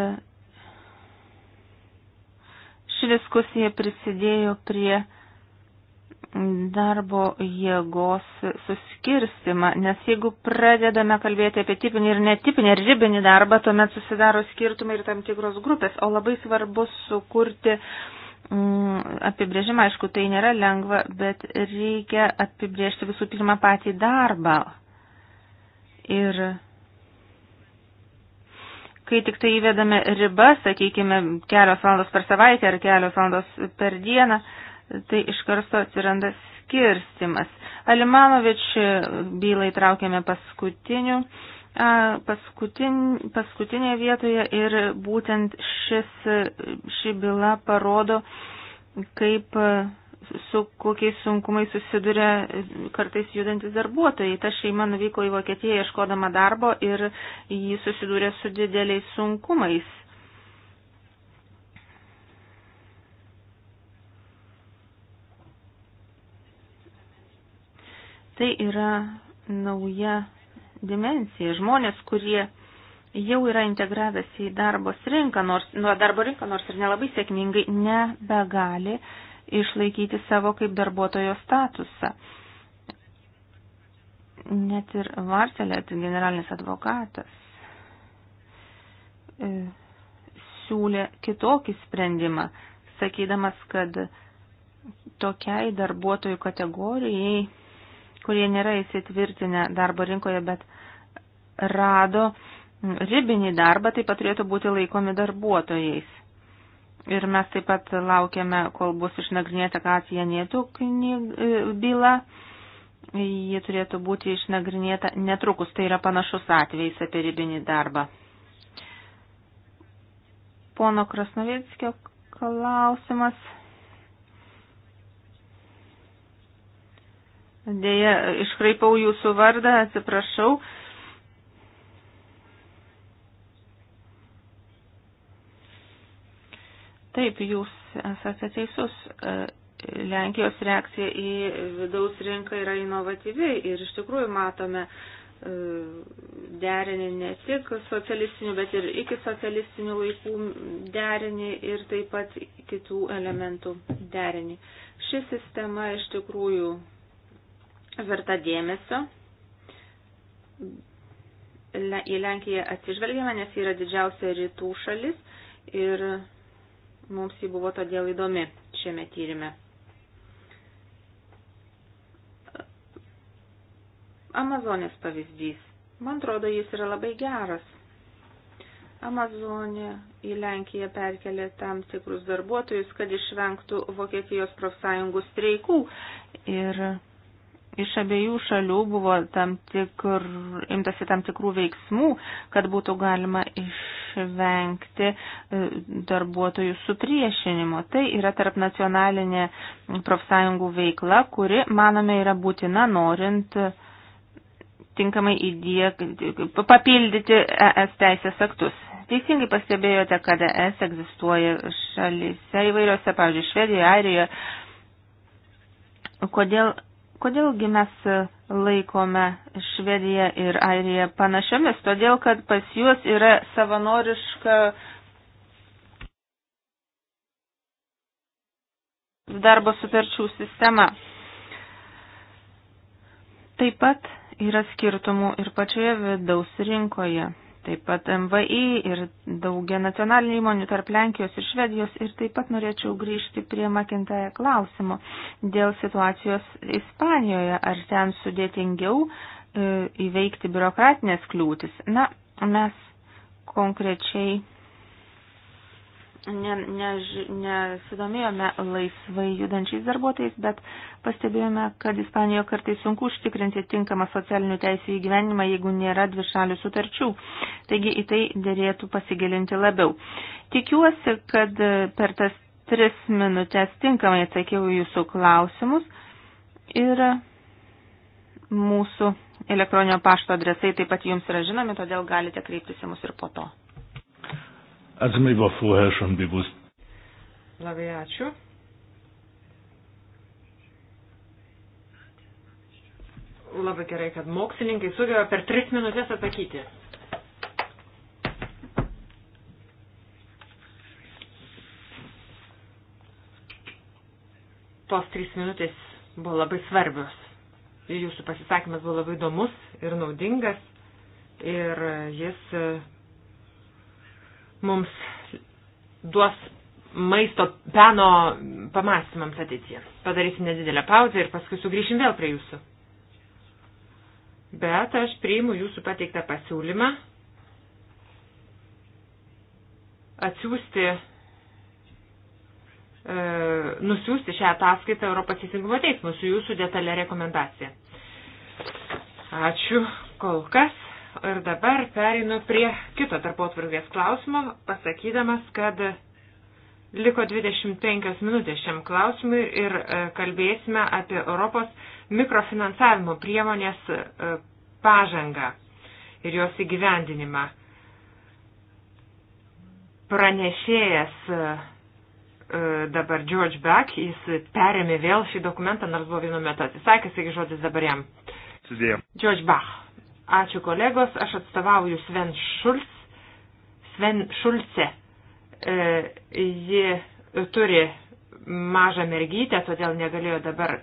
ši diskusija prisidėjo prie darbo jėgos suskirstimą, nes jeigu pradedame kalbėti apie tipinį ir netipinį ir ribinį darbą, tuomet susidaro skirtumai ir tam tikros grupės, o labai svarbu sukurti mm, apibrėžimą, aišku, tai nėra lengva, bet reikia apibrėžti visų pirma patį darbą. Ir kai tik tai įvedame ribas, sakykime, kelios valandos per savaitę ar kelios valandos per dieną, mm, tai iš karto atsiranda skirstimas. Alimanovič bylą įtraukėme paskutiniu, paskutin, paskutinėje vietoje ir būtent šis, ši byla parodo, kaip su kokiais sunkumais susiduria kartais judantis darbuotojai. Ta šeima nuvyko į Vokietiją ieškodama darbo ir jį susidūrė su dideliais sunkumais. Tai yra nauja dimensija. Žmonės, kurie jau yra integravęs į darbo rinką, nors, nuo darbo rinką, nors ir nelabai sėkmingai, nebegali išlaikyti savo kaip darbuotojo statusą. Net ir Varselėt, generalinis advokatas, e, siūlė kitokį sprendimą, sakydamas, kad tokiai darbuotojų kategorijai kurie nėra įsitvirtinę darbo rinkoje, bet rado ribinį darbą, taip pat turėtų būti laikomi darbuotojais. Ir mes taip pat laukiame, kol bus išnagrinėta Kacija Nietų e, byla. Ji turėtų būti išnagrinėta netrukus. Tai yra panašus atvejs apie ribinį darbą. Pono Krasnovickio klausimas. Dėja, iškraipau jūsų vardą, atsiprašau. Taip, jūs esate teisus. E, Lenkijos reakcija į vidaus rinką yra inovatyvi ir iš tikrųjų matome e, derinį ne tik socialistinių, bet ir iki socialistinių laikų derinį ir taip pat kitų elementų derinį. Ši sistema iš tikrųjų verta dėmesio. Le, į Lenkiją atsižvelgiame, nes yra didžiausia rytų šalis ir mums jį buvo todėl įdomi šiame tyrime. Amazonės pavyzdys. Man atrodo, jis yra labai geras. Amazonė į Lenkiją perkelė tam tikrus darbuotojus, kad išvengtų Vokietijos profsąjungų streikų ir iš abiejų šalių buvo tam tikr, imtasi tam tikrų veiksmų, kad būtų galima išvengti e, darbuotojų supriešinimo. Tai yra tarp nacionalinė profsąjungų veikla, kuri, manome, yra būtina norint tinkamai įdėk, papildyti ES teisės aktus. Teisingai pastebėjote, kad ES egzistuoja šalyse įvairiose, pavyzdžiui, Švedijoje, Airijoje. Kodėl Kodėlgi mes laikome Švediją ir Airiją panašiomis? Todėl, kad pas juos yra savanoriška darbo sutarčių sistema. Taip pat yra skirtumų ir pačioje vidaus rinkoje taip pat MVI ir daugia nacionalinių įmonių tarp Lenkijos ir Švedijos. Ir taip pat norėčiau grįžti prie Makintaja klausimo dėl situacijos Ispanijoje. Ar ten sudėtingiau e, įveikti biurokratinės kliūtis? Na, mes konkrečiai ne, ne, nesidomėjome laisvai judančiais darbuotojais, bet pastebėjome, kad Ispanijoje kartais sunku užtikrinti tinkamą socialinių teisų įgyvenimą, jeigu nėra dvišalių sutarčių. Taigi į tai dėrėtų pasigilinti labiau. Tikiuosi, kad per tas tris minutės tinkamai atsakiau jūsų klausimus ir mūsų elektroninio pašto adresai taip pat jums yra žinomi, todėl galite kreiptis į mus ir po to. Also mir war vorher schon bewusst. Labai ačiū. Labai gerai, kad mokslininkai sugeba per tris minutės atsakyti. Tos trys minutės buvo labai svarbios. Jūsų pasisakymas buvo labai įdomus ir naudingas ir jis mums duos maisto peno pamastymams ateityje. Padarysim nedidelę pauzę ir paskui sugrįšim vėl prie jūsų. Bet aš priimu jūsų pateiktą pasiūlymą atsiųsti, e, nusiųsti šią ataskaitą Europos teisingumo teismui su jūsų detalė rekomendacija. Ačiū kol kas ir dabar perinu prie kito darbotvarkės klausimo, pasakydamas, kad liko 25 minutės šiam klausimui ir e, kalbėsime apie Europos mikrofinansavimo priemonės e, pažangą ir jos įgyvendinimą. Pranešėjas e, dabar George Beck, jis perėmė vėl šį dokumentą, nors buvo vienu metu atsisakęs, taigi žodis dabar jam. Sudėjom. George Bach. Ačiū kolegos, aš atstovauju Sven Šulc. Sven Šulce. E, ji turi mažą mergytę, todėl negalėjo dabar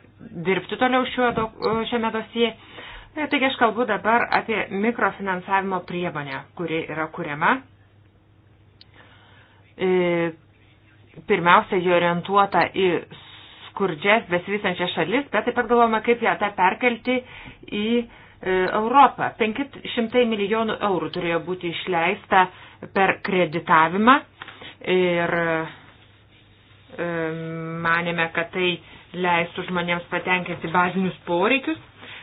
dirbti toliau šiuo, šiame dosijai. Na, e, taigi aš kalbu dabar apie mikrofinansavimo priemonę, kuri yra kuriama. E, pirmiausia, ji orientuota į skurdžias, besivystančias šalis, bet taip pat galvojame, kaip ją tą perkelti į E, Europą. 500 milijonų eurų turėjo būti išleista per kreditavimą ir e, manėme, kad tai leistų žmonėms patenkinti bazinius poreikius.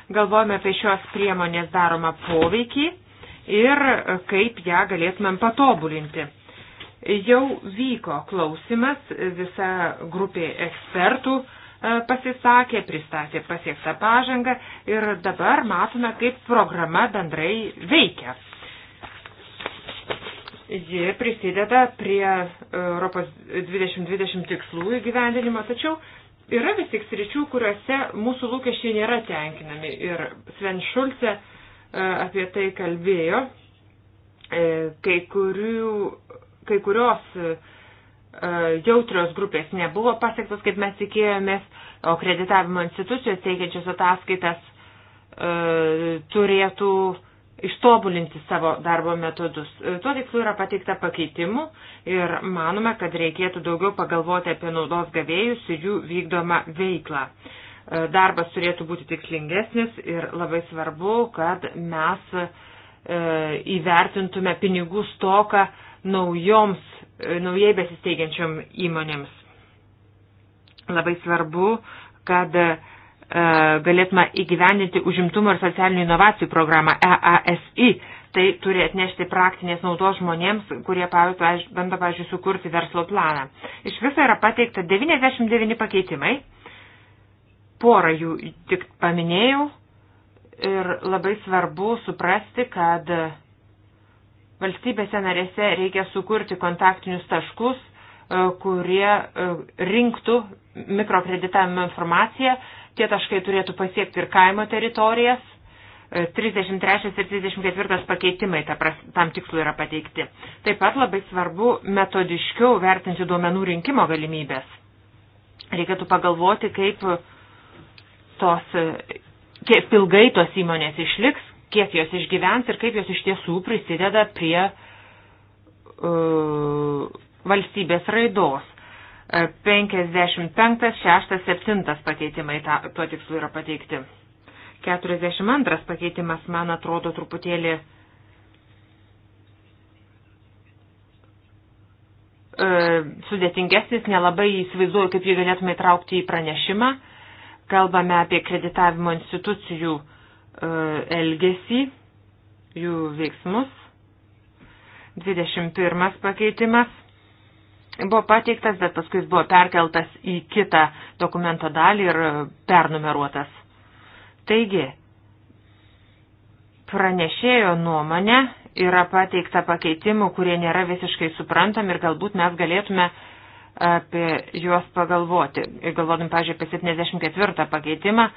Galvojame apie šios priemonės daromą poveikį ir kaip ją galėtumėm patobulinti. Jau vyko klausimas, visa grupė ekspertų E, pasisakė, pristatė pasiektą pažangą ir dabar matome, kaip programa bendrai veikia. Ji prisideda prie Europos 2020 tikslų įgyvendinimo, tačiau yra vis tik sričių, kuriuose mūsų lūkesčiai nėra tenkinami. Ir Sven Šulce e, apie tai kalbėjo, e, kai, kurių, kai kurios E, jautrios grupės nebuvo pasiektas, kaip mes tikėjomės, o kreditavimo institucijos teikiančios ataskaitas e, turėtų ištobulinti savo darbo metodus. E, tuo tikslu yra pateikta pakeitimų ir manome, kad reikėtų daugiau pagalvoti apie naudos gavėjus ir jų vykdomą veiklą. E, darbas turėtų būti tikslingesnis ir labai svarbu, kad mes įvertintume pinigų stoką naujoms E, naujai besisteigiančiom įmonėms. Labai svarbu, kad e, galėtume įgyvendinti užimtumo ir socialinių inovacijų programą EASI. Tai turi atnešti praktinės naudos žmonėms, kurie pavyzdžiui, bando, pavyzdžiui, sukurti verslo planą. Iš viso yra pateikta 99 pakeitimai, porą jų tik paminėjau ir labai svarbu suprasti, kad Valstybėse narėse reikia sukurti kontaktinius taškus, e, kurie e, rinktų mikrokreditavimo informaciją. Tie taškai turėtų pasiekti ir kaimo teritorijas. 33 e, ir 34 pakeitimai tam tikslu yra pateikti. Taip pat labai svarbu metodiškiau vertinti duomenų rinkimo galimybės. Reikėtų pagalvoti, kaip tos, kiek ilgai tos įmonės išliks, kiek jos išgyvens ir kaip jos iš tiesų prisideda prie uh, valstybės raidos. 55, 6, 7 pakeitimai ta, tuo tikslu yra pateikti. 42 pakeitimas, man atrodo, truputėlį e, sudėtingesnis, nelabai įsivaizduoju, kaip jį galėtume įtraukti į pranešimą. Kalbame apie kreditavimo institucijų uh, E, elgesį, jų veiksmus. 21 pakeitimas buvo pateiktas, bet paskui jis buvo perkeltas į kitą dokumento dalį ir pernumeruotas. Taigi, pranešėjo nuomonė yra pateikta pakeitimų, kurie nėra visiškai suprantami ir galbūt mes galėtume apie juos pagalvoti. Galvodami, pažiūrėjau, apie 74 pakeitimą,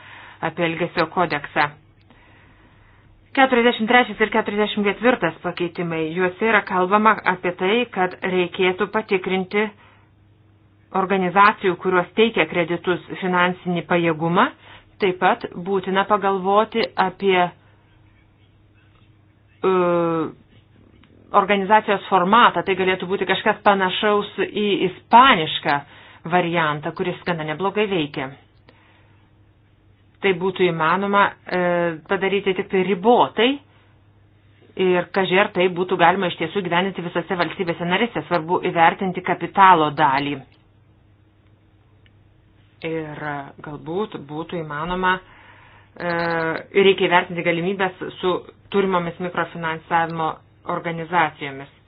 apie Elgesio kodeksą. 43 ir 44 pakeitimai. Juose yra kalbama apie tai, kad reikėtų patikrinti organizacijų, kurios teikia kreditus finansinį pajėgumą. Taip pat būtina pagalvoti apie uh, organizacijos formatą. Tai galėtų būti kažkas panašaus į ispanišką variantą, kuris gana neblogai veikia tai būtų įmanoma e, padaryti tik tai ribotai ir kažer tai būtų galima iš tiesų gyveninti visose valstybėse narėse. Svarbu įvertinti kapitalo dalį. Ir galbūt būtų įmanoma, e, reikia įvertinti galimybės su turimomis mikrofinansavimo organizacijomis.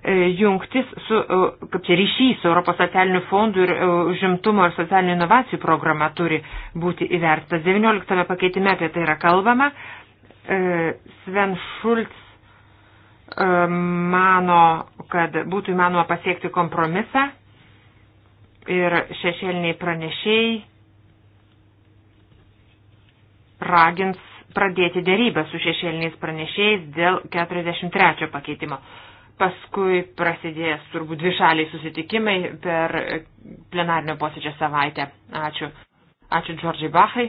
E, jungtis su, e, kaip čia ryšys su Europos socialinių fondų ir e, žimtumo ir socialinių inovacijų programa turi būti įvertas. 19 pakeitime apie tai yra kalbama. Sven Šulc mano, kad būtų įmanoma pasiekti kompromisą ir šešėliniai pranešėjai ragins pradėti dėrybę su šešėliniais pranešėjais dėl 43 pakeitimo. Paskui prasidės turbūt dvišaliai susitikimai per plenarnio posėdžio savaitę. Ačiū. Ačiū Džordžiai Bachai.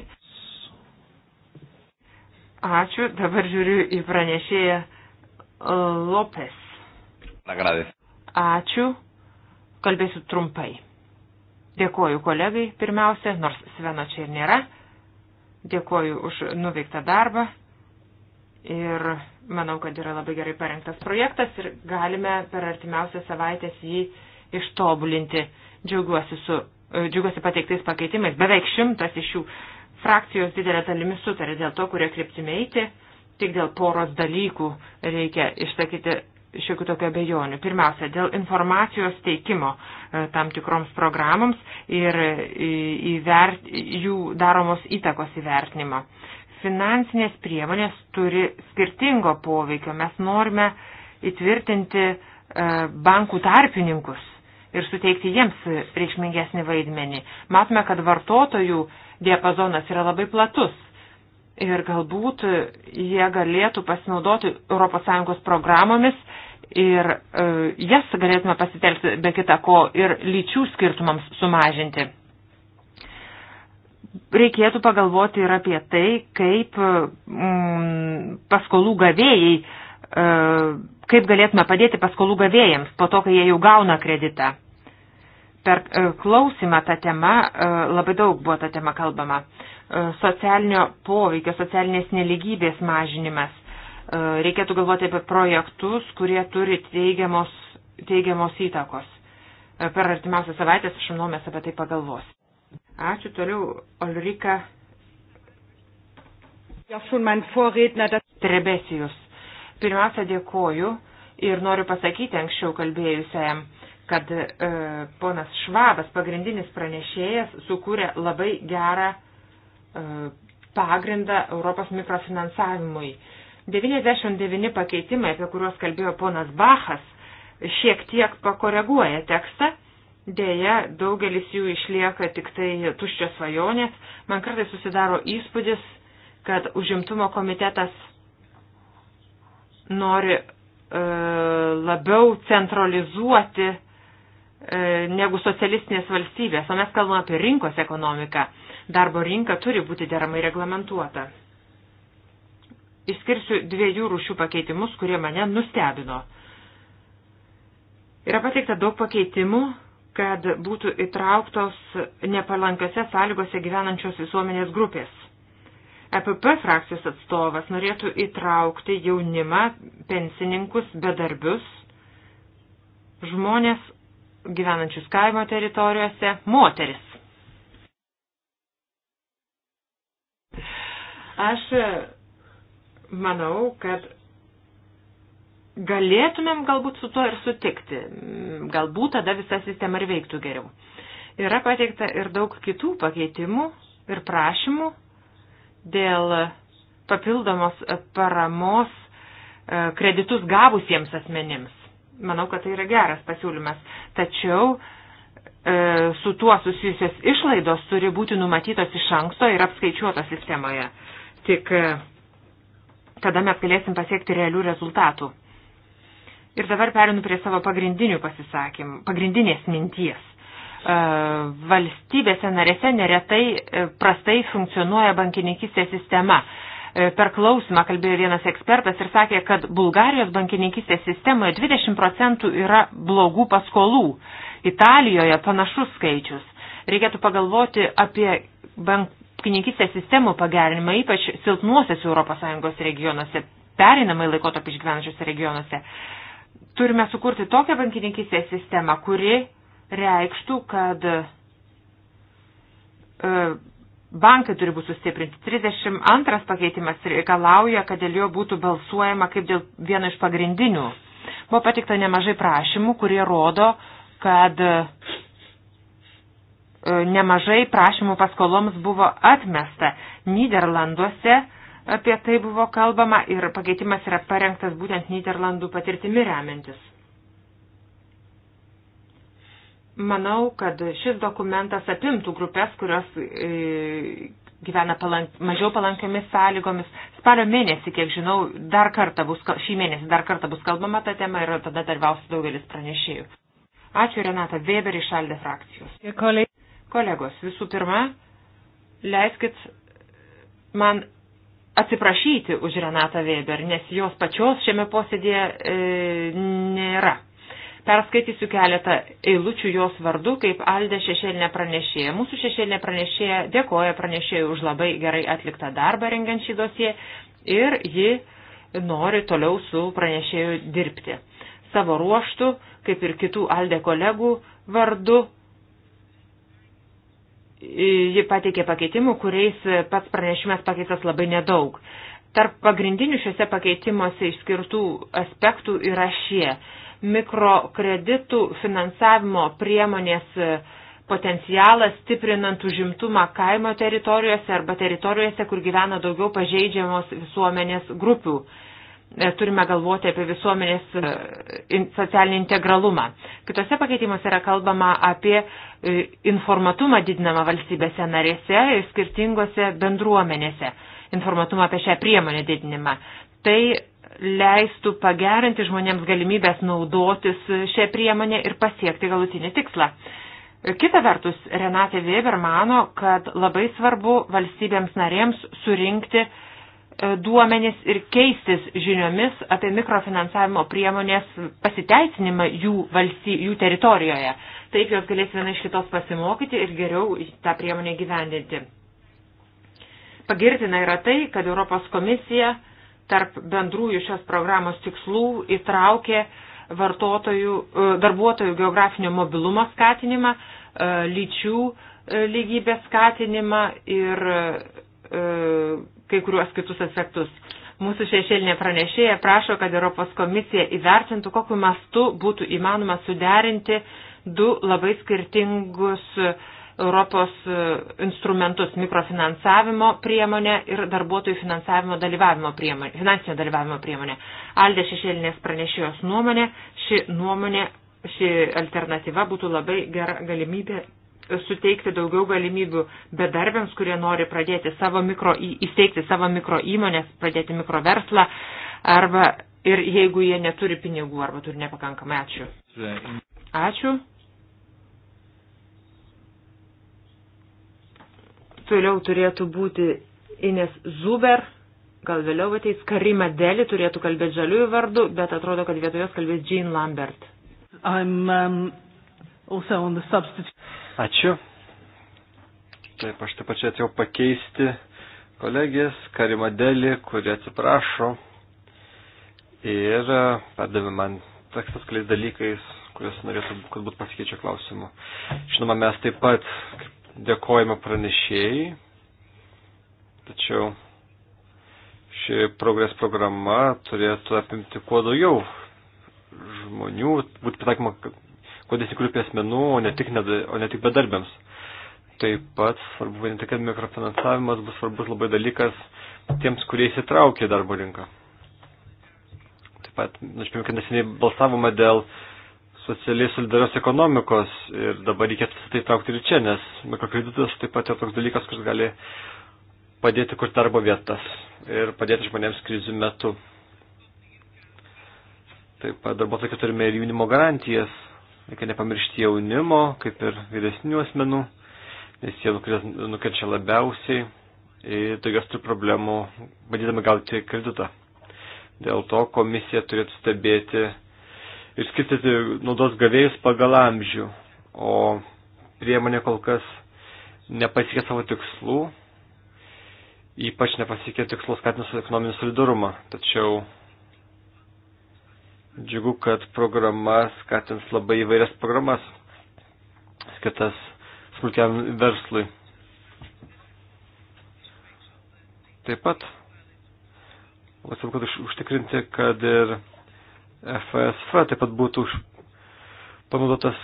Ačiū. Dabar žiūriu į pranešėją Lopes. Ačiū. Kalbėsiu trumpai. Dėkoju kolegai pirmiausia, nors Sveno čia ir nėra. Dėkoju už nuveiktą darbą. Ir Manau, kad yra labai gerai parengtas projektas ir galime per artimiausias savaitės jį ištobulinti. Džiaugiuosi, su, e, džiaugiuosi pateiktais pakeitimais. Beveik šimtas iš jų frakcijos didelė dalimi sutarė dėl to, kurie kryptimi eiti. Tik dėl poros dalykų reikia išsakyti šiokių tokių abejonių. Pirmiausia, dėl informacijos teikimo e, tam tikroms programoms ir e, įvert, jų daromos įtakos įvertinimo finansinės priemonės turi skirtingo poveikio. Mes norime įtvirtinti e, bankų tarpininkus ir suteikti jiems reikšmingesnį vaidmenį. Matome, kad vartotojų diapazonas yra labai platus ir galbūt jie galėtų pasinaudoti ES programomis ir e, jas galėtume pasitelkti be kita ko ir lyčių skirtumams sumažinti reikėtų pagalvoti ir apie tai, kaip mm, paskolų gavėjai, e, kaip galėtume padėti paskolų gavėjams po to, kai jie jau gauna kreditą. Per e, klausimą tą temą, e, labai daug buvo tą temą kalbama, e, socialinio poveikio, socialinės neligybės mažinimas. E, reikėtų galvoti apie projektus, kurie turi teigiamos, teigiamos įtakos. E, per artimiausią savaitę, aš manau, mes apie tai pagalvosime. Ačiū toliau, Olrika. Trebesijus. Pirmiausia, dėkoju ir noriu pasakyti anksčiau kalbėjusiam, kad e, ponas Švabas, pagrindinis pranešėjas, sukūrė labai gerą e, pagrindą Europos mikrofinansavimui. 99 pakeitimai, apie kuriuos kalbėjo ponas Bachas, šiek tiek pakoreguoja tekstą Deja, daugelis jų išlieka tik tai tuščios svajonės. Man kartai susidaro įspūdis, kad užimtumo komitetas nori e, labiau centralizuoti e, negu socialistinės valstybės, o mes kalbame apie rinkos ekonomiką. Darbo rinka turi būti deramai reglamentuota. Išskirsiu dviejų rūšių pakeitimus, kurie mane nustebino. Yra pateikta daug pakeitimų, kad būtų įtrauktos nepalankiose sąlygose gyvenančios visuomenės grupės. EPP frakcijos atstovas norėtų įtraukti jaunimą, pensininkus, bedarbius, žmonės gyvenančius kaimo teritorijose, moteris. Aš manau, kad galėtumėm galbūt su to ir sutikti. Galbūt tada visa sistema ir veiktų geriau. Yra pateikta ir daug kitų pakeitimų ir prašymų dėl papildomos paramos e, kreditus gavusiems asmenims. Manau, kad tai yra geras pasiūlymas. Tačiau e, su tuo susijusios išlaidos turi būti numatytos iš anksto ir apskaičiuotos sistemoje. Tik e, tada mes galėsim pasiekti realių rezultatų. Ir dabar perinu prie savo pagrindinių pasisakymų, pagrindinės minties. E, valstybėse narėse neretai e, prastai funkcionuoja bankininkistės sistema. E, per klausimą kalbėjo vienas ekspertas ir sakė, kad Bulgarijos bankininkistės sistemoje 20 procentų yra blogų paskolų. Italijoje panašus skaičius. Reikėtų pagalvoti apie bankininkistės sistemų pagerinimą, ypač silpnuosiuose ES regionuose, perinamai laikotarpį išgyvenančiuose regionuose turime sukurti tokią bankininkystės sistemą, kuri reikštų, kad e, bankai turi būti sustiprinti. 32 pakeitimas reikalauja, kad dėl jo būtų balsuojama kaip dėl vieno iš pagrindinių. Buvo patikta nemažai prašymų, kurie rodo, kad e, nemažai prašymų paskoloms buvo atmesta. Niderlanduose apie tai buvo kalbama ir pakeitimas yra parengtas būtent Niderlandų patirtimi remiantis. Manau, kad šis dokumentas apimtų grupės, kurios e, gyvena palank, mažiau palankiomis sąlygomis. Spalio mėnesį, kiek žinau, dar kartą bus, šį mėnesį dar kartą bus kalbama ta tema ir tada darbiaus daugelis pranešėjų. Ačiū Renata Weber iš Aldė frakcijos. Kolegos, visų pirma, leiskit man atsiprašyti už Renatą Weber, nes jos pačios šiame posėdėje e, nėra. Perskaitysiu keletą eilučių jos vardu, kaip Aldė šešėlinė pranešėja. Mūsų šešėlinė pranešėja dėkoja pranešėjai už labai gerai atliktą darbą rengiant šį dosiją ir ji nori toliau su pranešėju dirbti. Savo ruoštų, kaip ir kitų Aldė kolegų vardu, ji pateikė pakeitimų, kuriais pats pranešimas pakeistas labai nedaug. Tarp pagrindinių šiuose pakeitimuose išskirtų aspektų yra šie mikrokreditų finansavimo priemonės potencialas stiprinant užimtumą kaimo teritorijose arba teritorijose, kur gyvena daugiau pažeidžiamos visuomenės grupių. E, turime galvoti apie visuomenės e, socialinį integralumą. Kitose pakeitimuose yra kalbama apie e, informatumą didinamą valstybėse narėse ir skirtingose bendruomenėse. Informatumą apie šią priemonę didinimą. Tai leistų pagerinti žmonėms galimybės naudotis šią priemonę ir pasiekti galutinį tikslą. Kita vertus, Renate Weber mano, kad labai svarbu valstybėms narėms surinkti uh, E, duomenis ir keistis žiniomis apie mikrofinansavimo priemonės pasiteisinimą jų, valsty, jų teritorijoje. Taip jos galės viena iš kitos pasimokyti ir geriau tą priemonę gyvendinti. Pagirtina yra tai, kad Europos komisija tarp bendrųjų šios programos tikslų įtraukė vartotojų, e, darbuotojų geografinio mobilumo skatinimą, e, lyčių lygybės skatinimą ir kai kuriuos kitus aspektus. Mūsų šešėlinė pranešėja prašo, kad Europos komisija įvertintų, kokiu mastu būtų įmanoma suderinti du labai skirtingus e, Europos e, instrumentus - mikrofinansavimo priemonę ir darbuotojų finansavimo dalyvavimo priemonę, finansinio dalyvavimo priemonę. Aldė šešėlinės pranešėjos nuomonė, ši nuomonė, ši alternatyva būtų labai gera galimybė suteikti daugiau galimybių bedarbiams, kurie nori pradėti savo mikro, įsteigti savo mikro įmonės, pradėti mikro verslą, arba ir jeigu jie neturi pinigų arba turi nepakankamai. Ačiū. Ačiū. Toliau turėtų būti Ines Zuber, gal vėliau ateis Karima Deli, turėtų kalbėti žaliųjų vardu, bet atrodo, kad vietoj jos kalbės Jean Lambert. I'm, um, also on the substitute. Ačiū. Taip, aš taip pačiai atėjau pakeisti kolegės Karimadelį, kuri atsiprašo ir e, perdavė man tekstas keliais dalykais, kuriuos norėtų, kad būtų pasikeičia klausimų. Žinoma, mes taip pat dėkojame pranešėjai, tačiau ši progres programa turėtų apimti kuo daugiau žmonių, būtų pritaikoma kodėl tik grupės menų, o ne tik, neda, o ne tik bedarbiams. Taip pat svarbu vadinti, kad mikrofinansavimas bus svarbus labai dalykas tiems, kurie įsitraukė į darbo rinką. Taip pat, nežinau, kad neseniai balsavome dėl socialiai solidarios ekonomikos ir dabar reikėtų tai traukti ir čia, nes mikrokreditas taip pat yra toks dalykas, kuris gali padėti kurti darbo vietas ir padėti žmonėms krizių metu. Taip pat darbo tokia turime ir jaunimo garantijas, Reikia nepamiršti jaunimo, kaip ir vyresnių asmenų, nes jie nukenčia labiausiai ir daugiau turi problemų, bandydami gauti kreditą. Dėl to komisija turėtų stebėti ir skirti naudos gavėjus pagal amžių, o priemonė kol kas nepasikė savo tikslų, ypač nepasikė tikslų skatinus ekonominį solidarumą. Tačiau Džiugu, kad programa skatins labai įvairias programas skirtas smulkiam verslui. Taip pat, atsimu, kad užtikrinti, kad ir FSF taip pat būtų panaudotas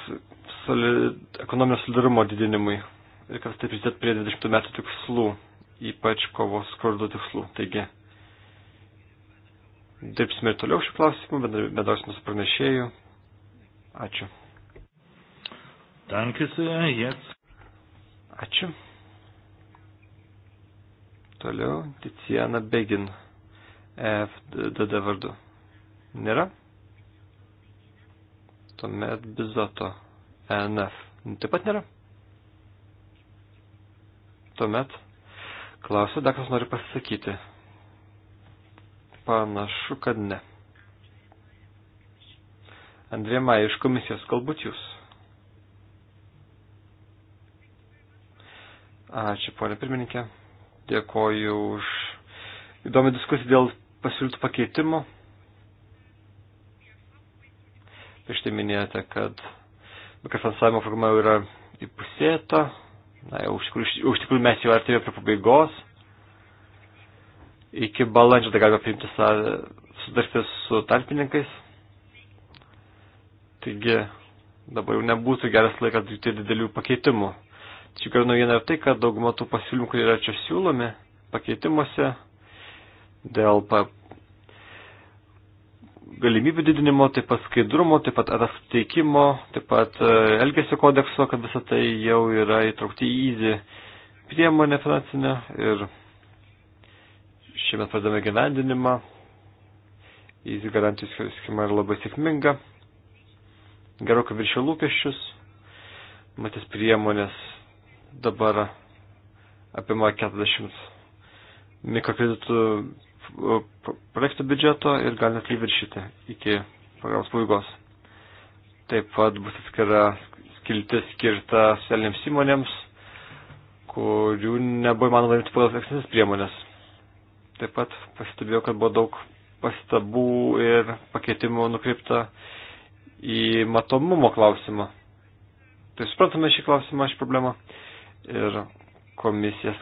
solid, ekonominio solidarumo didinimui ir kad taip prisidėtų prie 20 metų tikslų, ypač kovos skurdo tikslų. Taigi, dirbsime ir toliau šių klausimų, bendrausime su pranešėju. Ačiū. Dankasi, jets. Ačiū. Toliau Ticiana Begin, FDD vardu. Nėra? Tuomet Bizoto, ENF. Taip pat nėra? Tuomet klausiu, dar kas nori pasisakyti. Panašu, kad ne. Andrėma iš komisijos, galbūt jūs. Ačiū, ponė pirmininkė. Dėkoju už įdomią diskusiją dėl pasiūlytų pakeitimų. Prieš tai minėjote, kad mikrofinansavimo programa jau yra įpusėta. Na, jau, iš tikrųjų, iš tikrųjų mes jau artėjome prie pabaigos iki balandžio tai galima priimti sutartį su tarpininkais. Taigi dabar jau nebūtų geras laikas daryti didelių pakeitimų. Tačiau gera naujiena yra tai, kad dauguma tų pasiūlymų, kurie yra čia siūlomi pakeitimuose dėl pa galimybių didinimo, taip pat skaidrumo, taip pat ataskaitikimo, taip pat e, elgesio kodekso, kad visą tai jau yra įtraukti į įdį priemonę finansinę ir Šiemet pradame gyvendinimą. Įsigarantijų schema yra labai sėkminga. Gerokai viršė lūkesčius. Matės priemonės dabar apima 40 mikrokreditų projektų biudžeto ir gali net jį viršyti iki programos pabaigos. Taip pat bus atskira skiltis skirta socialinėms įmonėms, kurių nebuvo įmanoma rimti pagal ekscesinės priemonės. Taip pat pastebėjau, kad buvo daug pastabų ir pakeitimų nukreipta į matomumo klausimą. Tai suprantame šį klausimą, šį problemą. Ir komisijas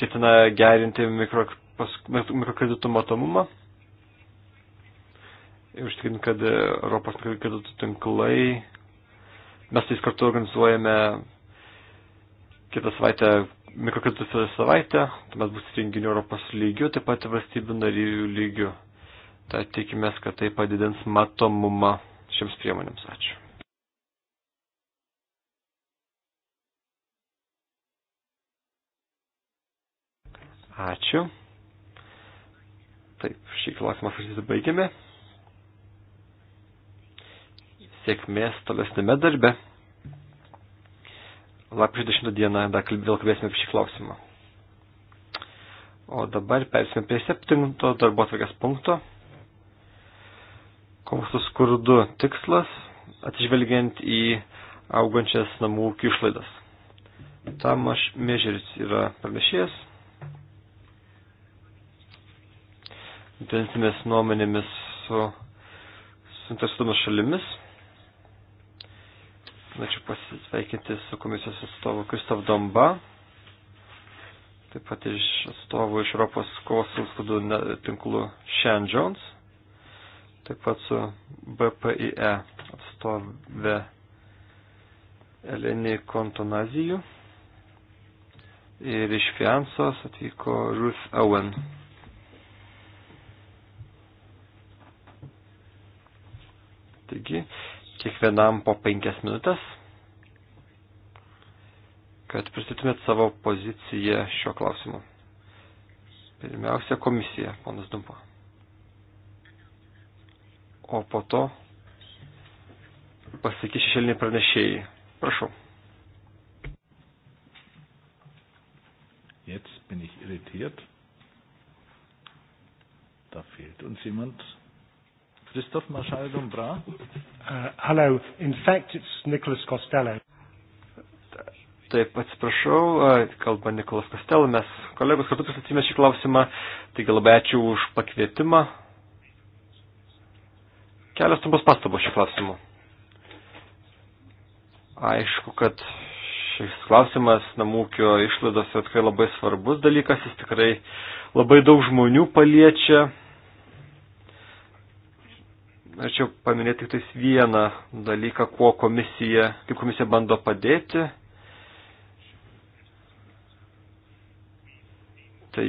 ketina gerinti mikro, pas, mikrokreditų matomumą. Ir užtikrinti, kad Europos mikrokreditų tinklai, mes tais kartu organizuojame kitą savaitę mikrokreditų savaitę, tuomet bus renginių Europos lygių, taip pat valstybių narių lygių. Tad tikimės, kad tai padidins matomumą šiems priemonėms. Ačiū. Ačiū. Taip, šį klausimą svarstyti baigėme. Sėkmės tolesnėme darbe lapkričio 10 dieną dar vėl kalbėsime apie šį klausimą. O dabar persime prie 7 darbo atvarkės punkto. Koks su skurdu tikslas, atsižvelgiant į augančias namų ūkių išlaidas. Tam aš mėžeris yra pranešėjas. Dalinsimės nuomenėmis su suinteresuotomis šalimis Norėčiau pasisveikinti su komisijos atstovu Kristof Domba, taip pat iš atstovų iš Europos kovos užskudų tinklų Shan Jones, taip pat su BPIE atstovė Eleni Kontonazijų ir iš Fiansos atvyko Ruth Owen. Taigi, kiekvienam po penkias minutės, kad pristatytumėt savo poziciją šiuo klausimu. Pirmiausia, komisija, ponas Dumpo. O po to pasakys šešėliniai pranešėjai. Prašau. Jetzt bin ich irritiert. Da fehlt uns jemand. Christophe Machado Dombra. Uh, hello, in fact it's Nicholas Costello. Taip, atsiprašau, kalba Nikolas Kostelo, mes kolegos kartu pristatysime šį klausimą, taigi labai ačiū už pakvietimą. Kelios trumpos pastabos šį klausimą. Aišku, kad šis klausimas namūkio išlaidos yra tikrai labai svarbus dalykas, jis tikrai labai daug žmonių paliečia norėčiau paminėti tik tais vieną dalyką, kuo komisija, kaip komisija bando padėti. Tai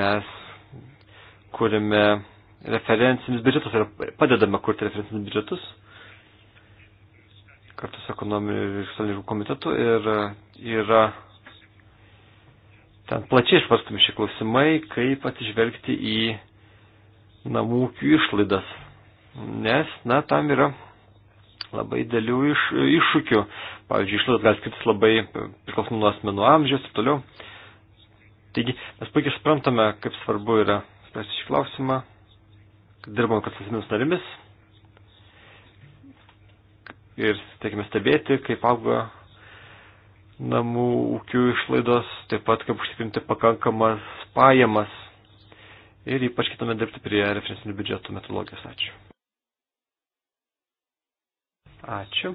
mes kūrime referencinius biudžetus ir padedame kurti referencinius biudžetus kartu su ekonominiu ir visuomeniniu komitetu ir yra ten plačiai išvarstami šie klausimai, kaip atsižvelgti į namų ūkių išlaidas, nes, na, tam yra labai dėlių iš, iššūkių. Pavyzdžiui, išlaidos gali skirtis labai priklausomai nuo asmenų amžiaus ir toliau. Taigi, mes puikiai suprantame, kaip svarbu yra spręsti šį klausimą, kad dirbame kartu su asmenus narimis ir teikime stebėti, kaip auga namų ūkių išlaidos, taip pat kaip užtikrinti pakankamas pajamas ir ypač kitame dirbti prie referencinių biudžetų metodologijos. Ačiū. Ačiū.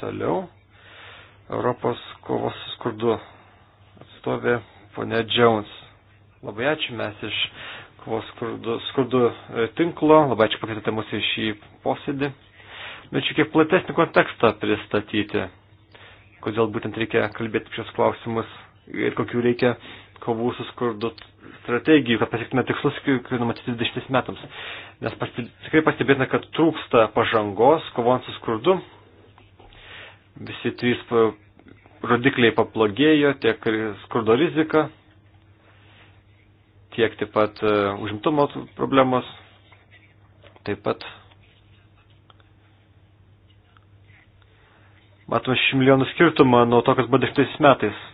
Toliau. Europos kovos su skurdu atstovė ponė Jones. Labai ačiū mes iš kovos skurdu, skurdu e, tinklo. Labai ačiū pakvietėte mus į šį posėdį. Bet šiek tiek platesnį kontekstą pristatyti, kodėl būtent reikia kalbėti šios klausimus ir kokių reikia kovų su skurdu strategijų, kad pasiektume tikslus, kai numatyti 20 metams. Nes pasti, tikrai pastebėtume, kad trūksta pažangos kovant su skurdu. Visi trys rodikliai pablogėjo, tiek skurdo rizika, tiek taip pat uh, užimtumo problemos, taip pat matome 6 milijonų skirtumą nuo to, kas buvo 10 metais.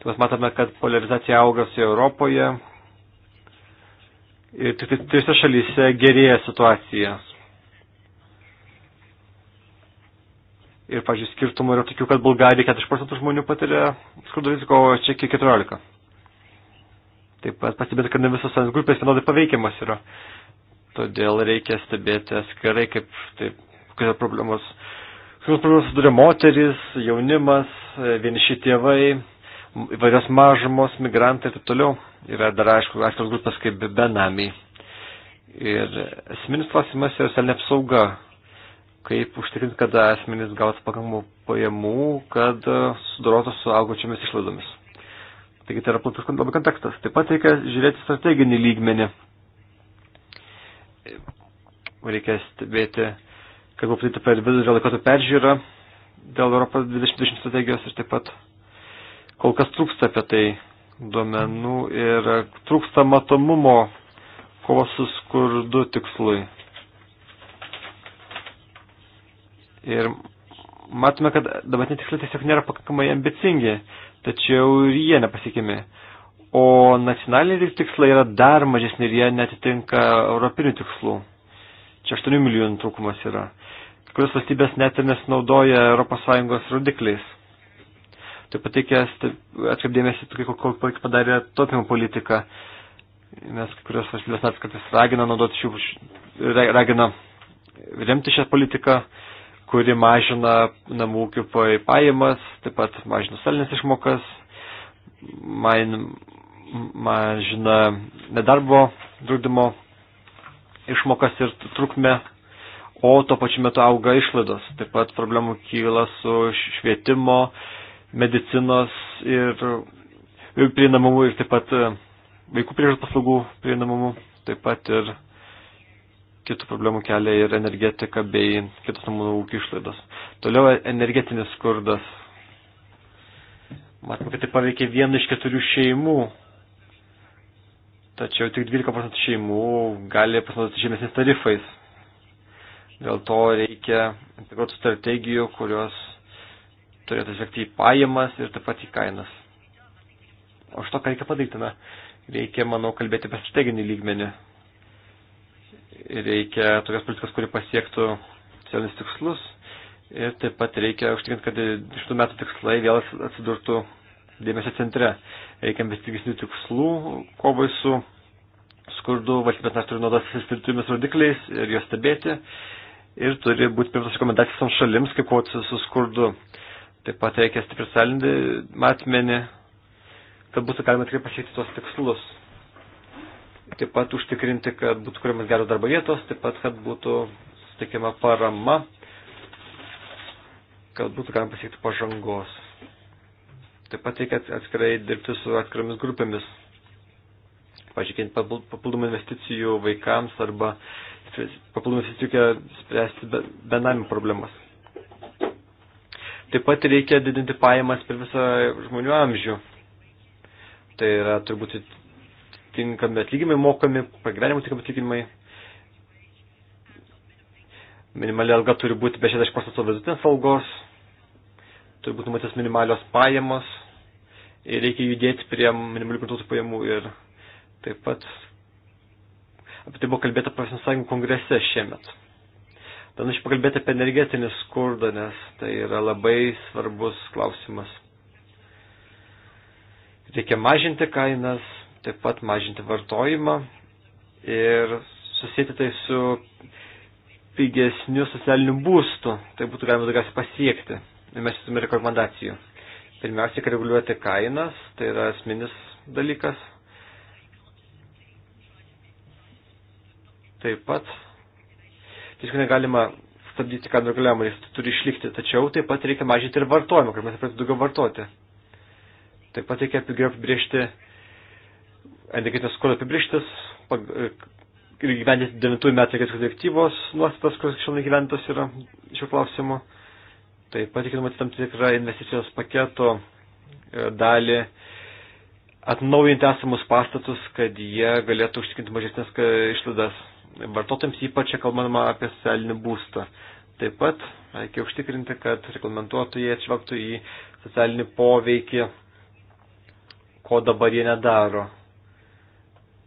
Tai mes matome, kad polarizacija augasi Europoje ir tik trijose šalyse gerėja situacija. Ir, pažiūrėjau, skirtumų yra tokių, kad Bulgarija 4 procentų žmonių patiria skurdo riziko, o Čekija 14. Taip pat pastebėta, kad ne visos grupės vienodai paveikiamas yra. Todėl reikia stebėti atskirai, kaip taip, kokios problemos. Kokios problemos suduria moteris, jaunimas, vieniši tėvai, įvairios mažumos, migrantai ir taip toliau. Yra dar, aišku, atskiros grupės kaip benamiai. Ir esminis klausimas yra socialinė apsauga. Kaip užtikrinti, kad asmenys gautų pakankamų pajamų, kad e, sudorotų su augančiomis išlaidomis. Taigi tai yra platus labai kontekstas. Taip pat reikia žiūrėti strateginį lygmenį. Reikia stebėti, kaip buvo padaryta per vidurio laikotarpio peržiūrą dėl Europos 2020 strategijos ir taip pat kol kas trūksta apie tai duomenų ir trūksta matomumo kovos su skurdu tikslui. Ir matome, kad dabartiniai tikslai tiesiog nėra pakankamai ambicingi, tačiau ir jie nepasikimi. O nacionaliniai tikslai yra dar mažesni ir jie netitinka europinių tikslų. Čia 8 milijonų trūkumas yra. Kai kurios valstybės net ir nesinaudoja ES rodikliais. Taip pat reikia atkreipdėmėsi, tai, kokį padarė taupimo politika. Mes kai kurios valstybės nats kartais ragina naudoti šių, ragina remti šią politiką, kuri mažina namų ūkių pajamas, taip pat mažina salinės išmokas, main, mažina nedarbo draudimo išmokas ir trukmę, o tuo pačiu metu auga išlaidos. Taip pat problemų kyla su švietimo, medicinos ir prieinamumu ir taip pat e, vaikų priežas paslaugų prieinamumu, taip pat ir kitų problemų kelia ir energetika bei kitos namų ūkių išlaidos. Toliau e, energetinis skurdas. Matome, kad tai paveikia vieną iš keturių šeimų. Tačiau tik 12 procentų šeimų gali pasinaudoti žemesniais tarifais. Dėl to reikia integruotų strategijų, kurios turėtų žvelgti į pajamas ir taip pat į kainas. O iš to, ką reikia padaryti, na, reikia, manau, kalbėti apie strateginį lygmenį. Reikia tokios politikos, kuri pasiektų cielinius tikslus ir taip pat reikia užtikrinti, kad šitų metų tikslai vėl atsidurtų dėmesio centre. Reikia investigesnių tikslų kovai su skurdu, valstybės narės turi naudotis turtimis rodikliais ir juos stebėti ir turi būti primtos rekomendacijos šalims, kaip kovoti su skurdu. Taip pat reikia stiprius salinį matmenį, kad būtų galima tikrai pasiekti tos tikslus. Taip pat užtikrinti, kad būtų kuriamas geros darbo vietos, taip pat, kad būtų sutikiama parama, kad būtų galima pasiekti pažangos. Taip pat reikia atskirai dirbti su atskiromis grupėmis. Pažiūrėkint, papildomų investicijų vaikams arba papildomų investicijų reikia spręsti benamių problemas. Taip pat reikia didinti pajamas per visą žmonių amžių. Tai yra turbūt tinkami atlyginimai mokami, pragyvenimo tinkami atlyginimai. Minimali alga turi būti be 60 procentų vidutinės algos, turi būti numatytas minimalios pajamos ir reikia judėti prie minimalių konsultų pajamų ir taip pat apie tai buvo kalbėta profesinės sąjungų kongrese šiemet. Dar norėčiau pakalbėti apie energetinį skurdą, nes tai yra labai svarbus klausimas. Reikia mažinti kainas, taip pat mažinti vartojimą ir susijęti tai su pigesniu socialiniu būstu. Tai būtų galima daugiausiai pasiekti. Ir mes turime rekomendacijų. Pirmiausia, kad reguliuoti kainas, tai yra asmenis dalykas. Taip pat Tiesiog negalima stabdyti kainų reguliavimą, jis tai turi išlikti, tačiau taip pat reikia mažinti ir vartojimą, kad mes pradėtume daugiau vartoti. Taip pat reikia apibriežti energetinės skolų apibriežtis e, ir gyventi 9 metų energetikos direktyvos nuostatas, kurios šiandien gyventos yra šiuo klausimu. Taip pat reikia numatyti tam tikrą investicijos paketo e, dalį atnaujinti esamus pastatus, kad jie galėtų užtikrinti mažesnės e, išlaidas vartotojams, ypač kalbama apie socialinį būstą. Taip pat reikia užtikrinti, kad reglamentuotojai atšvelgtų į socialinį poveikį, ko dabar jie nedaro.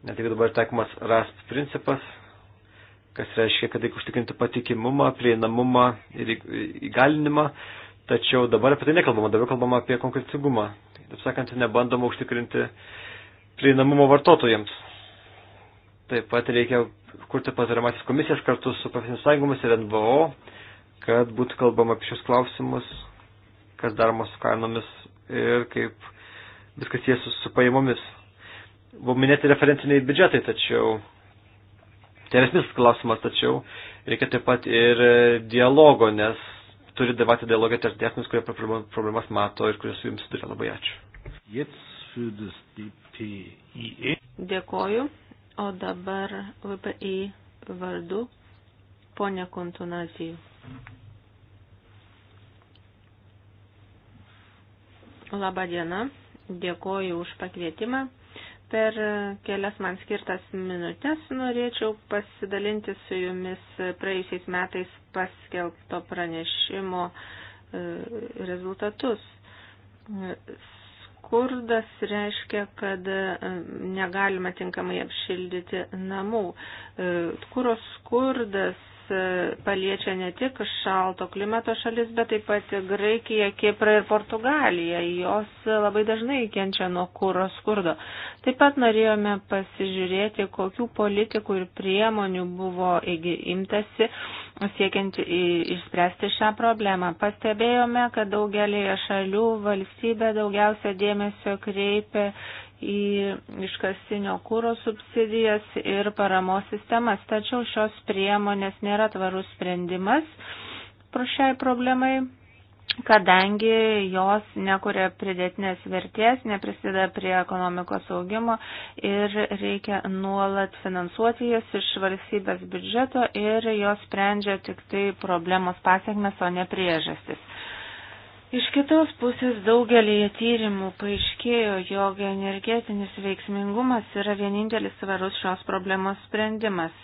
Net jeigu dabar taikomas RASP principas, kas reiškia, kad reikia užtikrinti patikimumą, prieinamumą ir įgalinimą, tačiau dabar apie tai nekalbama, dabar kalbama apie konkurencingumą. Taip sakant, nebandoma užtikrinti prieinamumo vartotojams. Taip pat reikia kurti patariamasis komisijas kartu su profesinės sąjungomis ir NVO, kad būtų kalbama apie šios klausimus, kas daroma su kainomis ir kaip viskas jie su, su pajamomis. Buvo minėti referenciniai biudžetai, tačiau tai yra esminis klausimas, tačiau reikia taip pat ir dialogo, nes turi dalyvauti dialogą tarp dėsnius, kurie problemas mato ir kurie su jums suduria. Labai ačiū. E. Dėkoju. O dabar VPI vardu ponė Kontunazijų. Labą dieną, dėkoju už pakvietimą. Per kelias man skirtas minutės norėčiau pasidalinti su jumis praėjusiais metais paskelbto pranešimo e, rezultatus skurdas reiškia, kad e, negalima tinkamai apšildyti namų. E, Kūros skurdas E, paliečia ne tik šalto klimato šalis, bet taip pat Graikiją, Kiprą ir Portugaliją. Jos labai dažnai kenčia nuo kūro skurdo. Taip pat norėjome pasižiūrėti, kokių politikų ir priemonių buvo imtasi siekiant išspręsti šią problemą. Pastebėjome, kad daugelėje šalių valstybė daugiausia dėmesio kreipia į iškasinio kūro subsidijas ir paramos sistemas. Tačiau šios priemonės nėra tvarus sprendimas pro šiai problemai, kadangi jos nekuria pridėtinės vertės, neprisideda prie ekonomikos augimo ir reikia nuolat finansuoti jas iš valstybės biudžeto ir jos sprendžia tik tai problemos pasiekmes, o ne priežastis. Iš kitos pusės daugelį tyrimų paaiškėjo, jog energetinis veiksmingumas yra vienintelis svarus šios problemos sprendimas.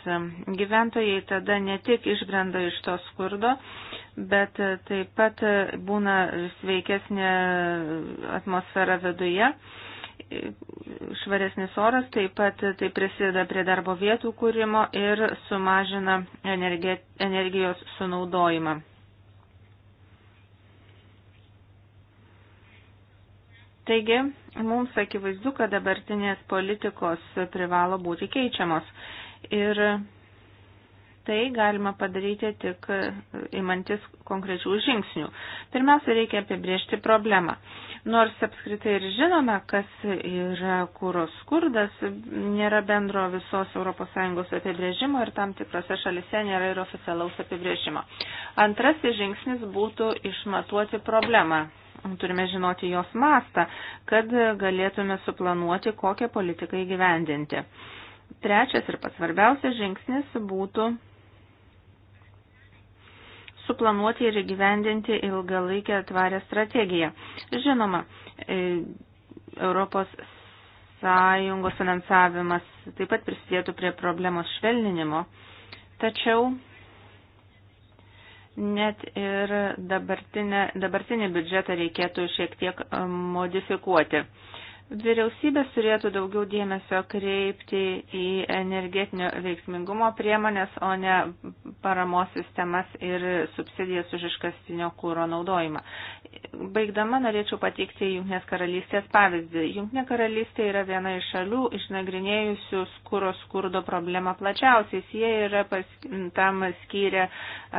Gyventojai tada ne tik išbrenda iš to skurdo, bet taip pat būna sveikesnė atmosfera viduje, švaresnis oras, taip pat tai prisideda prie darbo vietų kūrimo ir sumažina energijos sunaudojimą. Taigi, mums akivaizdu, kad dabartinės politikos privalo būti keičiamos. Ir tai galima padaryti tik imantis konkrečių žingsnių. Pirmiausia, reikia apibriežti problemą. Nors apskritai ir žinome, kas yra kūro skurdas, nėra bendro visos ES apibrėžimo ir tam tikrose šalise nėra ir oficialaus apibrėžimo. Antrasis žingsnis būtų išmatuoti problemą turime žinoti jos mastą, kad galėtume suplanuoti, kokią politiką įgyvendinti. Trečias ir pats svarbiausias žingsnis būtų suplanuoti ir įgyvendinti ilgalaikę tvarę strategiją. Žinoma, e, Europos sąjungos finansavimas taip pat prisidėtų prie problemos švelninimo, tačiau net ir dabartinį biudžetą reikėtų šiek tiek e, modifikuoti. Vyriausybės turėtų daugiau dėmesio kreipti į energetinio veiksmingumo priemonės, o ne paramos sistemas ir subsidijas už iškastinio kūro naudojimą. Baigdama norėčiau pateikti Junknės karalystės pavyzdį. Junknė karalystė yra viena iš šalių išnagrinėjusių skuro skurdo problemą plačiausiais. Jie yra pas, tam skyrę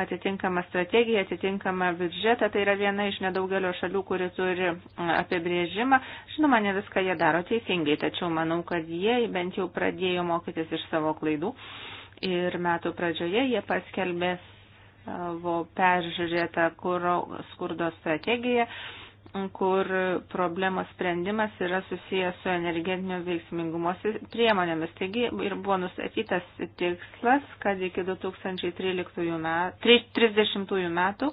atitinkamą strategiją, atitinkamą biudžetą. Tai yra viena iš nedaugelio šalių, kuri turi apibrėžimą. Žinoma, ne viską jie daro teisingai, tačiau manau, kad jie bent jau pradėjo mokytis iš savo klaidų. Ir metų pradžioje jie paskelbės buvo peržiūrėta kuro skurdo strategija, kur problemos sprendimas yra susijęs su energetinio veiksmingumo priemonėmis. Taigi ir buvo nustatytas tikslas, kad iki 2030 metų, metų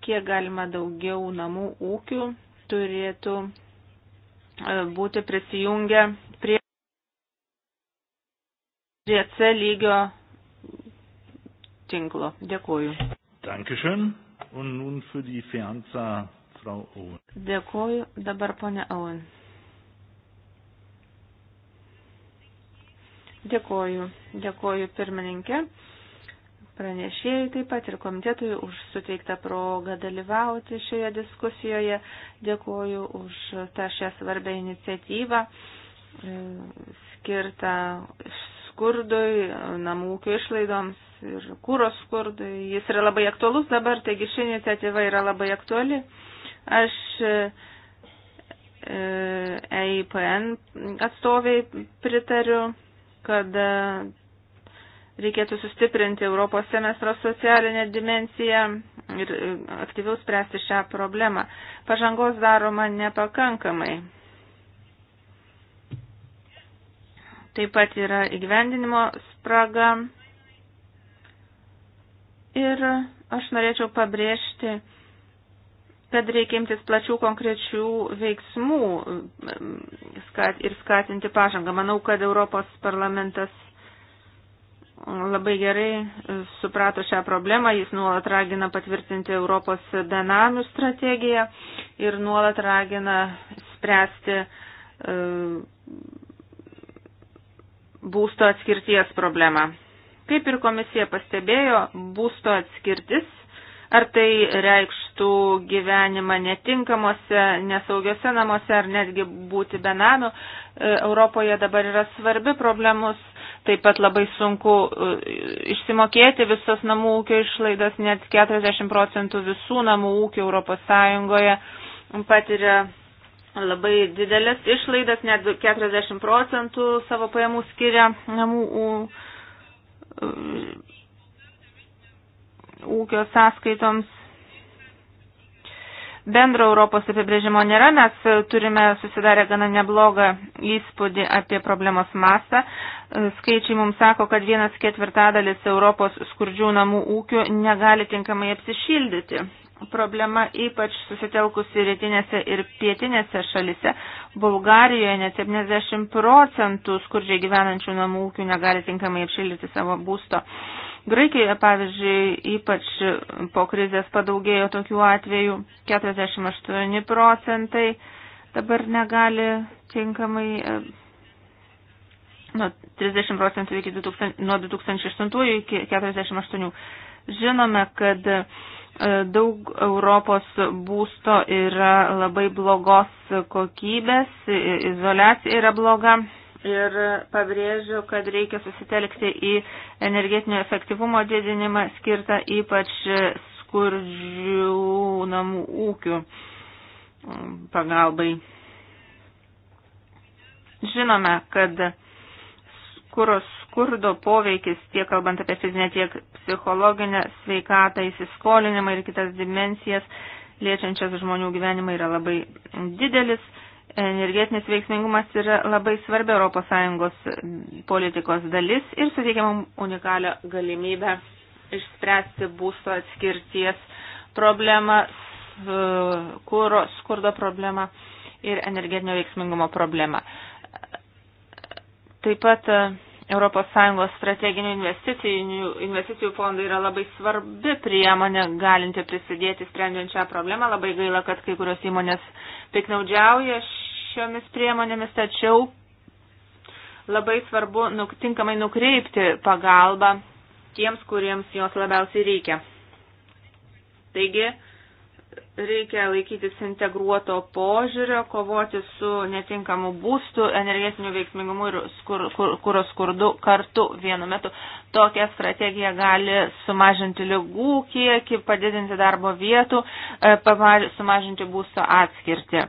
kiek galima daugiau namų ūkių turėtų būti prisijungę prie, prie C lygio tinklo. Dėkuoju. Dankeschön. Und nun für die Fianza, Frau Owen. Dėkuoju. Dabar ponė Owen. Dėkuoju. Dėkuoju pirmininkė, pranešėjai taip pat ir komitetui už suteiktą progą dalyvauti šioje diskusijoje. Dėkuoju už tą šią svarbę iniciatyvą e, skirtą skurdui, namų ūkio išlaidoms ir kūros skurdui. Jis yra labai aktualus dabar, taigi ši iniciatyva yra labai aktuali. Aš EIPN e, e atstoviai pritariu, kad e, reikėtų sustiprinti Europos semestro socialinę dimenciją ir aktyviau spręsti šią problemą. Pažangos daroma nepakankamai. Taip pat yra įgyvendinimo spraga. Ir aš norėčiau pabrėžti, kad reikia imtis plačių konkrečių veiksmų ir skatinti pažangą. Manau, kad Europos parlamentas labai gerai suprato šią problemą, jis nuolat ragina patvirtinti Europos benamių strategiją ir nuolat ragina spręsti e, būsto atskirties problemą. Kaip ir komisija pastebėjo, būsto atskirtis, ar tai reikštų gyvenimą netinkamuose, nesaugiuose namuose, ar netgi būti benamiu, e, Europoje dabar yra svarbi problemus, taip pat labai sunku e, išsimokėti visas namų ūkio išlaidas, net 40 procentų visų namų ūkio Europos Sąjungoje patiria labai didelės išlaidas, net 40 procentų savo pajamų skiria namų ūkio sąskaitoms. Bendro Europos apibrėžimo nėra, mes turime susidarę gana neblogą įspūdį apie problemos mastą. Skaičiai mums sako, kad vienas ketvirtadalis Europos skurdžių namų ūkių negali tinkamai apsišildyti problema ypač susitelkusi rytinėse ir pietinėse šalise. Bulgarijoje net 70 procentų skurdžiai gyvenančių namų ūkių negali tinkamai apšildyti savo būsto. Graikijoje, pavyzdžiui, ypač po krizės padaugėjo tokių atvejų 48 procentai dabar negali tinkamai e, nuo 30 procentų iki 2000, nuo 2008 iki 48. Žinome, kad E, daug Europos būsto yra labai blogos kokybės, izolacija yra bloga. Ir pabrėžiu, kad reikia susitelkti į energetinio efektyvumo didinimą skirtą ypač skurdžių namų ūkių pagalbai. Žinome, kad kuros skurdo poveikis, tiek kalbant apie fizinę, tiek psichologinę sveikatą, įsiskolinimą ir kitas dimensijas, liečiančias žmonių gyvenimą yra labai didelis. Energetinis veiksmingumas yra labai svarbi ES politikos dalis ir suteikia mums unikalią galimybę išspręsti būsto atskirties problemą, kūro skurdo problemą ir energetinio veiksmingumo problemą. Taip pat ES strateginių investicijų, investicijų fondai yra labai svarbi priemonė galinti prisidėti sprendžiant šią problemą. Labai gaila, kad kai kurios įmonės piknaudžiauja šiomis priemonėmis, tačiau labai svarbu nuk, tinkamai nukreipti pagalbą tiems, kuriems jos labiausiai reikia. Taigi, Reikia laikytis integruoto požiūrio, kovoti su netinkamu būstu, energetiniu veiksmingumu ir skur, kur, kuro skurdu kartu vienu metu. Tokia strategija gali sumažinti lygų kiekį, padidinti darbo vietų, e, sumažinti būsto atskirtį.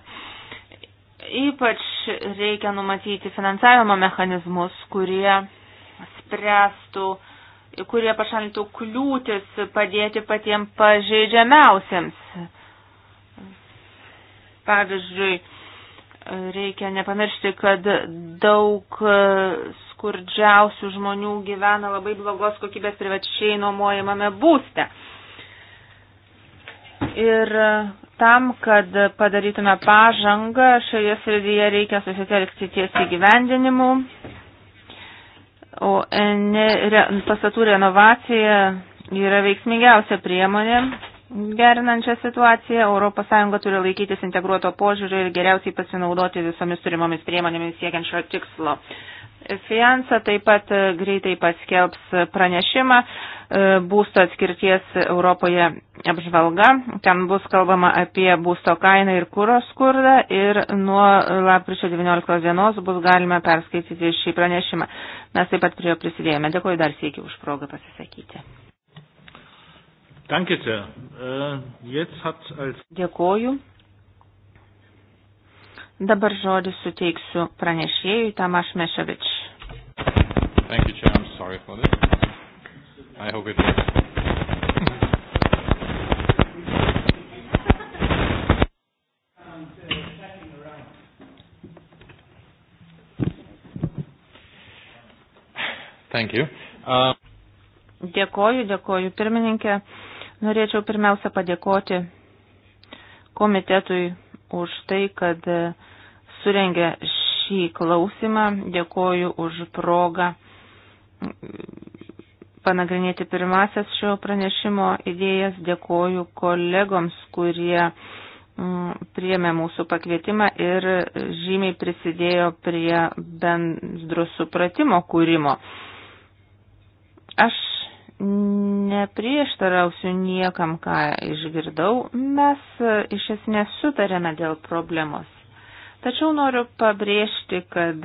Ypač reikia numatyti finansavimo mechanizmus, kurie spręstų, kurie pašalintų kliūtis padėti patiems pažeidžiamiausiems Pavyzdžiui, reikia nepamiršti, kad daug e, skurdžiausių žmonių gyvena labai blogos kokybės privačiai nuomojamame būste. Ir e, tam, kad padarytume pažangą, šioje srityje reikia susitelkti ties įgyvendinimu, o ne, re, pastatų renovacija yra veiksmingiausia priemonė gerinančią situaciją. ES turi laikytis integruoto požiūrio ir geriausiai pasinaudoti visomis turimomis priemonėmis siekiant šio tikslo. Fiansa taip pat e, greitai paskelbs pranešimą e, būsto atskirties Europoje apžvalga. Ten bus kalbama apie būsto kainą ir kūro skurdą ir nuo lapkričio 19 dienos bus galima perskaityti šį pranešimą. Mes taip pat prie jo prisidėjome. Dėkuoju dar sėkiu už progą pasisakyti. Danke sehr. Äh, dėkoju. Dabar žodį suteiksiu pranešėjui Tamaš Meševič. Thank you, Chair. I'm sorry for this. I hope it works. Thank you. Um, dėkoju, dėkoju pirmininkė. Uh, Norėčiau pirmiausia padėkoti komitetui už tai, kad surengė šį klausimą. Dėkoju už progą panagrinėti pirmasias šio pranešimo idėjas. Dėkoju kolegoms, kurie mm, priėmė mūsų pakvietimą ir žymiai prisidėjo prie bendro supratimo kūrimo. neprieštarausiu niekam, ką išgirdau, mes e, iš esmės sutarėme dėl problemos. Tačiau noriu pabrėžti, kad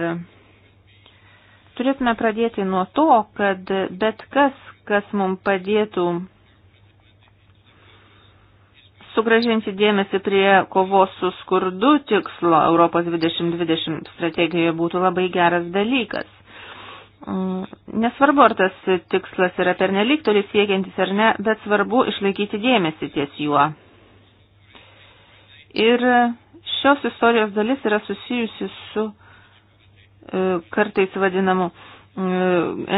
turėtume pradėti nuo to, kad bet kas, kas mums padėtų sugražinti dėmesį prie kovos su skurdu tikslo Europos 2020 strategijoje būtų labai geras dalykas. Nesvarbu, ar tas tikslas yra pernelyg toli siekiantis ar ne, bet svarbu išlaikyti dėmesį ties juo. Ir šios istorijos dalis yra susijusi su e, kartais vadinamu e,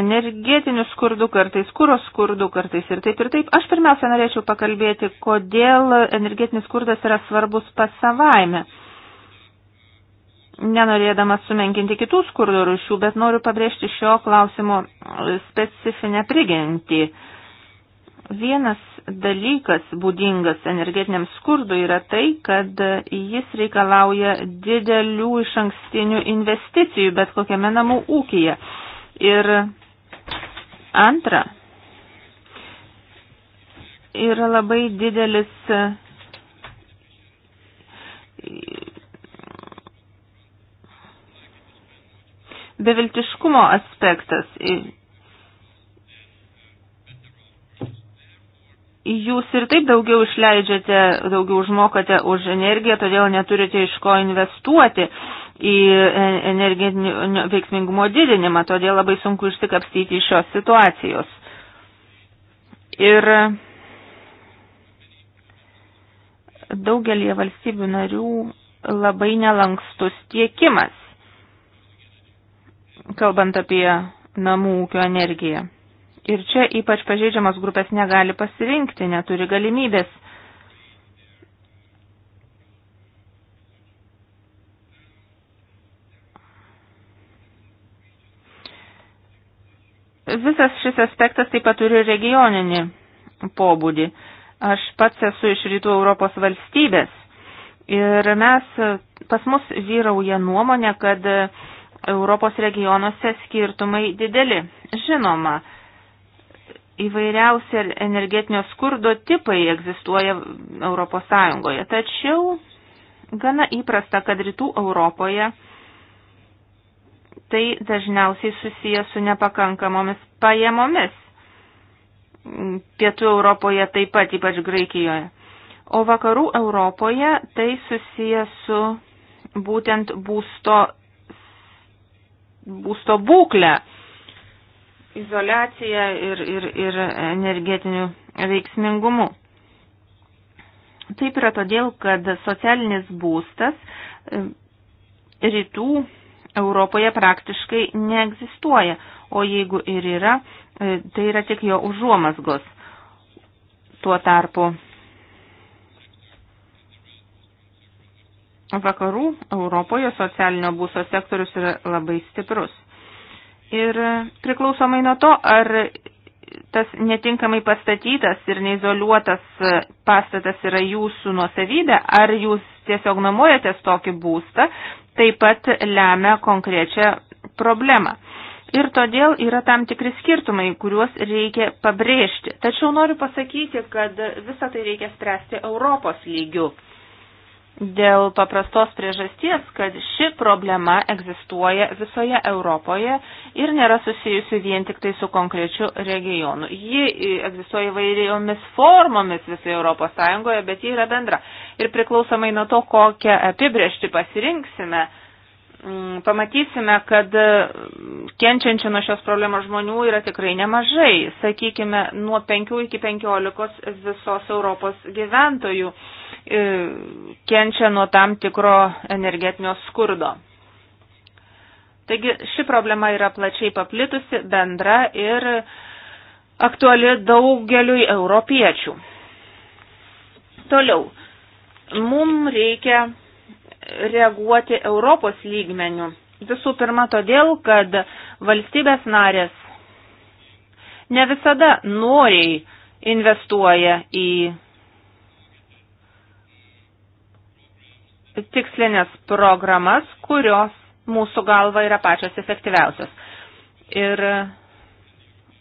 energetiniu skurdu, kartais kūros skurdu, kartais ir taip ir taip. Aš pirmiausia norėčiau pakalbėti, kodėl energetinis skurdas yra svarbus pas savaime nenorėdamas sumenkinti kitų skurdo rušių, bet noriu pabrėžti šio klausimo specifinę prigentį. Vienas dalykas būdingas energetiniam skurdui yra tai, kad jis reikalauja didelių iš ankstinių investicijų bet kokiame namų ūkyje. Ir antra, yra labai didelis beviltiškumo aspektas. Jūs ir taip daugiau išleidžiate, daugiau užmokate už energiją, todėl neturite iš ko investuoti į energetinio veiksmingumo didinimą, todėl labai sunku išsikapstyti iš šios situacijos. Ir daugelie valstybių narių labai nelankstus tiekimas kalbant apie namų ūkio energiją. Ir čia ypač pažeidžiamas grupės negali pasirinkti, neturi galimybės. Visas šis aspektas taip pat turi regioninį pobūdį. Aš pats esu iš rytų Europos valstybės ir mes, pas mus vyrauja nuomonė, kad Europos regionuose skirtumai dideli. Žinoma, įvairiausi energetinio skurdo tipai egzistuoja Europos Sąjungoje, tačiau gana įprasta, kad rytų Europoje tai dažniausiai susiję su nepakankamomis pajamomis. Pietų Europoje taip pat, ypač Graikijoje. O vakarų Europoje tai susiję su būtent būsto būsto būklę, izolaciją ir, ir, ir energetiniu veiksmingumu. Taip yra todėl, kad socialinis būstas e, rytų Europoje praktiškai neegzistuoja, o jeigu ir yra, e, tai yra tik jo užuomasgos. Tuo tarpu Vakarų Europoje socialinio būso sektorius yra labai stiprus. Ir priklausomai nuo to, ar tas netinkamai pastatytas ir neizoliuotas pastatas yra jūsų nuosavybė, ar jūs tiesiog namuojatės tokį būstą, taip pat lemia konkrečią problemą. Ir todėl yra tam tikri skirtumai, kuriuos reikia pabrėžti. Tačiau noriu pasakyti, kad visą tai reikia spręsti Europos lygių dėl paprastos priežasties, kad ši problema egzistuoja visoje Europoje ir nėra susijusi vien tik tai su konkrečiu regionu. Ji egzistuoja įvairiomis formomis visoje Europos Sąjungoje, bet ji yra bendra. Ir priklausomai nuo to, kokią apibrėžtį pasirinksime, Mm, pamatysime, kad e, kenčiančių nuo šios problemos žmonių yra tikrai nemažai, sakykime, nuo 5 iki 15 visos Europos gyventojų e, kenčia nuo tam tikro energetinio skurdo. Taigi ši problema yra plačiai paplitusi, bendra ir aktuali daugeliui europiečių. Toliau, mums reikia reaguoti Europos lygmenių. Visų pirma, todėl, kad valstybės narės ne visada noriai investuoja į tikslinės programas, kurios mūsų galva yra pačios efektyviausios. Ir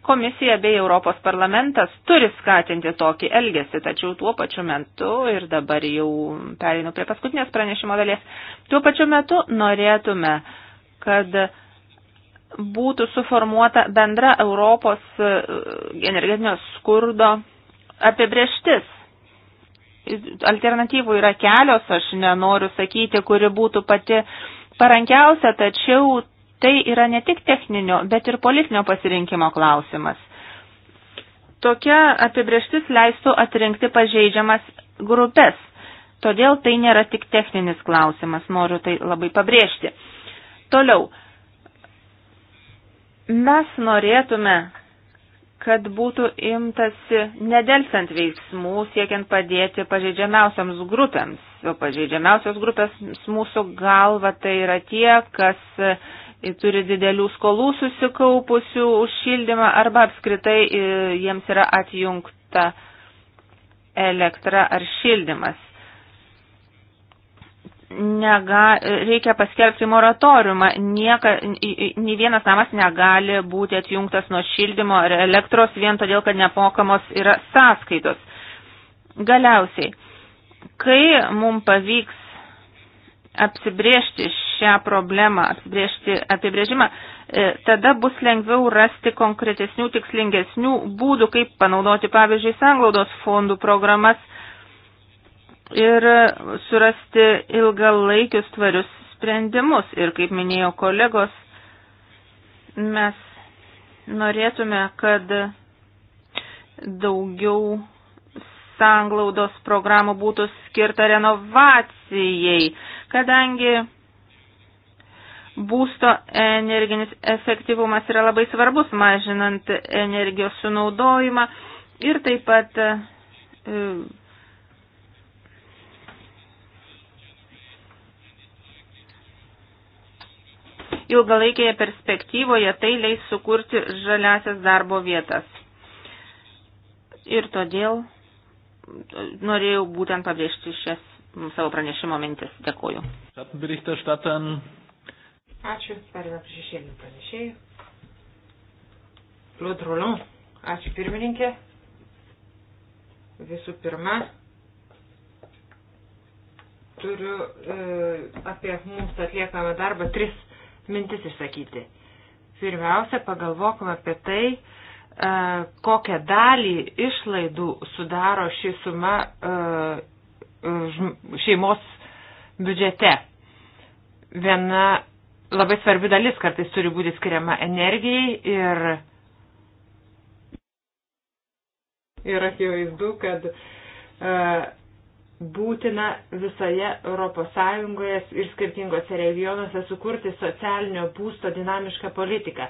Komisija bei Europos parlamentas turi skatinti tokį elgesį, tačiau tuo pačiu metu, ir dabar jau perinu prie paskutinės pranešimo dalies, tuo pačiu metu norėtume, kad būtų suformuota bendra Europos e, energetinio skurdo apibrieštis. Alternatyvų yra kelios, aš nenoriu sakyti, kuri būtų pati parankiausia, tačiau tai yra ne tik techninio, bet ir politinio pasirinkimo klausimas. Tokia apibrieštis leistų atrinkti pažeidžiamas grupės, todėl tai nėra tik techninis klausimas, noriu tai labai pabrėžti. Toliau, mes norėtume, kad būtų imtasi nedelsant veiksmų, siekiant padėti pažeidžiamiausiams grupėms. O pažeidžiamiausios grupės mūsų galva tai yra tie, kas turi didelių skolų susikaupusių už šildymą arba apskritai e, jiems yra atjungta elektra ar šildymas. Nega, e, reikia paskelbti moratoriumą. Nieka, nė vienas namas negali būti atjungtas nuo šildymo ar elektros vien todėl, kad nepokamos yra sąskaitos. Galiausiai, kai mums pavyks apsibriežti šią problemą, apsibriežti apibrėžimą, e, tada bus lengviau rasti konkretesnių, tikslingesnių būdų, kaip panaudoti, pavyzdžiui, sanglaudos fondų programas ir surasti ilgalaikius tvarius sprendimus. Ir kaip minėjo kolegos, mes norėtume, kad daugiau sanglaudos programų būtų skirta renovacijai kadangi būsto energinis efektyvumas yra labai svarbus, mažinant energijos sunaudojimą ir taip pat e, ilgalaikėje perspektyvoje tai leis sukurti žaliasias darbo vietas. Ir todėl norėjau būtent pabrėžti šias savo pranešimo mintis. Dėkuoju. Ačiū, perėmė prie šešėlių pranešėjų. Liudruliu, ačiū pirmininkė. Visų pirma, turiu e, apie mūsų atliekamą darbą tris mintis išsakyti. Pirmiausia, pagalvokim apie tai, e, kokią dalį išlaidų sudaro ši suma e, šeimos biudžete. Viena labai svarbi dalis kartais turi būti skiriama energijai ir, ir akivaizdu, kad uh, būtina visoje Europos Sąjungoje ir skirtingose regionuose sukurti socialinio būsto dinamišką politiką.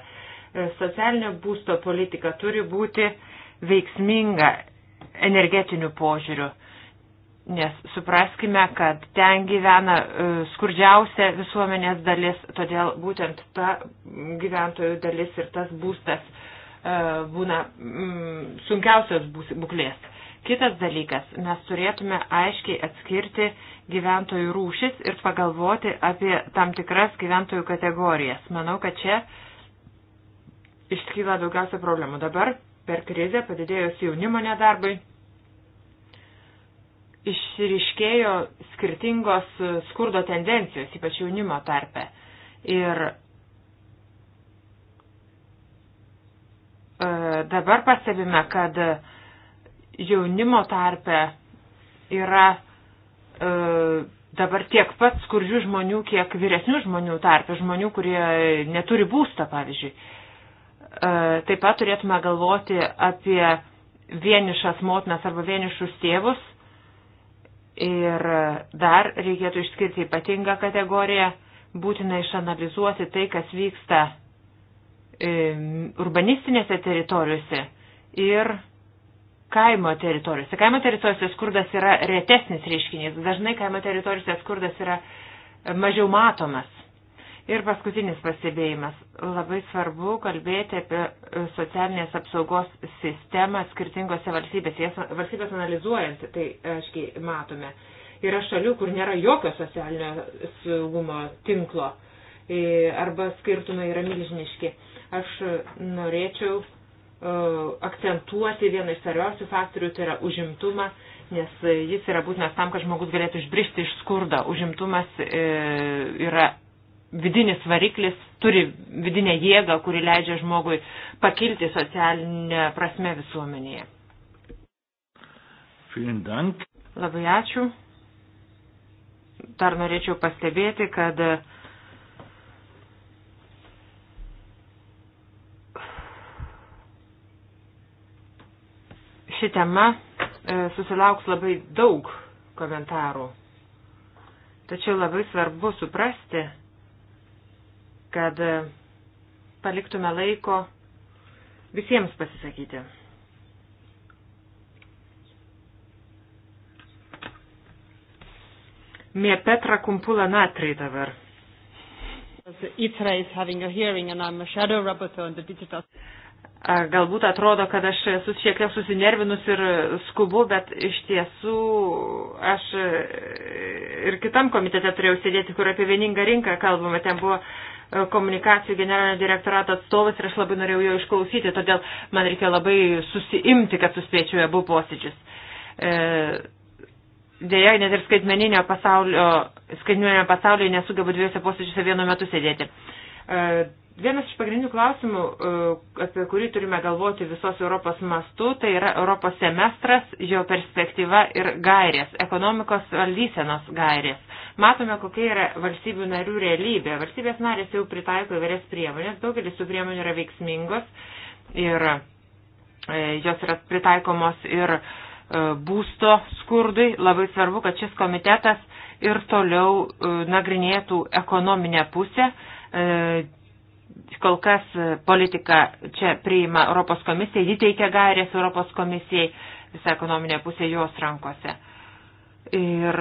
E, socialinio būsto politika turi būti veiksminga energetiniu požiūriu. Nes supraskime, kad ten gyvena e, skurdžiausia visuomenės dalis, todėl būtent ta gyventojų dalis ir tas būstas e, būna mm, sunkiausios būklės. Kitas dalykas, mes turėtume aiškiai atskirti gyventojų rūšis ir pagalvoti apie tam tikras gyventojų kategorijas. Manau, kad čia iškyla daugiausia problemų. Dabar per krizę padidėjus jaunimo nedarbai išsiriškėjo skirtingos skurdo tendencijos, ypač jaunimo tarpe. Ir e, dabar pastebime, kad jaunimo tarpe yra e, dabar tiek pat skurdžių žmonių, kiek vyresnių žmonių tarpe, žmonių, kurie neturi būsto, pavyzdžiui. E, taip pat turėtume galvoti apie vienišas motinas arba vienišus tėvus, Ir dar reikėtų išskirti ypatingą kategoriją, būtina išanalizuoti tai, kas vyksta urbanistinėse teritorijose ir kaimo teritorijose. Kaimo teritorijose skurdas yra retesnis reiškinys. Dažnai kaimo teritorijose skurdas yra mažiau matomas. Ir paskutinis pastebėjimas. Labai svarbu kalbėti apie e, socialinės apsaugos sistemą skirtingose valstybėse. Jas valstybės analizuojant, tai aiškiai matome. Yra šalių, kur nėra jokio socialinio saugumo tinklo e, arba skirtumai yra milžiniški. Aš norėčiau e, akcentuoti vieną iš svarbiausių faktorių, tai yra užimtumą, nes jis yra būtinas tam, kad žmogus galėtų išbristi iš skurdo. Užimtumas yra vidinis variklis, turi vidinę jėgą, kuri leidžia žmogui pakilti socialinę prasme visuomenėje. Labai ačiū. Dar norėčiau pastebėti, kad ši tema e, susilauks labai daug komentarų. Tačiau labai svarbu suprasti, kad e, paliktume laiko visiems pasisakyti. Mie Petra Kumpula Natri dabar. Galbūt atrodo, kad aš esu šiek tiek susinervinus ir skubu, bet iš tiesų aš e, ir kitam komitete turėjau sėdėti, kur apie vieningą rinką kalbama. Ten buvo uh, E, komunikacijų generalinio direktorato atstovas ir aš labai norėjau jo išklausyti, todėl man reikėjo labai susiimti, kad suspėčiau abu posėdžius. E, Dėja, net ir skaitmeninio pasaulio, skaitmeninio pasaulio nesugebu dviejose posėdžiuose vienu metu sėdėti. E, vienas iš pagrindinių klausimų, apie kurį turime galvoti visos Europos mastu, tai yra Europos semestras, jo perspektyva ir gairės, ekonomikos valdysenos gairės. Matome, kokia yra valstybių narių realybė. Valstybės narės jau pritaiko įvairias priemonės, daugelis tų priemonių yra veiksmingos ir e, jos yra pritaikomos ir e, būsto skurdui. Labai svarbu, kad šis komitetas ir toliau e, nagrinėtų ekonominę pusę. Kol kas politika čia priima Europos komisija, ji teikia gairės Europos komisijai, visa ekonominė pusė jos rankose. Ir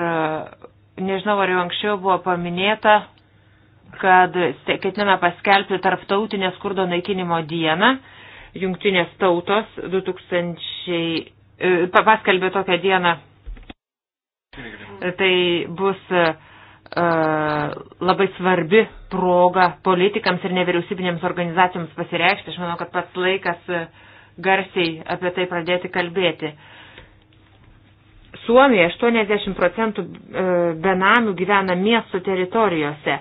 Nežinau, ar jau anksčiau buvo paminėta, kad ketiname paskelbti tarptautinę skurdo naikinimo dieną. Jungtinės tautos 2000, e, paskelbė tokią dieną. Tai bus e, labai svarbi proga politikams ir nevyriausybinėms organizacijoms pasireikšti. Aš manau, kad pats laikas e, garsiai apie tai pradėti kalbėti. Uh, Suomijoje 80 procentų e, benamių gyvena miesto teritorijose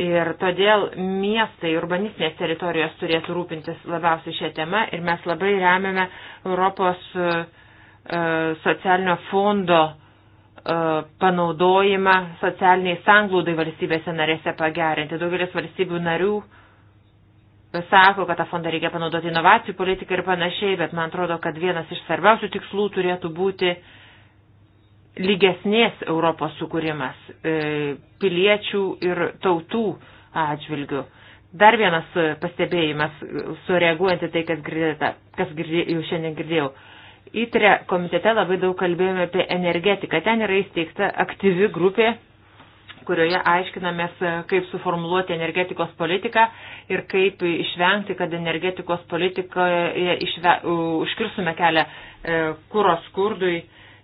ir todėl miestai, urbanistinės teritorijos turėtų rūpintis labiausiai šią temą ir mes labai remiame Europos e, e, socialinio fondo panaudojimą socialiniai sanglūdai valstybėse narėse pagerinti. Daugelis valstybių narių sako, kad tą fondą reikia panaudoti inovacijų politikai ir panašiai, bet man atrodo, kad vienas iš svarbiausių tikslų turėtų būti uh, lygesnės Europos sukūrimas e, piliečių ir tautų atžvilgių. Dar vienas pastebėjimas, sureaguojant į tai, kas, girdėta, kas girdė, jau šiandien girdėjau. Įtre komitete labai daug kalbėjome apie energetiką. Ten yra įsteigta aktyvi grupė, kurioje aiškinamės, e, kaip suformuluoti energetikos politiką ir kaip išvengti, kad energetikos politikoje išve, užkirsume kelią e, kūros skurdui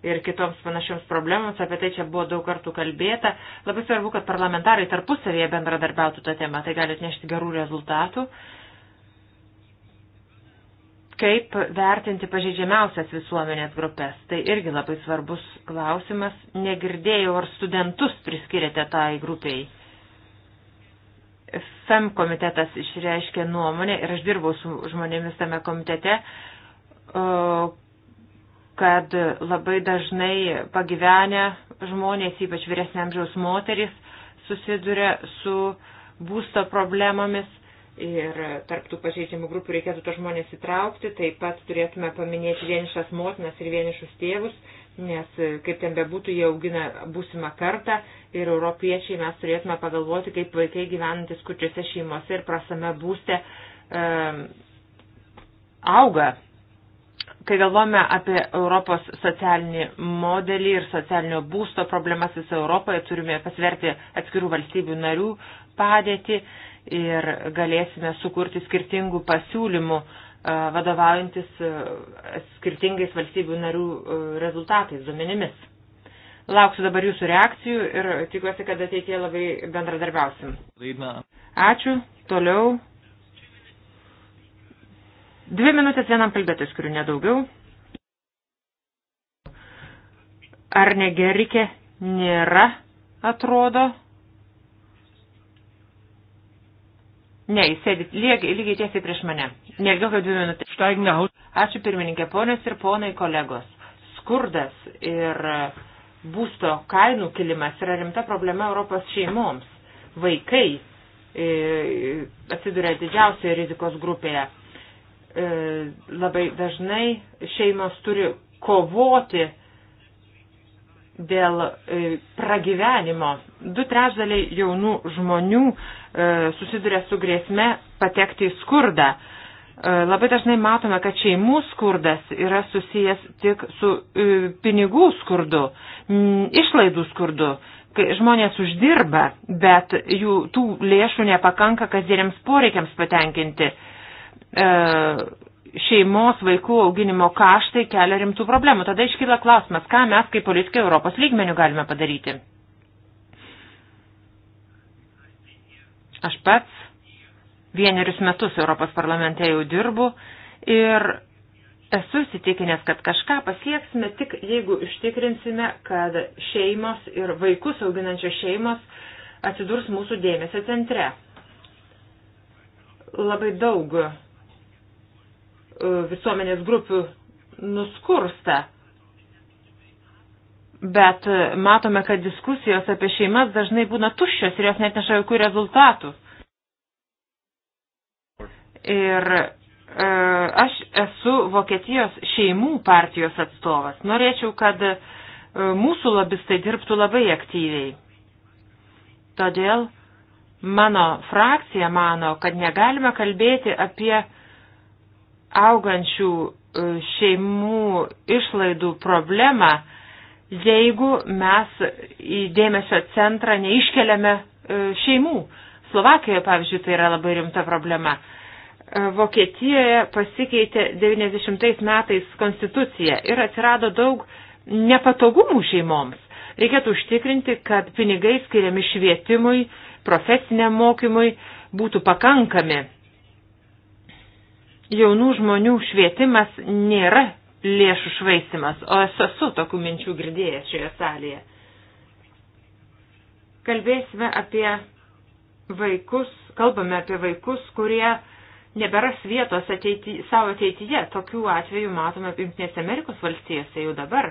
ir kitoms panašioms problemams, apie tai čia buvo daug kartų kalbėta. Labai svarbu, kad parlamentarai tarpusavėje bendradarbiautų tą temą, tai gali atnešti gerų rezultatų. Kaip vertinti pažeidžiamiausias visuomenės grupės? Tai irgi labai svarbus klausimas. Negirdėjau, ar studentus priskiriate tai grupiai. FEM komitetas išreiškė nuomonę ir aš dirbau su žmonėmis tame komitete, kad labai dažnai pagyvenę žmonės, ypač vyresniamžiaus moteris, susiduria su būsto problemomis ir tarptų pažeidžiamų grupių reikėtų tos žmonės įtraukti. Taip pat turėtume paminėti vienišas motinas ir vienišus tėvus, nes kaip ten bebūtų, jie augina būsimą kartą ir europiečiai mes turėtume pagalvoti, kaip vaikai gyvenantis kučiuose šeimose ir prasame būste um, auga Kai galvome apie Europos socialinį modelį ir socialinio būsto problemas visą Europoje, turime pasverti atskirų valstybių narių padėtį ir galėsime sukurti skirtingų pasiūlymų e, vadovaujantis e, skirtingais valstybių narių e, rezultatais, duomenimis. Lauksiu dabar jūsų reakcijų ir tikiuosi, kad ateitie labai bendradarbiausim. Ačiū. Toliau Dvi minutės vienam kalbėtojui skiriu nedaugiau. Ar negerikė nėra, atrodo? Ne, jis sėdi lygiai, lygiai tiesiai prieš mane. Nelgiau kaip dvi minutės. Ačiū pirmininkė, ponios ir ponai kolegos. Skurdas ir e, būsto kainų kilimas yra rimta problema Europos šeimoms. Vaikai e, e atsiduria didžiausioje rizikos grupėje. E, labai dažnai šeimos turi kovoti dėl e, pragyvenimo. Du trečdaliai jaunų žmonių e, susiduria su grėsme patekti į skurdą. Labai dažnai matome, kad šeimų skurdas yra susijęs tik su pinigų skurdu, išlaidų skurdu. Žmonės uždirba, bet jų tų lėšų nepakanka kasdieniams poreikiams patenkinti E, šeimos vaikų auginimo kaštai kelia rimtų problemų. Tada iškyla klausimas, ką mes kaip politikai Europos lygmenių galime padaryti. Aš pats vienerius metus Europos parlamente jau dirbu ir esu įsitikinęs, kad kažką pasieksime tik jeigu ištikrinsime, kad šeimos ir vaikus auginančios šeimos atsidurs mūsų dėmesio centre. Labai daug E, visuomenės grupių nuskursta. Bet e, matome, kad diskusijos apie šeimas dažnai būna tuščios ir jos net neša jokių rezultatų. Ir e, aš esu Vokietijos šeimų partijos atstovas. Norėčiau, kad e, mūsų lobistai dirbtų labai aktyviai. Todėl mano frakcija mano, kad negalime kalbėti apie augančių e, šeimų išlaidų problemą, jeigu mes į dėmesio centrą neiškeliame e, šeimų. Slovakijoje, pavyzdžiui, tai yra labai rimta problema. E, Vokietijoje pasikeitė 90 metais konstitucija ir atsirado daug nepatogumų šeimoms. Reikėtų užtikrinti, kad pinigai skiriami švietimui, profesiniam mokymui būtų pakankami jaunų žmonių švietimas nėra lėšų švaistimas, o esu tokių minčių girdėjęs šioje salėje. Kalbėsime apie vaikus, kalbame apie vaikus, kurie neberas vietos ateity, savo ateityje. Tokių atvejų matome Junktinėse Amerikos valstijose jau dabar.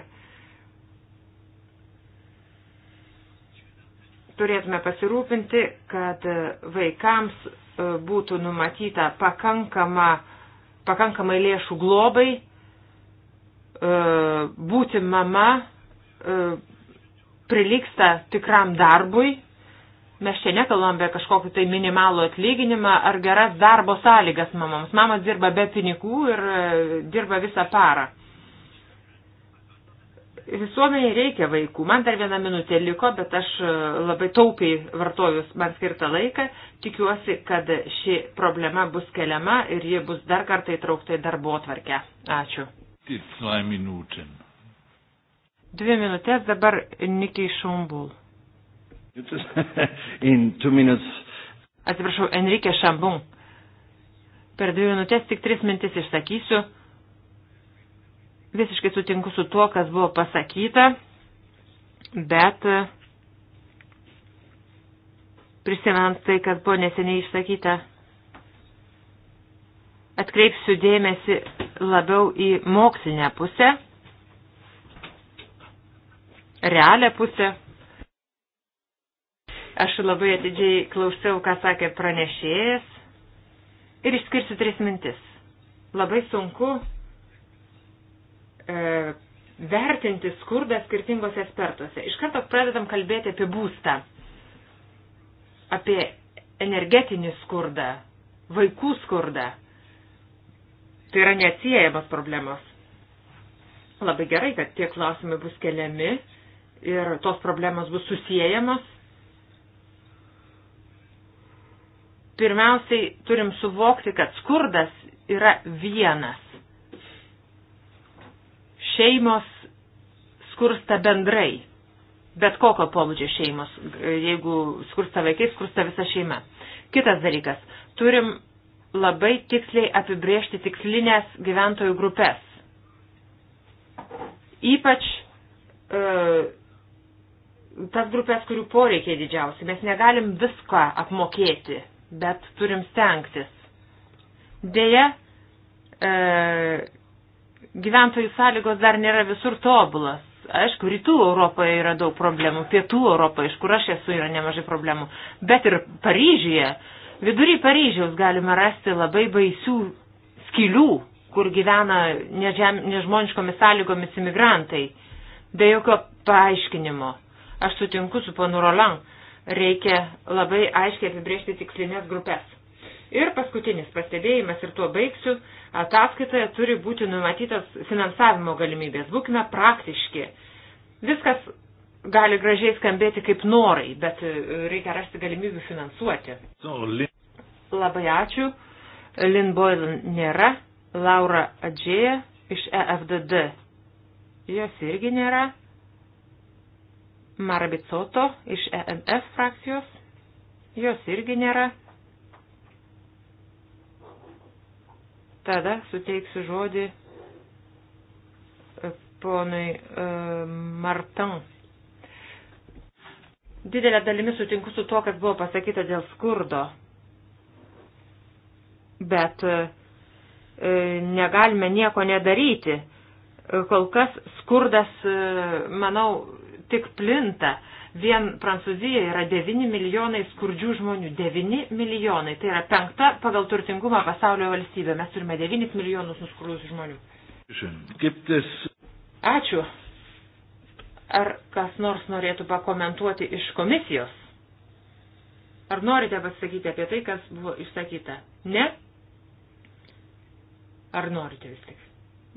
Turėtume pasirūpinti, kad vaikams e, būtų numatyta pakankama uh, pakankamai lėšų globai, e, būti mama e, priliksta tikram darbui. Mes čia nekalbam apie kažkokį tai minimalų atlyginimą ar geras darbo sąlygas mamoms. Mamos dirba be pinigų ir e, dirba visą parą. Visuomenėje reikia vaikų. Man dar vieną minutę liko, bet aš e, labai taupiai vartoju man skirtą laiką. Tikiuosi, kad ši problema bus keliama ir ji bus dar kartą įtraukta į darbo atvarkę. Ačiū. Dvi minutės dabar Nikiai Šumbul. (laughs) Atsiprašau, Enrique Šambum. Per dvi minutės tik tris mintis išsakysiu. Visiškai sutinku su tuo, kas buvo pasakyta, bet e, prisimenant tai, kas buvo neseniai išsakyta, atkreipsiu dėmesį labiau į mokslinę pusę, realią pusę. Aš labai atidžiai klausiau, ką sakė pranešėjas ir išskirsiu tris mintis. Labai sunku E, vertinti skurdą skirtingose aspektuose. Iš karto pradedam kalbėti apie būstą, apie energetinį skurdą, vaikų skurdą. Tai yra neatsiejamas problemos. Labai gerai, kad tie klausimai bus keliami ir tos problemos bus susijęjamos. Pirmiausiai turim suvokti, kad skurdas yra vienas Šeimos skursta bendrai. Bet kokio pobūdžio šeimos. Jeigu skursta vaikai, skursta visa šeima. Kitas dalykas. Turim labai tiksliai apibriežti tikslinės gyventojų grupės. Ypač e, tas grupės, kurių poreikiai didžiausi. Mes negalim viską apmokėti, bet turim stengtis. Deja, e, gyventojų sąlygos dar nėra visur tobulas. Aišku, rytų Europoje yra daug problemų, pietų Europoje, iš kur aš esu, yra nemažai problemų, bet ir Paryžiuje, vidury Paryžiaus galime rasti labai baisių skilių, kur gyvena nežem, nežmoniškomis sąlygomis imigrantai, be jokio paaiškinimo. Aš sutinku su panu Roland, reikia labai aiškiai apibriežti tikslinės grupės. Ir paskutinis pastebėjimas ir tuo baigsiu. Ataskaitoje turi būti numatytas finansavimo galimybės. Būkime praktiški. Viskas gali gražiai skambėti kaip norai, bet e, reikia rasti galimybių finansuoti. Labai ačiū. Lin Boylan nėra. Laura Adžėja iš EFDD. Jos irgi nėra. Marabicoto iš ENF frakcijos. Jos irgi nėra. Tada suteiksiu žodį e, ponui e, Martin. Didelė dalimi sutinku su to, kas buvo pasakyta dėl skurdo. Bet e, negalime nieko nedaryti. Kol kas skurdas, manau, tik plinta Vien Prancūzijoje yra 9 milijonai skurdžių žmonių. 9 milijonai. Tai yra penkta pagal turtingumą pasaulio valstybė. Mes turime 9 milijonus nuskurdusių žmonių. Ačiū. Ar kas nors norėtų pakomentuoti iš komisijos? Ar norite pasakyti apie tai, kas buvo išsakyta? Ne? Ar norite vis tik?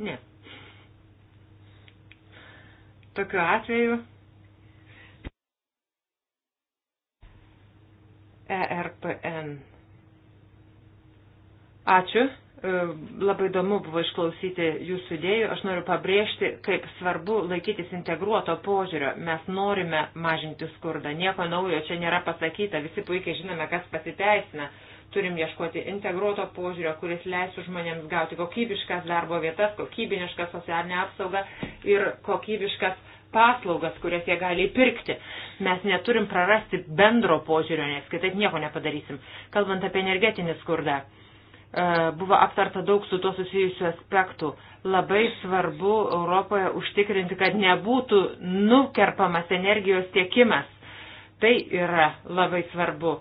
Ne. Tokiu atveju ERPN. Ačiū. E, labai įdomu buvo išklausyti jūsų idėjų. Aš noriu pabrėžti, kaip svarbu laikytis integruoto požiūrio. Mes norime mažinti skurdą. Nieko naujo čia nėra pasakyta. Visi puikiai žinome, kas pasiteisina. Turim ieškoti integruoto požiūrio, kuris leisų žmonėms gauti kokybiškas darbo vietas, kokybišką socialinę apsaugą ir kokybiškas paslaugas, kurias jie gali įpirkti. Mes neturim prarasti bendro požiūrio, nes kitaip nieko nepadarysim. Kalbant apie energetinį skurdą, e, buvo aptarta daug su to susijusių aspektų. Labai svarbu Europoje užtikrinti, kad nebūtų nukerpamas energijos tiekimas. Tai yra labai svarbu.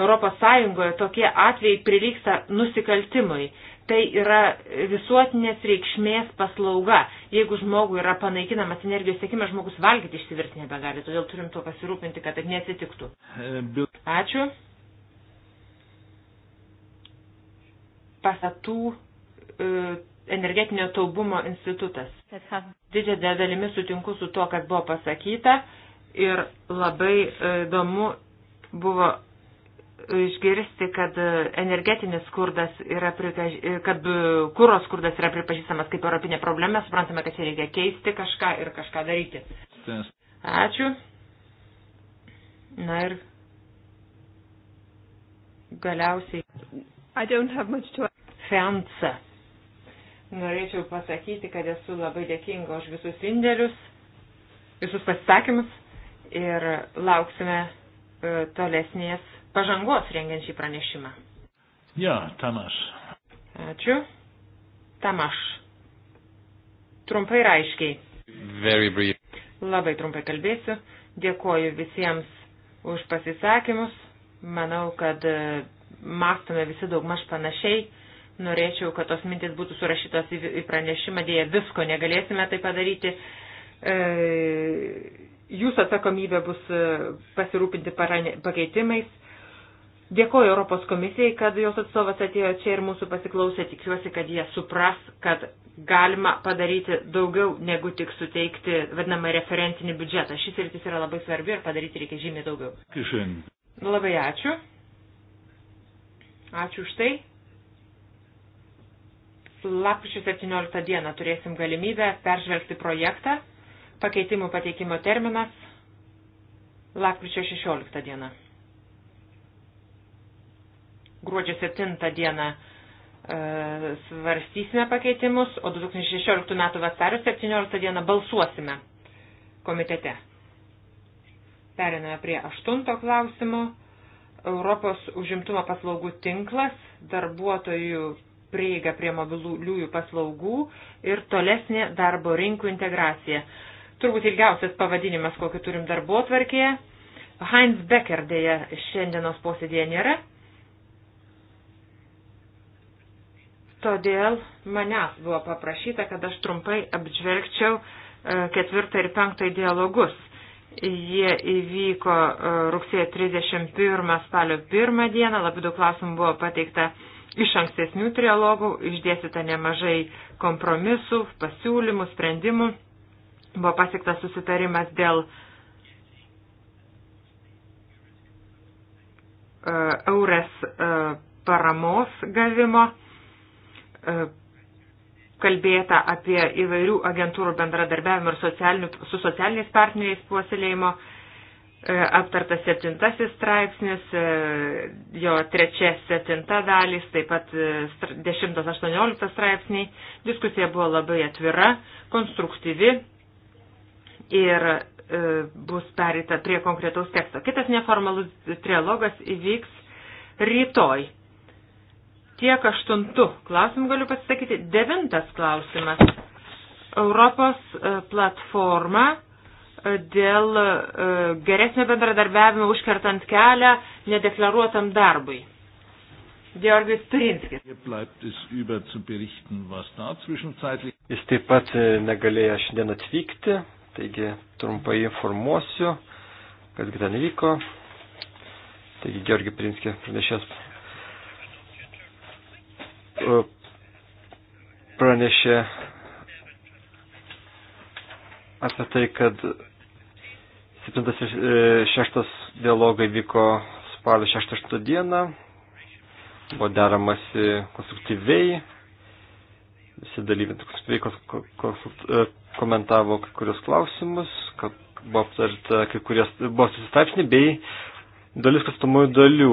Europos Sąjungoje tokie atvejai prilyksta nusikaltimui tai yra visuotinės reikšmės paslauga. Jeigu žmogui yra panaikinamas energijos tiekimas, žmogus valgyti išsivirs nebegali. Todėl turim to pasirūpinti, kad taip nesitiktų. Ačiū. Pasatų e, energetinio taubumo institutas. Didžią dalimi sutinku su to, kas buvo pasakyta ir labai e, įdomu buvo išgirsti, kad energetinis skurdas yra, prikaž... kad kūro skurdas yra pripažįstamas kaip europinė problema, suprantame, kad čia reikia keisti kažką ir kažką daryti. Ačiū. Na ir galiausiai. I don't have much to... Fiansa. Norėčiau pasakyti, kad esu labai dėkinga už visus indėlius, visus pasisakymus ir lauksime e, tolesnės pažangos rengiant šį pranešimą. Ja, Tamaš. Ačiū. Tamaš. Trumpai ir aiškiai. Very brief. Labai trumpai kalbėsiu. Dėkoju visiems už pasisakymus. Manau, kad e, mąstome visi daugmaž panašiai. Norėčiau, kad tos mintis būtų surašytos į pranešimą, dėja visko negalėsime tai padaryti. E, jūsų atsakomybė bus e, pasirūpinti pakeitimais Dėkoju Europos komisijai, kad jos atstovas atėjo čia ir mūsų pasiklausė. Tikiuosi, kad jie supras, kad galima padaryti daugiau negu tik suteikti vadinamą referentinį biudžetą. Šis rytis yra labai svarbi ir padaryti reikia žymiai daugiau. Kišin. Nu, labai ačiū. Ačiū už tai. Lapkričio 17 dieną turėsim galimybę peržvelgti projektą. Pakeitimų pateikimo terminas lapkričio 16 diena gruodžio 7 dieną e, svarstysime pakeitimus, o 2016 m. vasario 17 dieną balsuosime komitete. Periname prie aštunto klausimo. Europos užimtumo paslaugų tinklas, darbuotojų prieiga prie mobiliųjų paslaugų ir tolesnė darbo rinkų integracija. Turbūt ilgiausias pavadinimas, kokį turim darbo tvarkėje. Heinz Becker dėja šiandienos posėdėje nėra, Todėl manęs buvo paprašyta, kad aš trumpai apžvelgčiau e, ketvirtą ir penktą dialogus. Jie įvyko e, rugsėjo 31 spalio 1 dieną, labai daug klausimų buvo pateikta iš ankstesnių trialogų, išdėsita nemažai kompromisų, pasiūlymų, sprendimų. Buvo pasiektas susitarimas dėl e, eurės paramos gavimo E, kalbėta apie įvairių agentūrų bendradarbiavimo ir socialinių, su socialiniais partneriais puoselėjimo, e, aptartas septintasis straipsnis, e, jo trečia septinta dalis, taip pat 10-18 straipsniai. Diskusija buvo labai atvira, konstruktyvi ir bus perita prie konkretaus teksto. Kitas neformalus trialogas įvyks rytoj Tiek aštuntų klausimų galiu pasisakyti. Devintas klausimas. Europos e, platforma e, dėl e, geresnio bendradarbiavimo užkertant kelią nedeklaruotam darbui. Georgijus Turinskis. Jis taip pat negalėjo šiandien atvykti, taigi trumpai informuosiu, kas ten vyko. Taigi Georgi Prinskis pranešės pranešė apie tai, kad 7-6 e, dialogai vyko spalio 6-8 dieną, buvo deramasi konstruktyviai, visi dalyviai konstruktyviai e, komentavo kai kurios klausimus, kad buvo aptarta kai kurios, buvo susitaipsni bei dalis kastamųjų dalių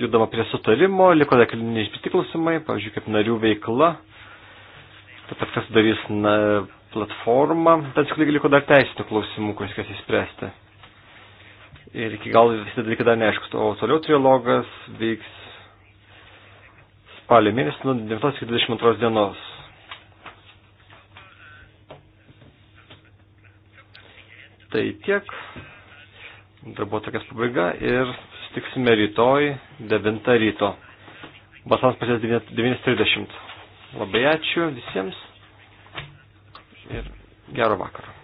judama prie sutarimo, liko dar keli neišpiti klausimai, pavyzdžiui, kaip narių veikla, taip pat kas darys na, platformą, bet tik liko dar teisinių klausimų, kuriuos kas įspręsti. Ir iki gal visi dalykai dar neaiškus, o toliau trilogas vyks spalio mėnesį nuo 9 iki 22 dienos. Tai tiek. Darbo tokias pabaiga ir Stiksime rytoj 9 ryto. Basanas prasidės 9.30. Labai ačiū visiems ir gero vakaro.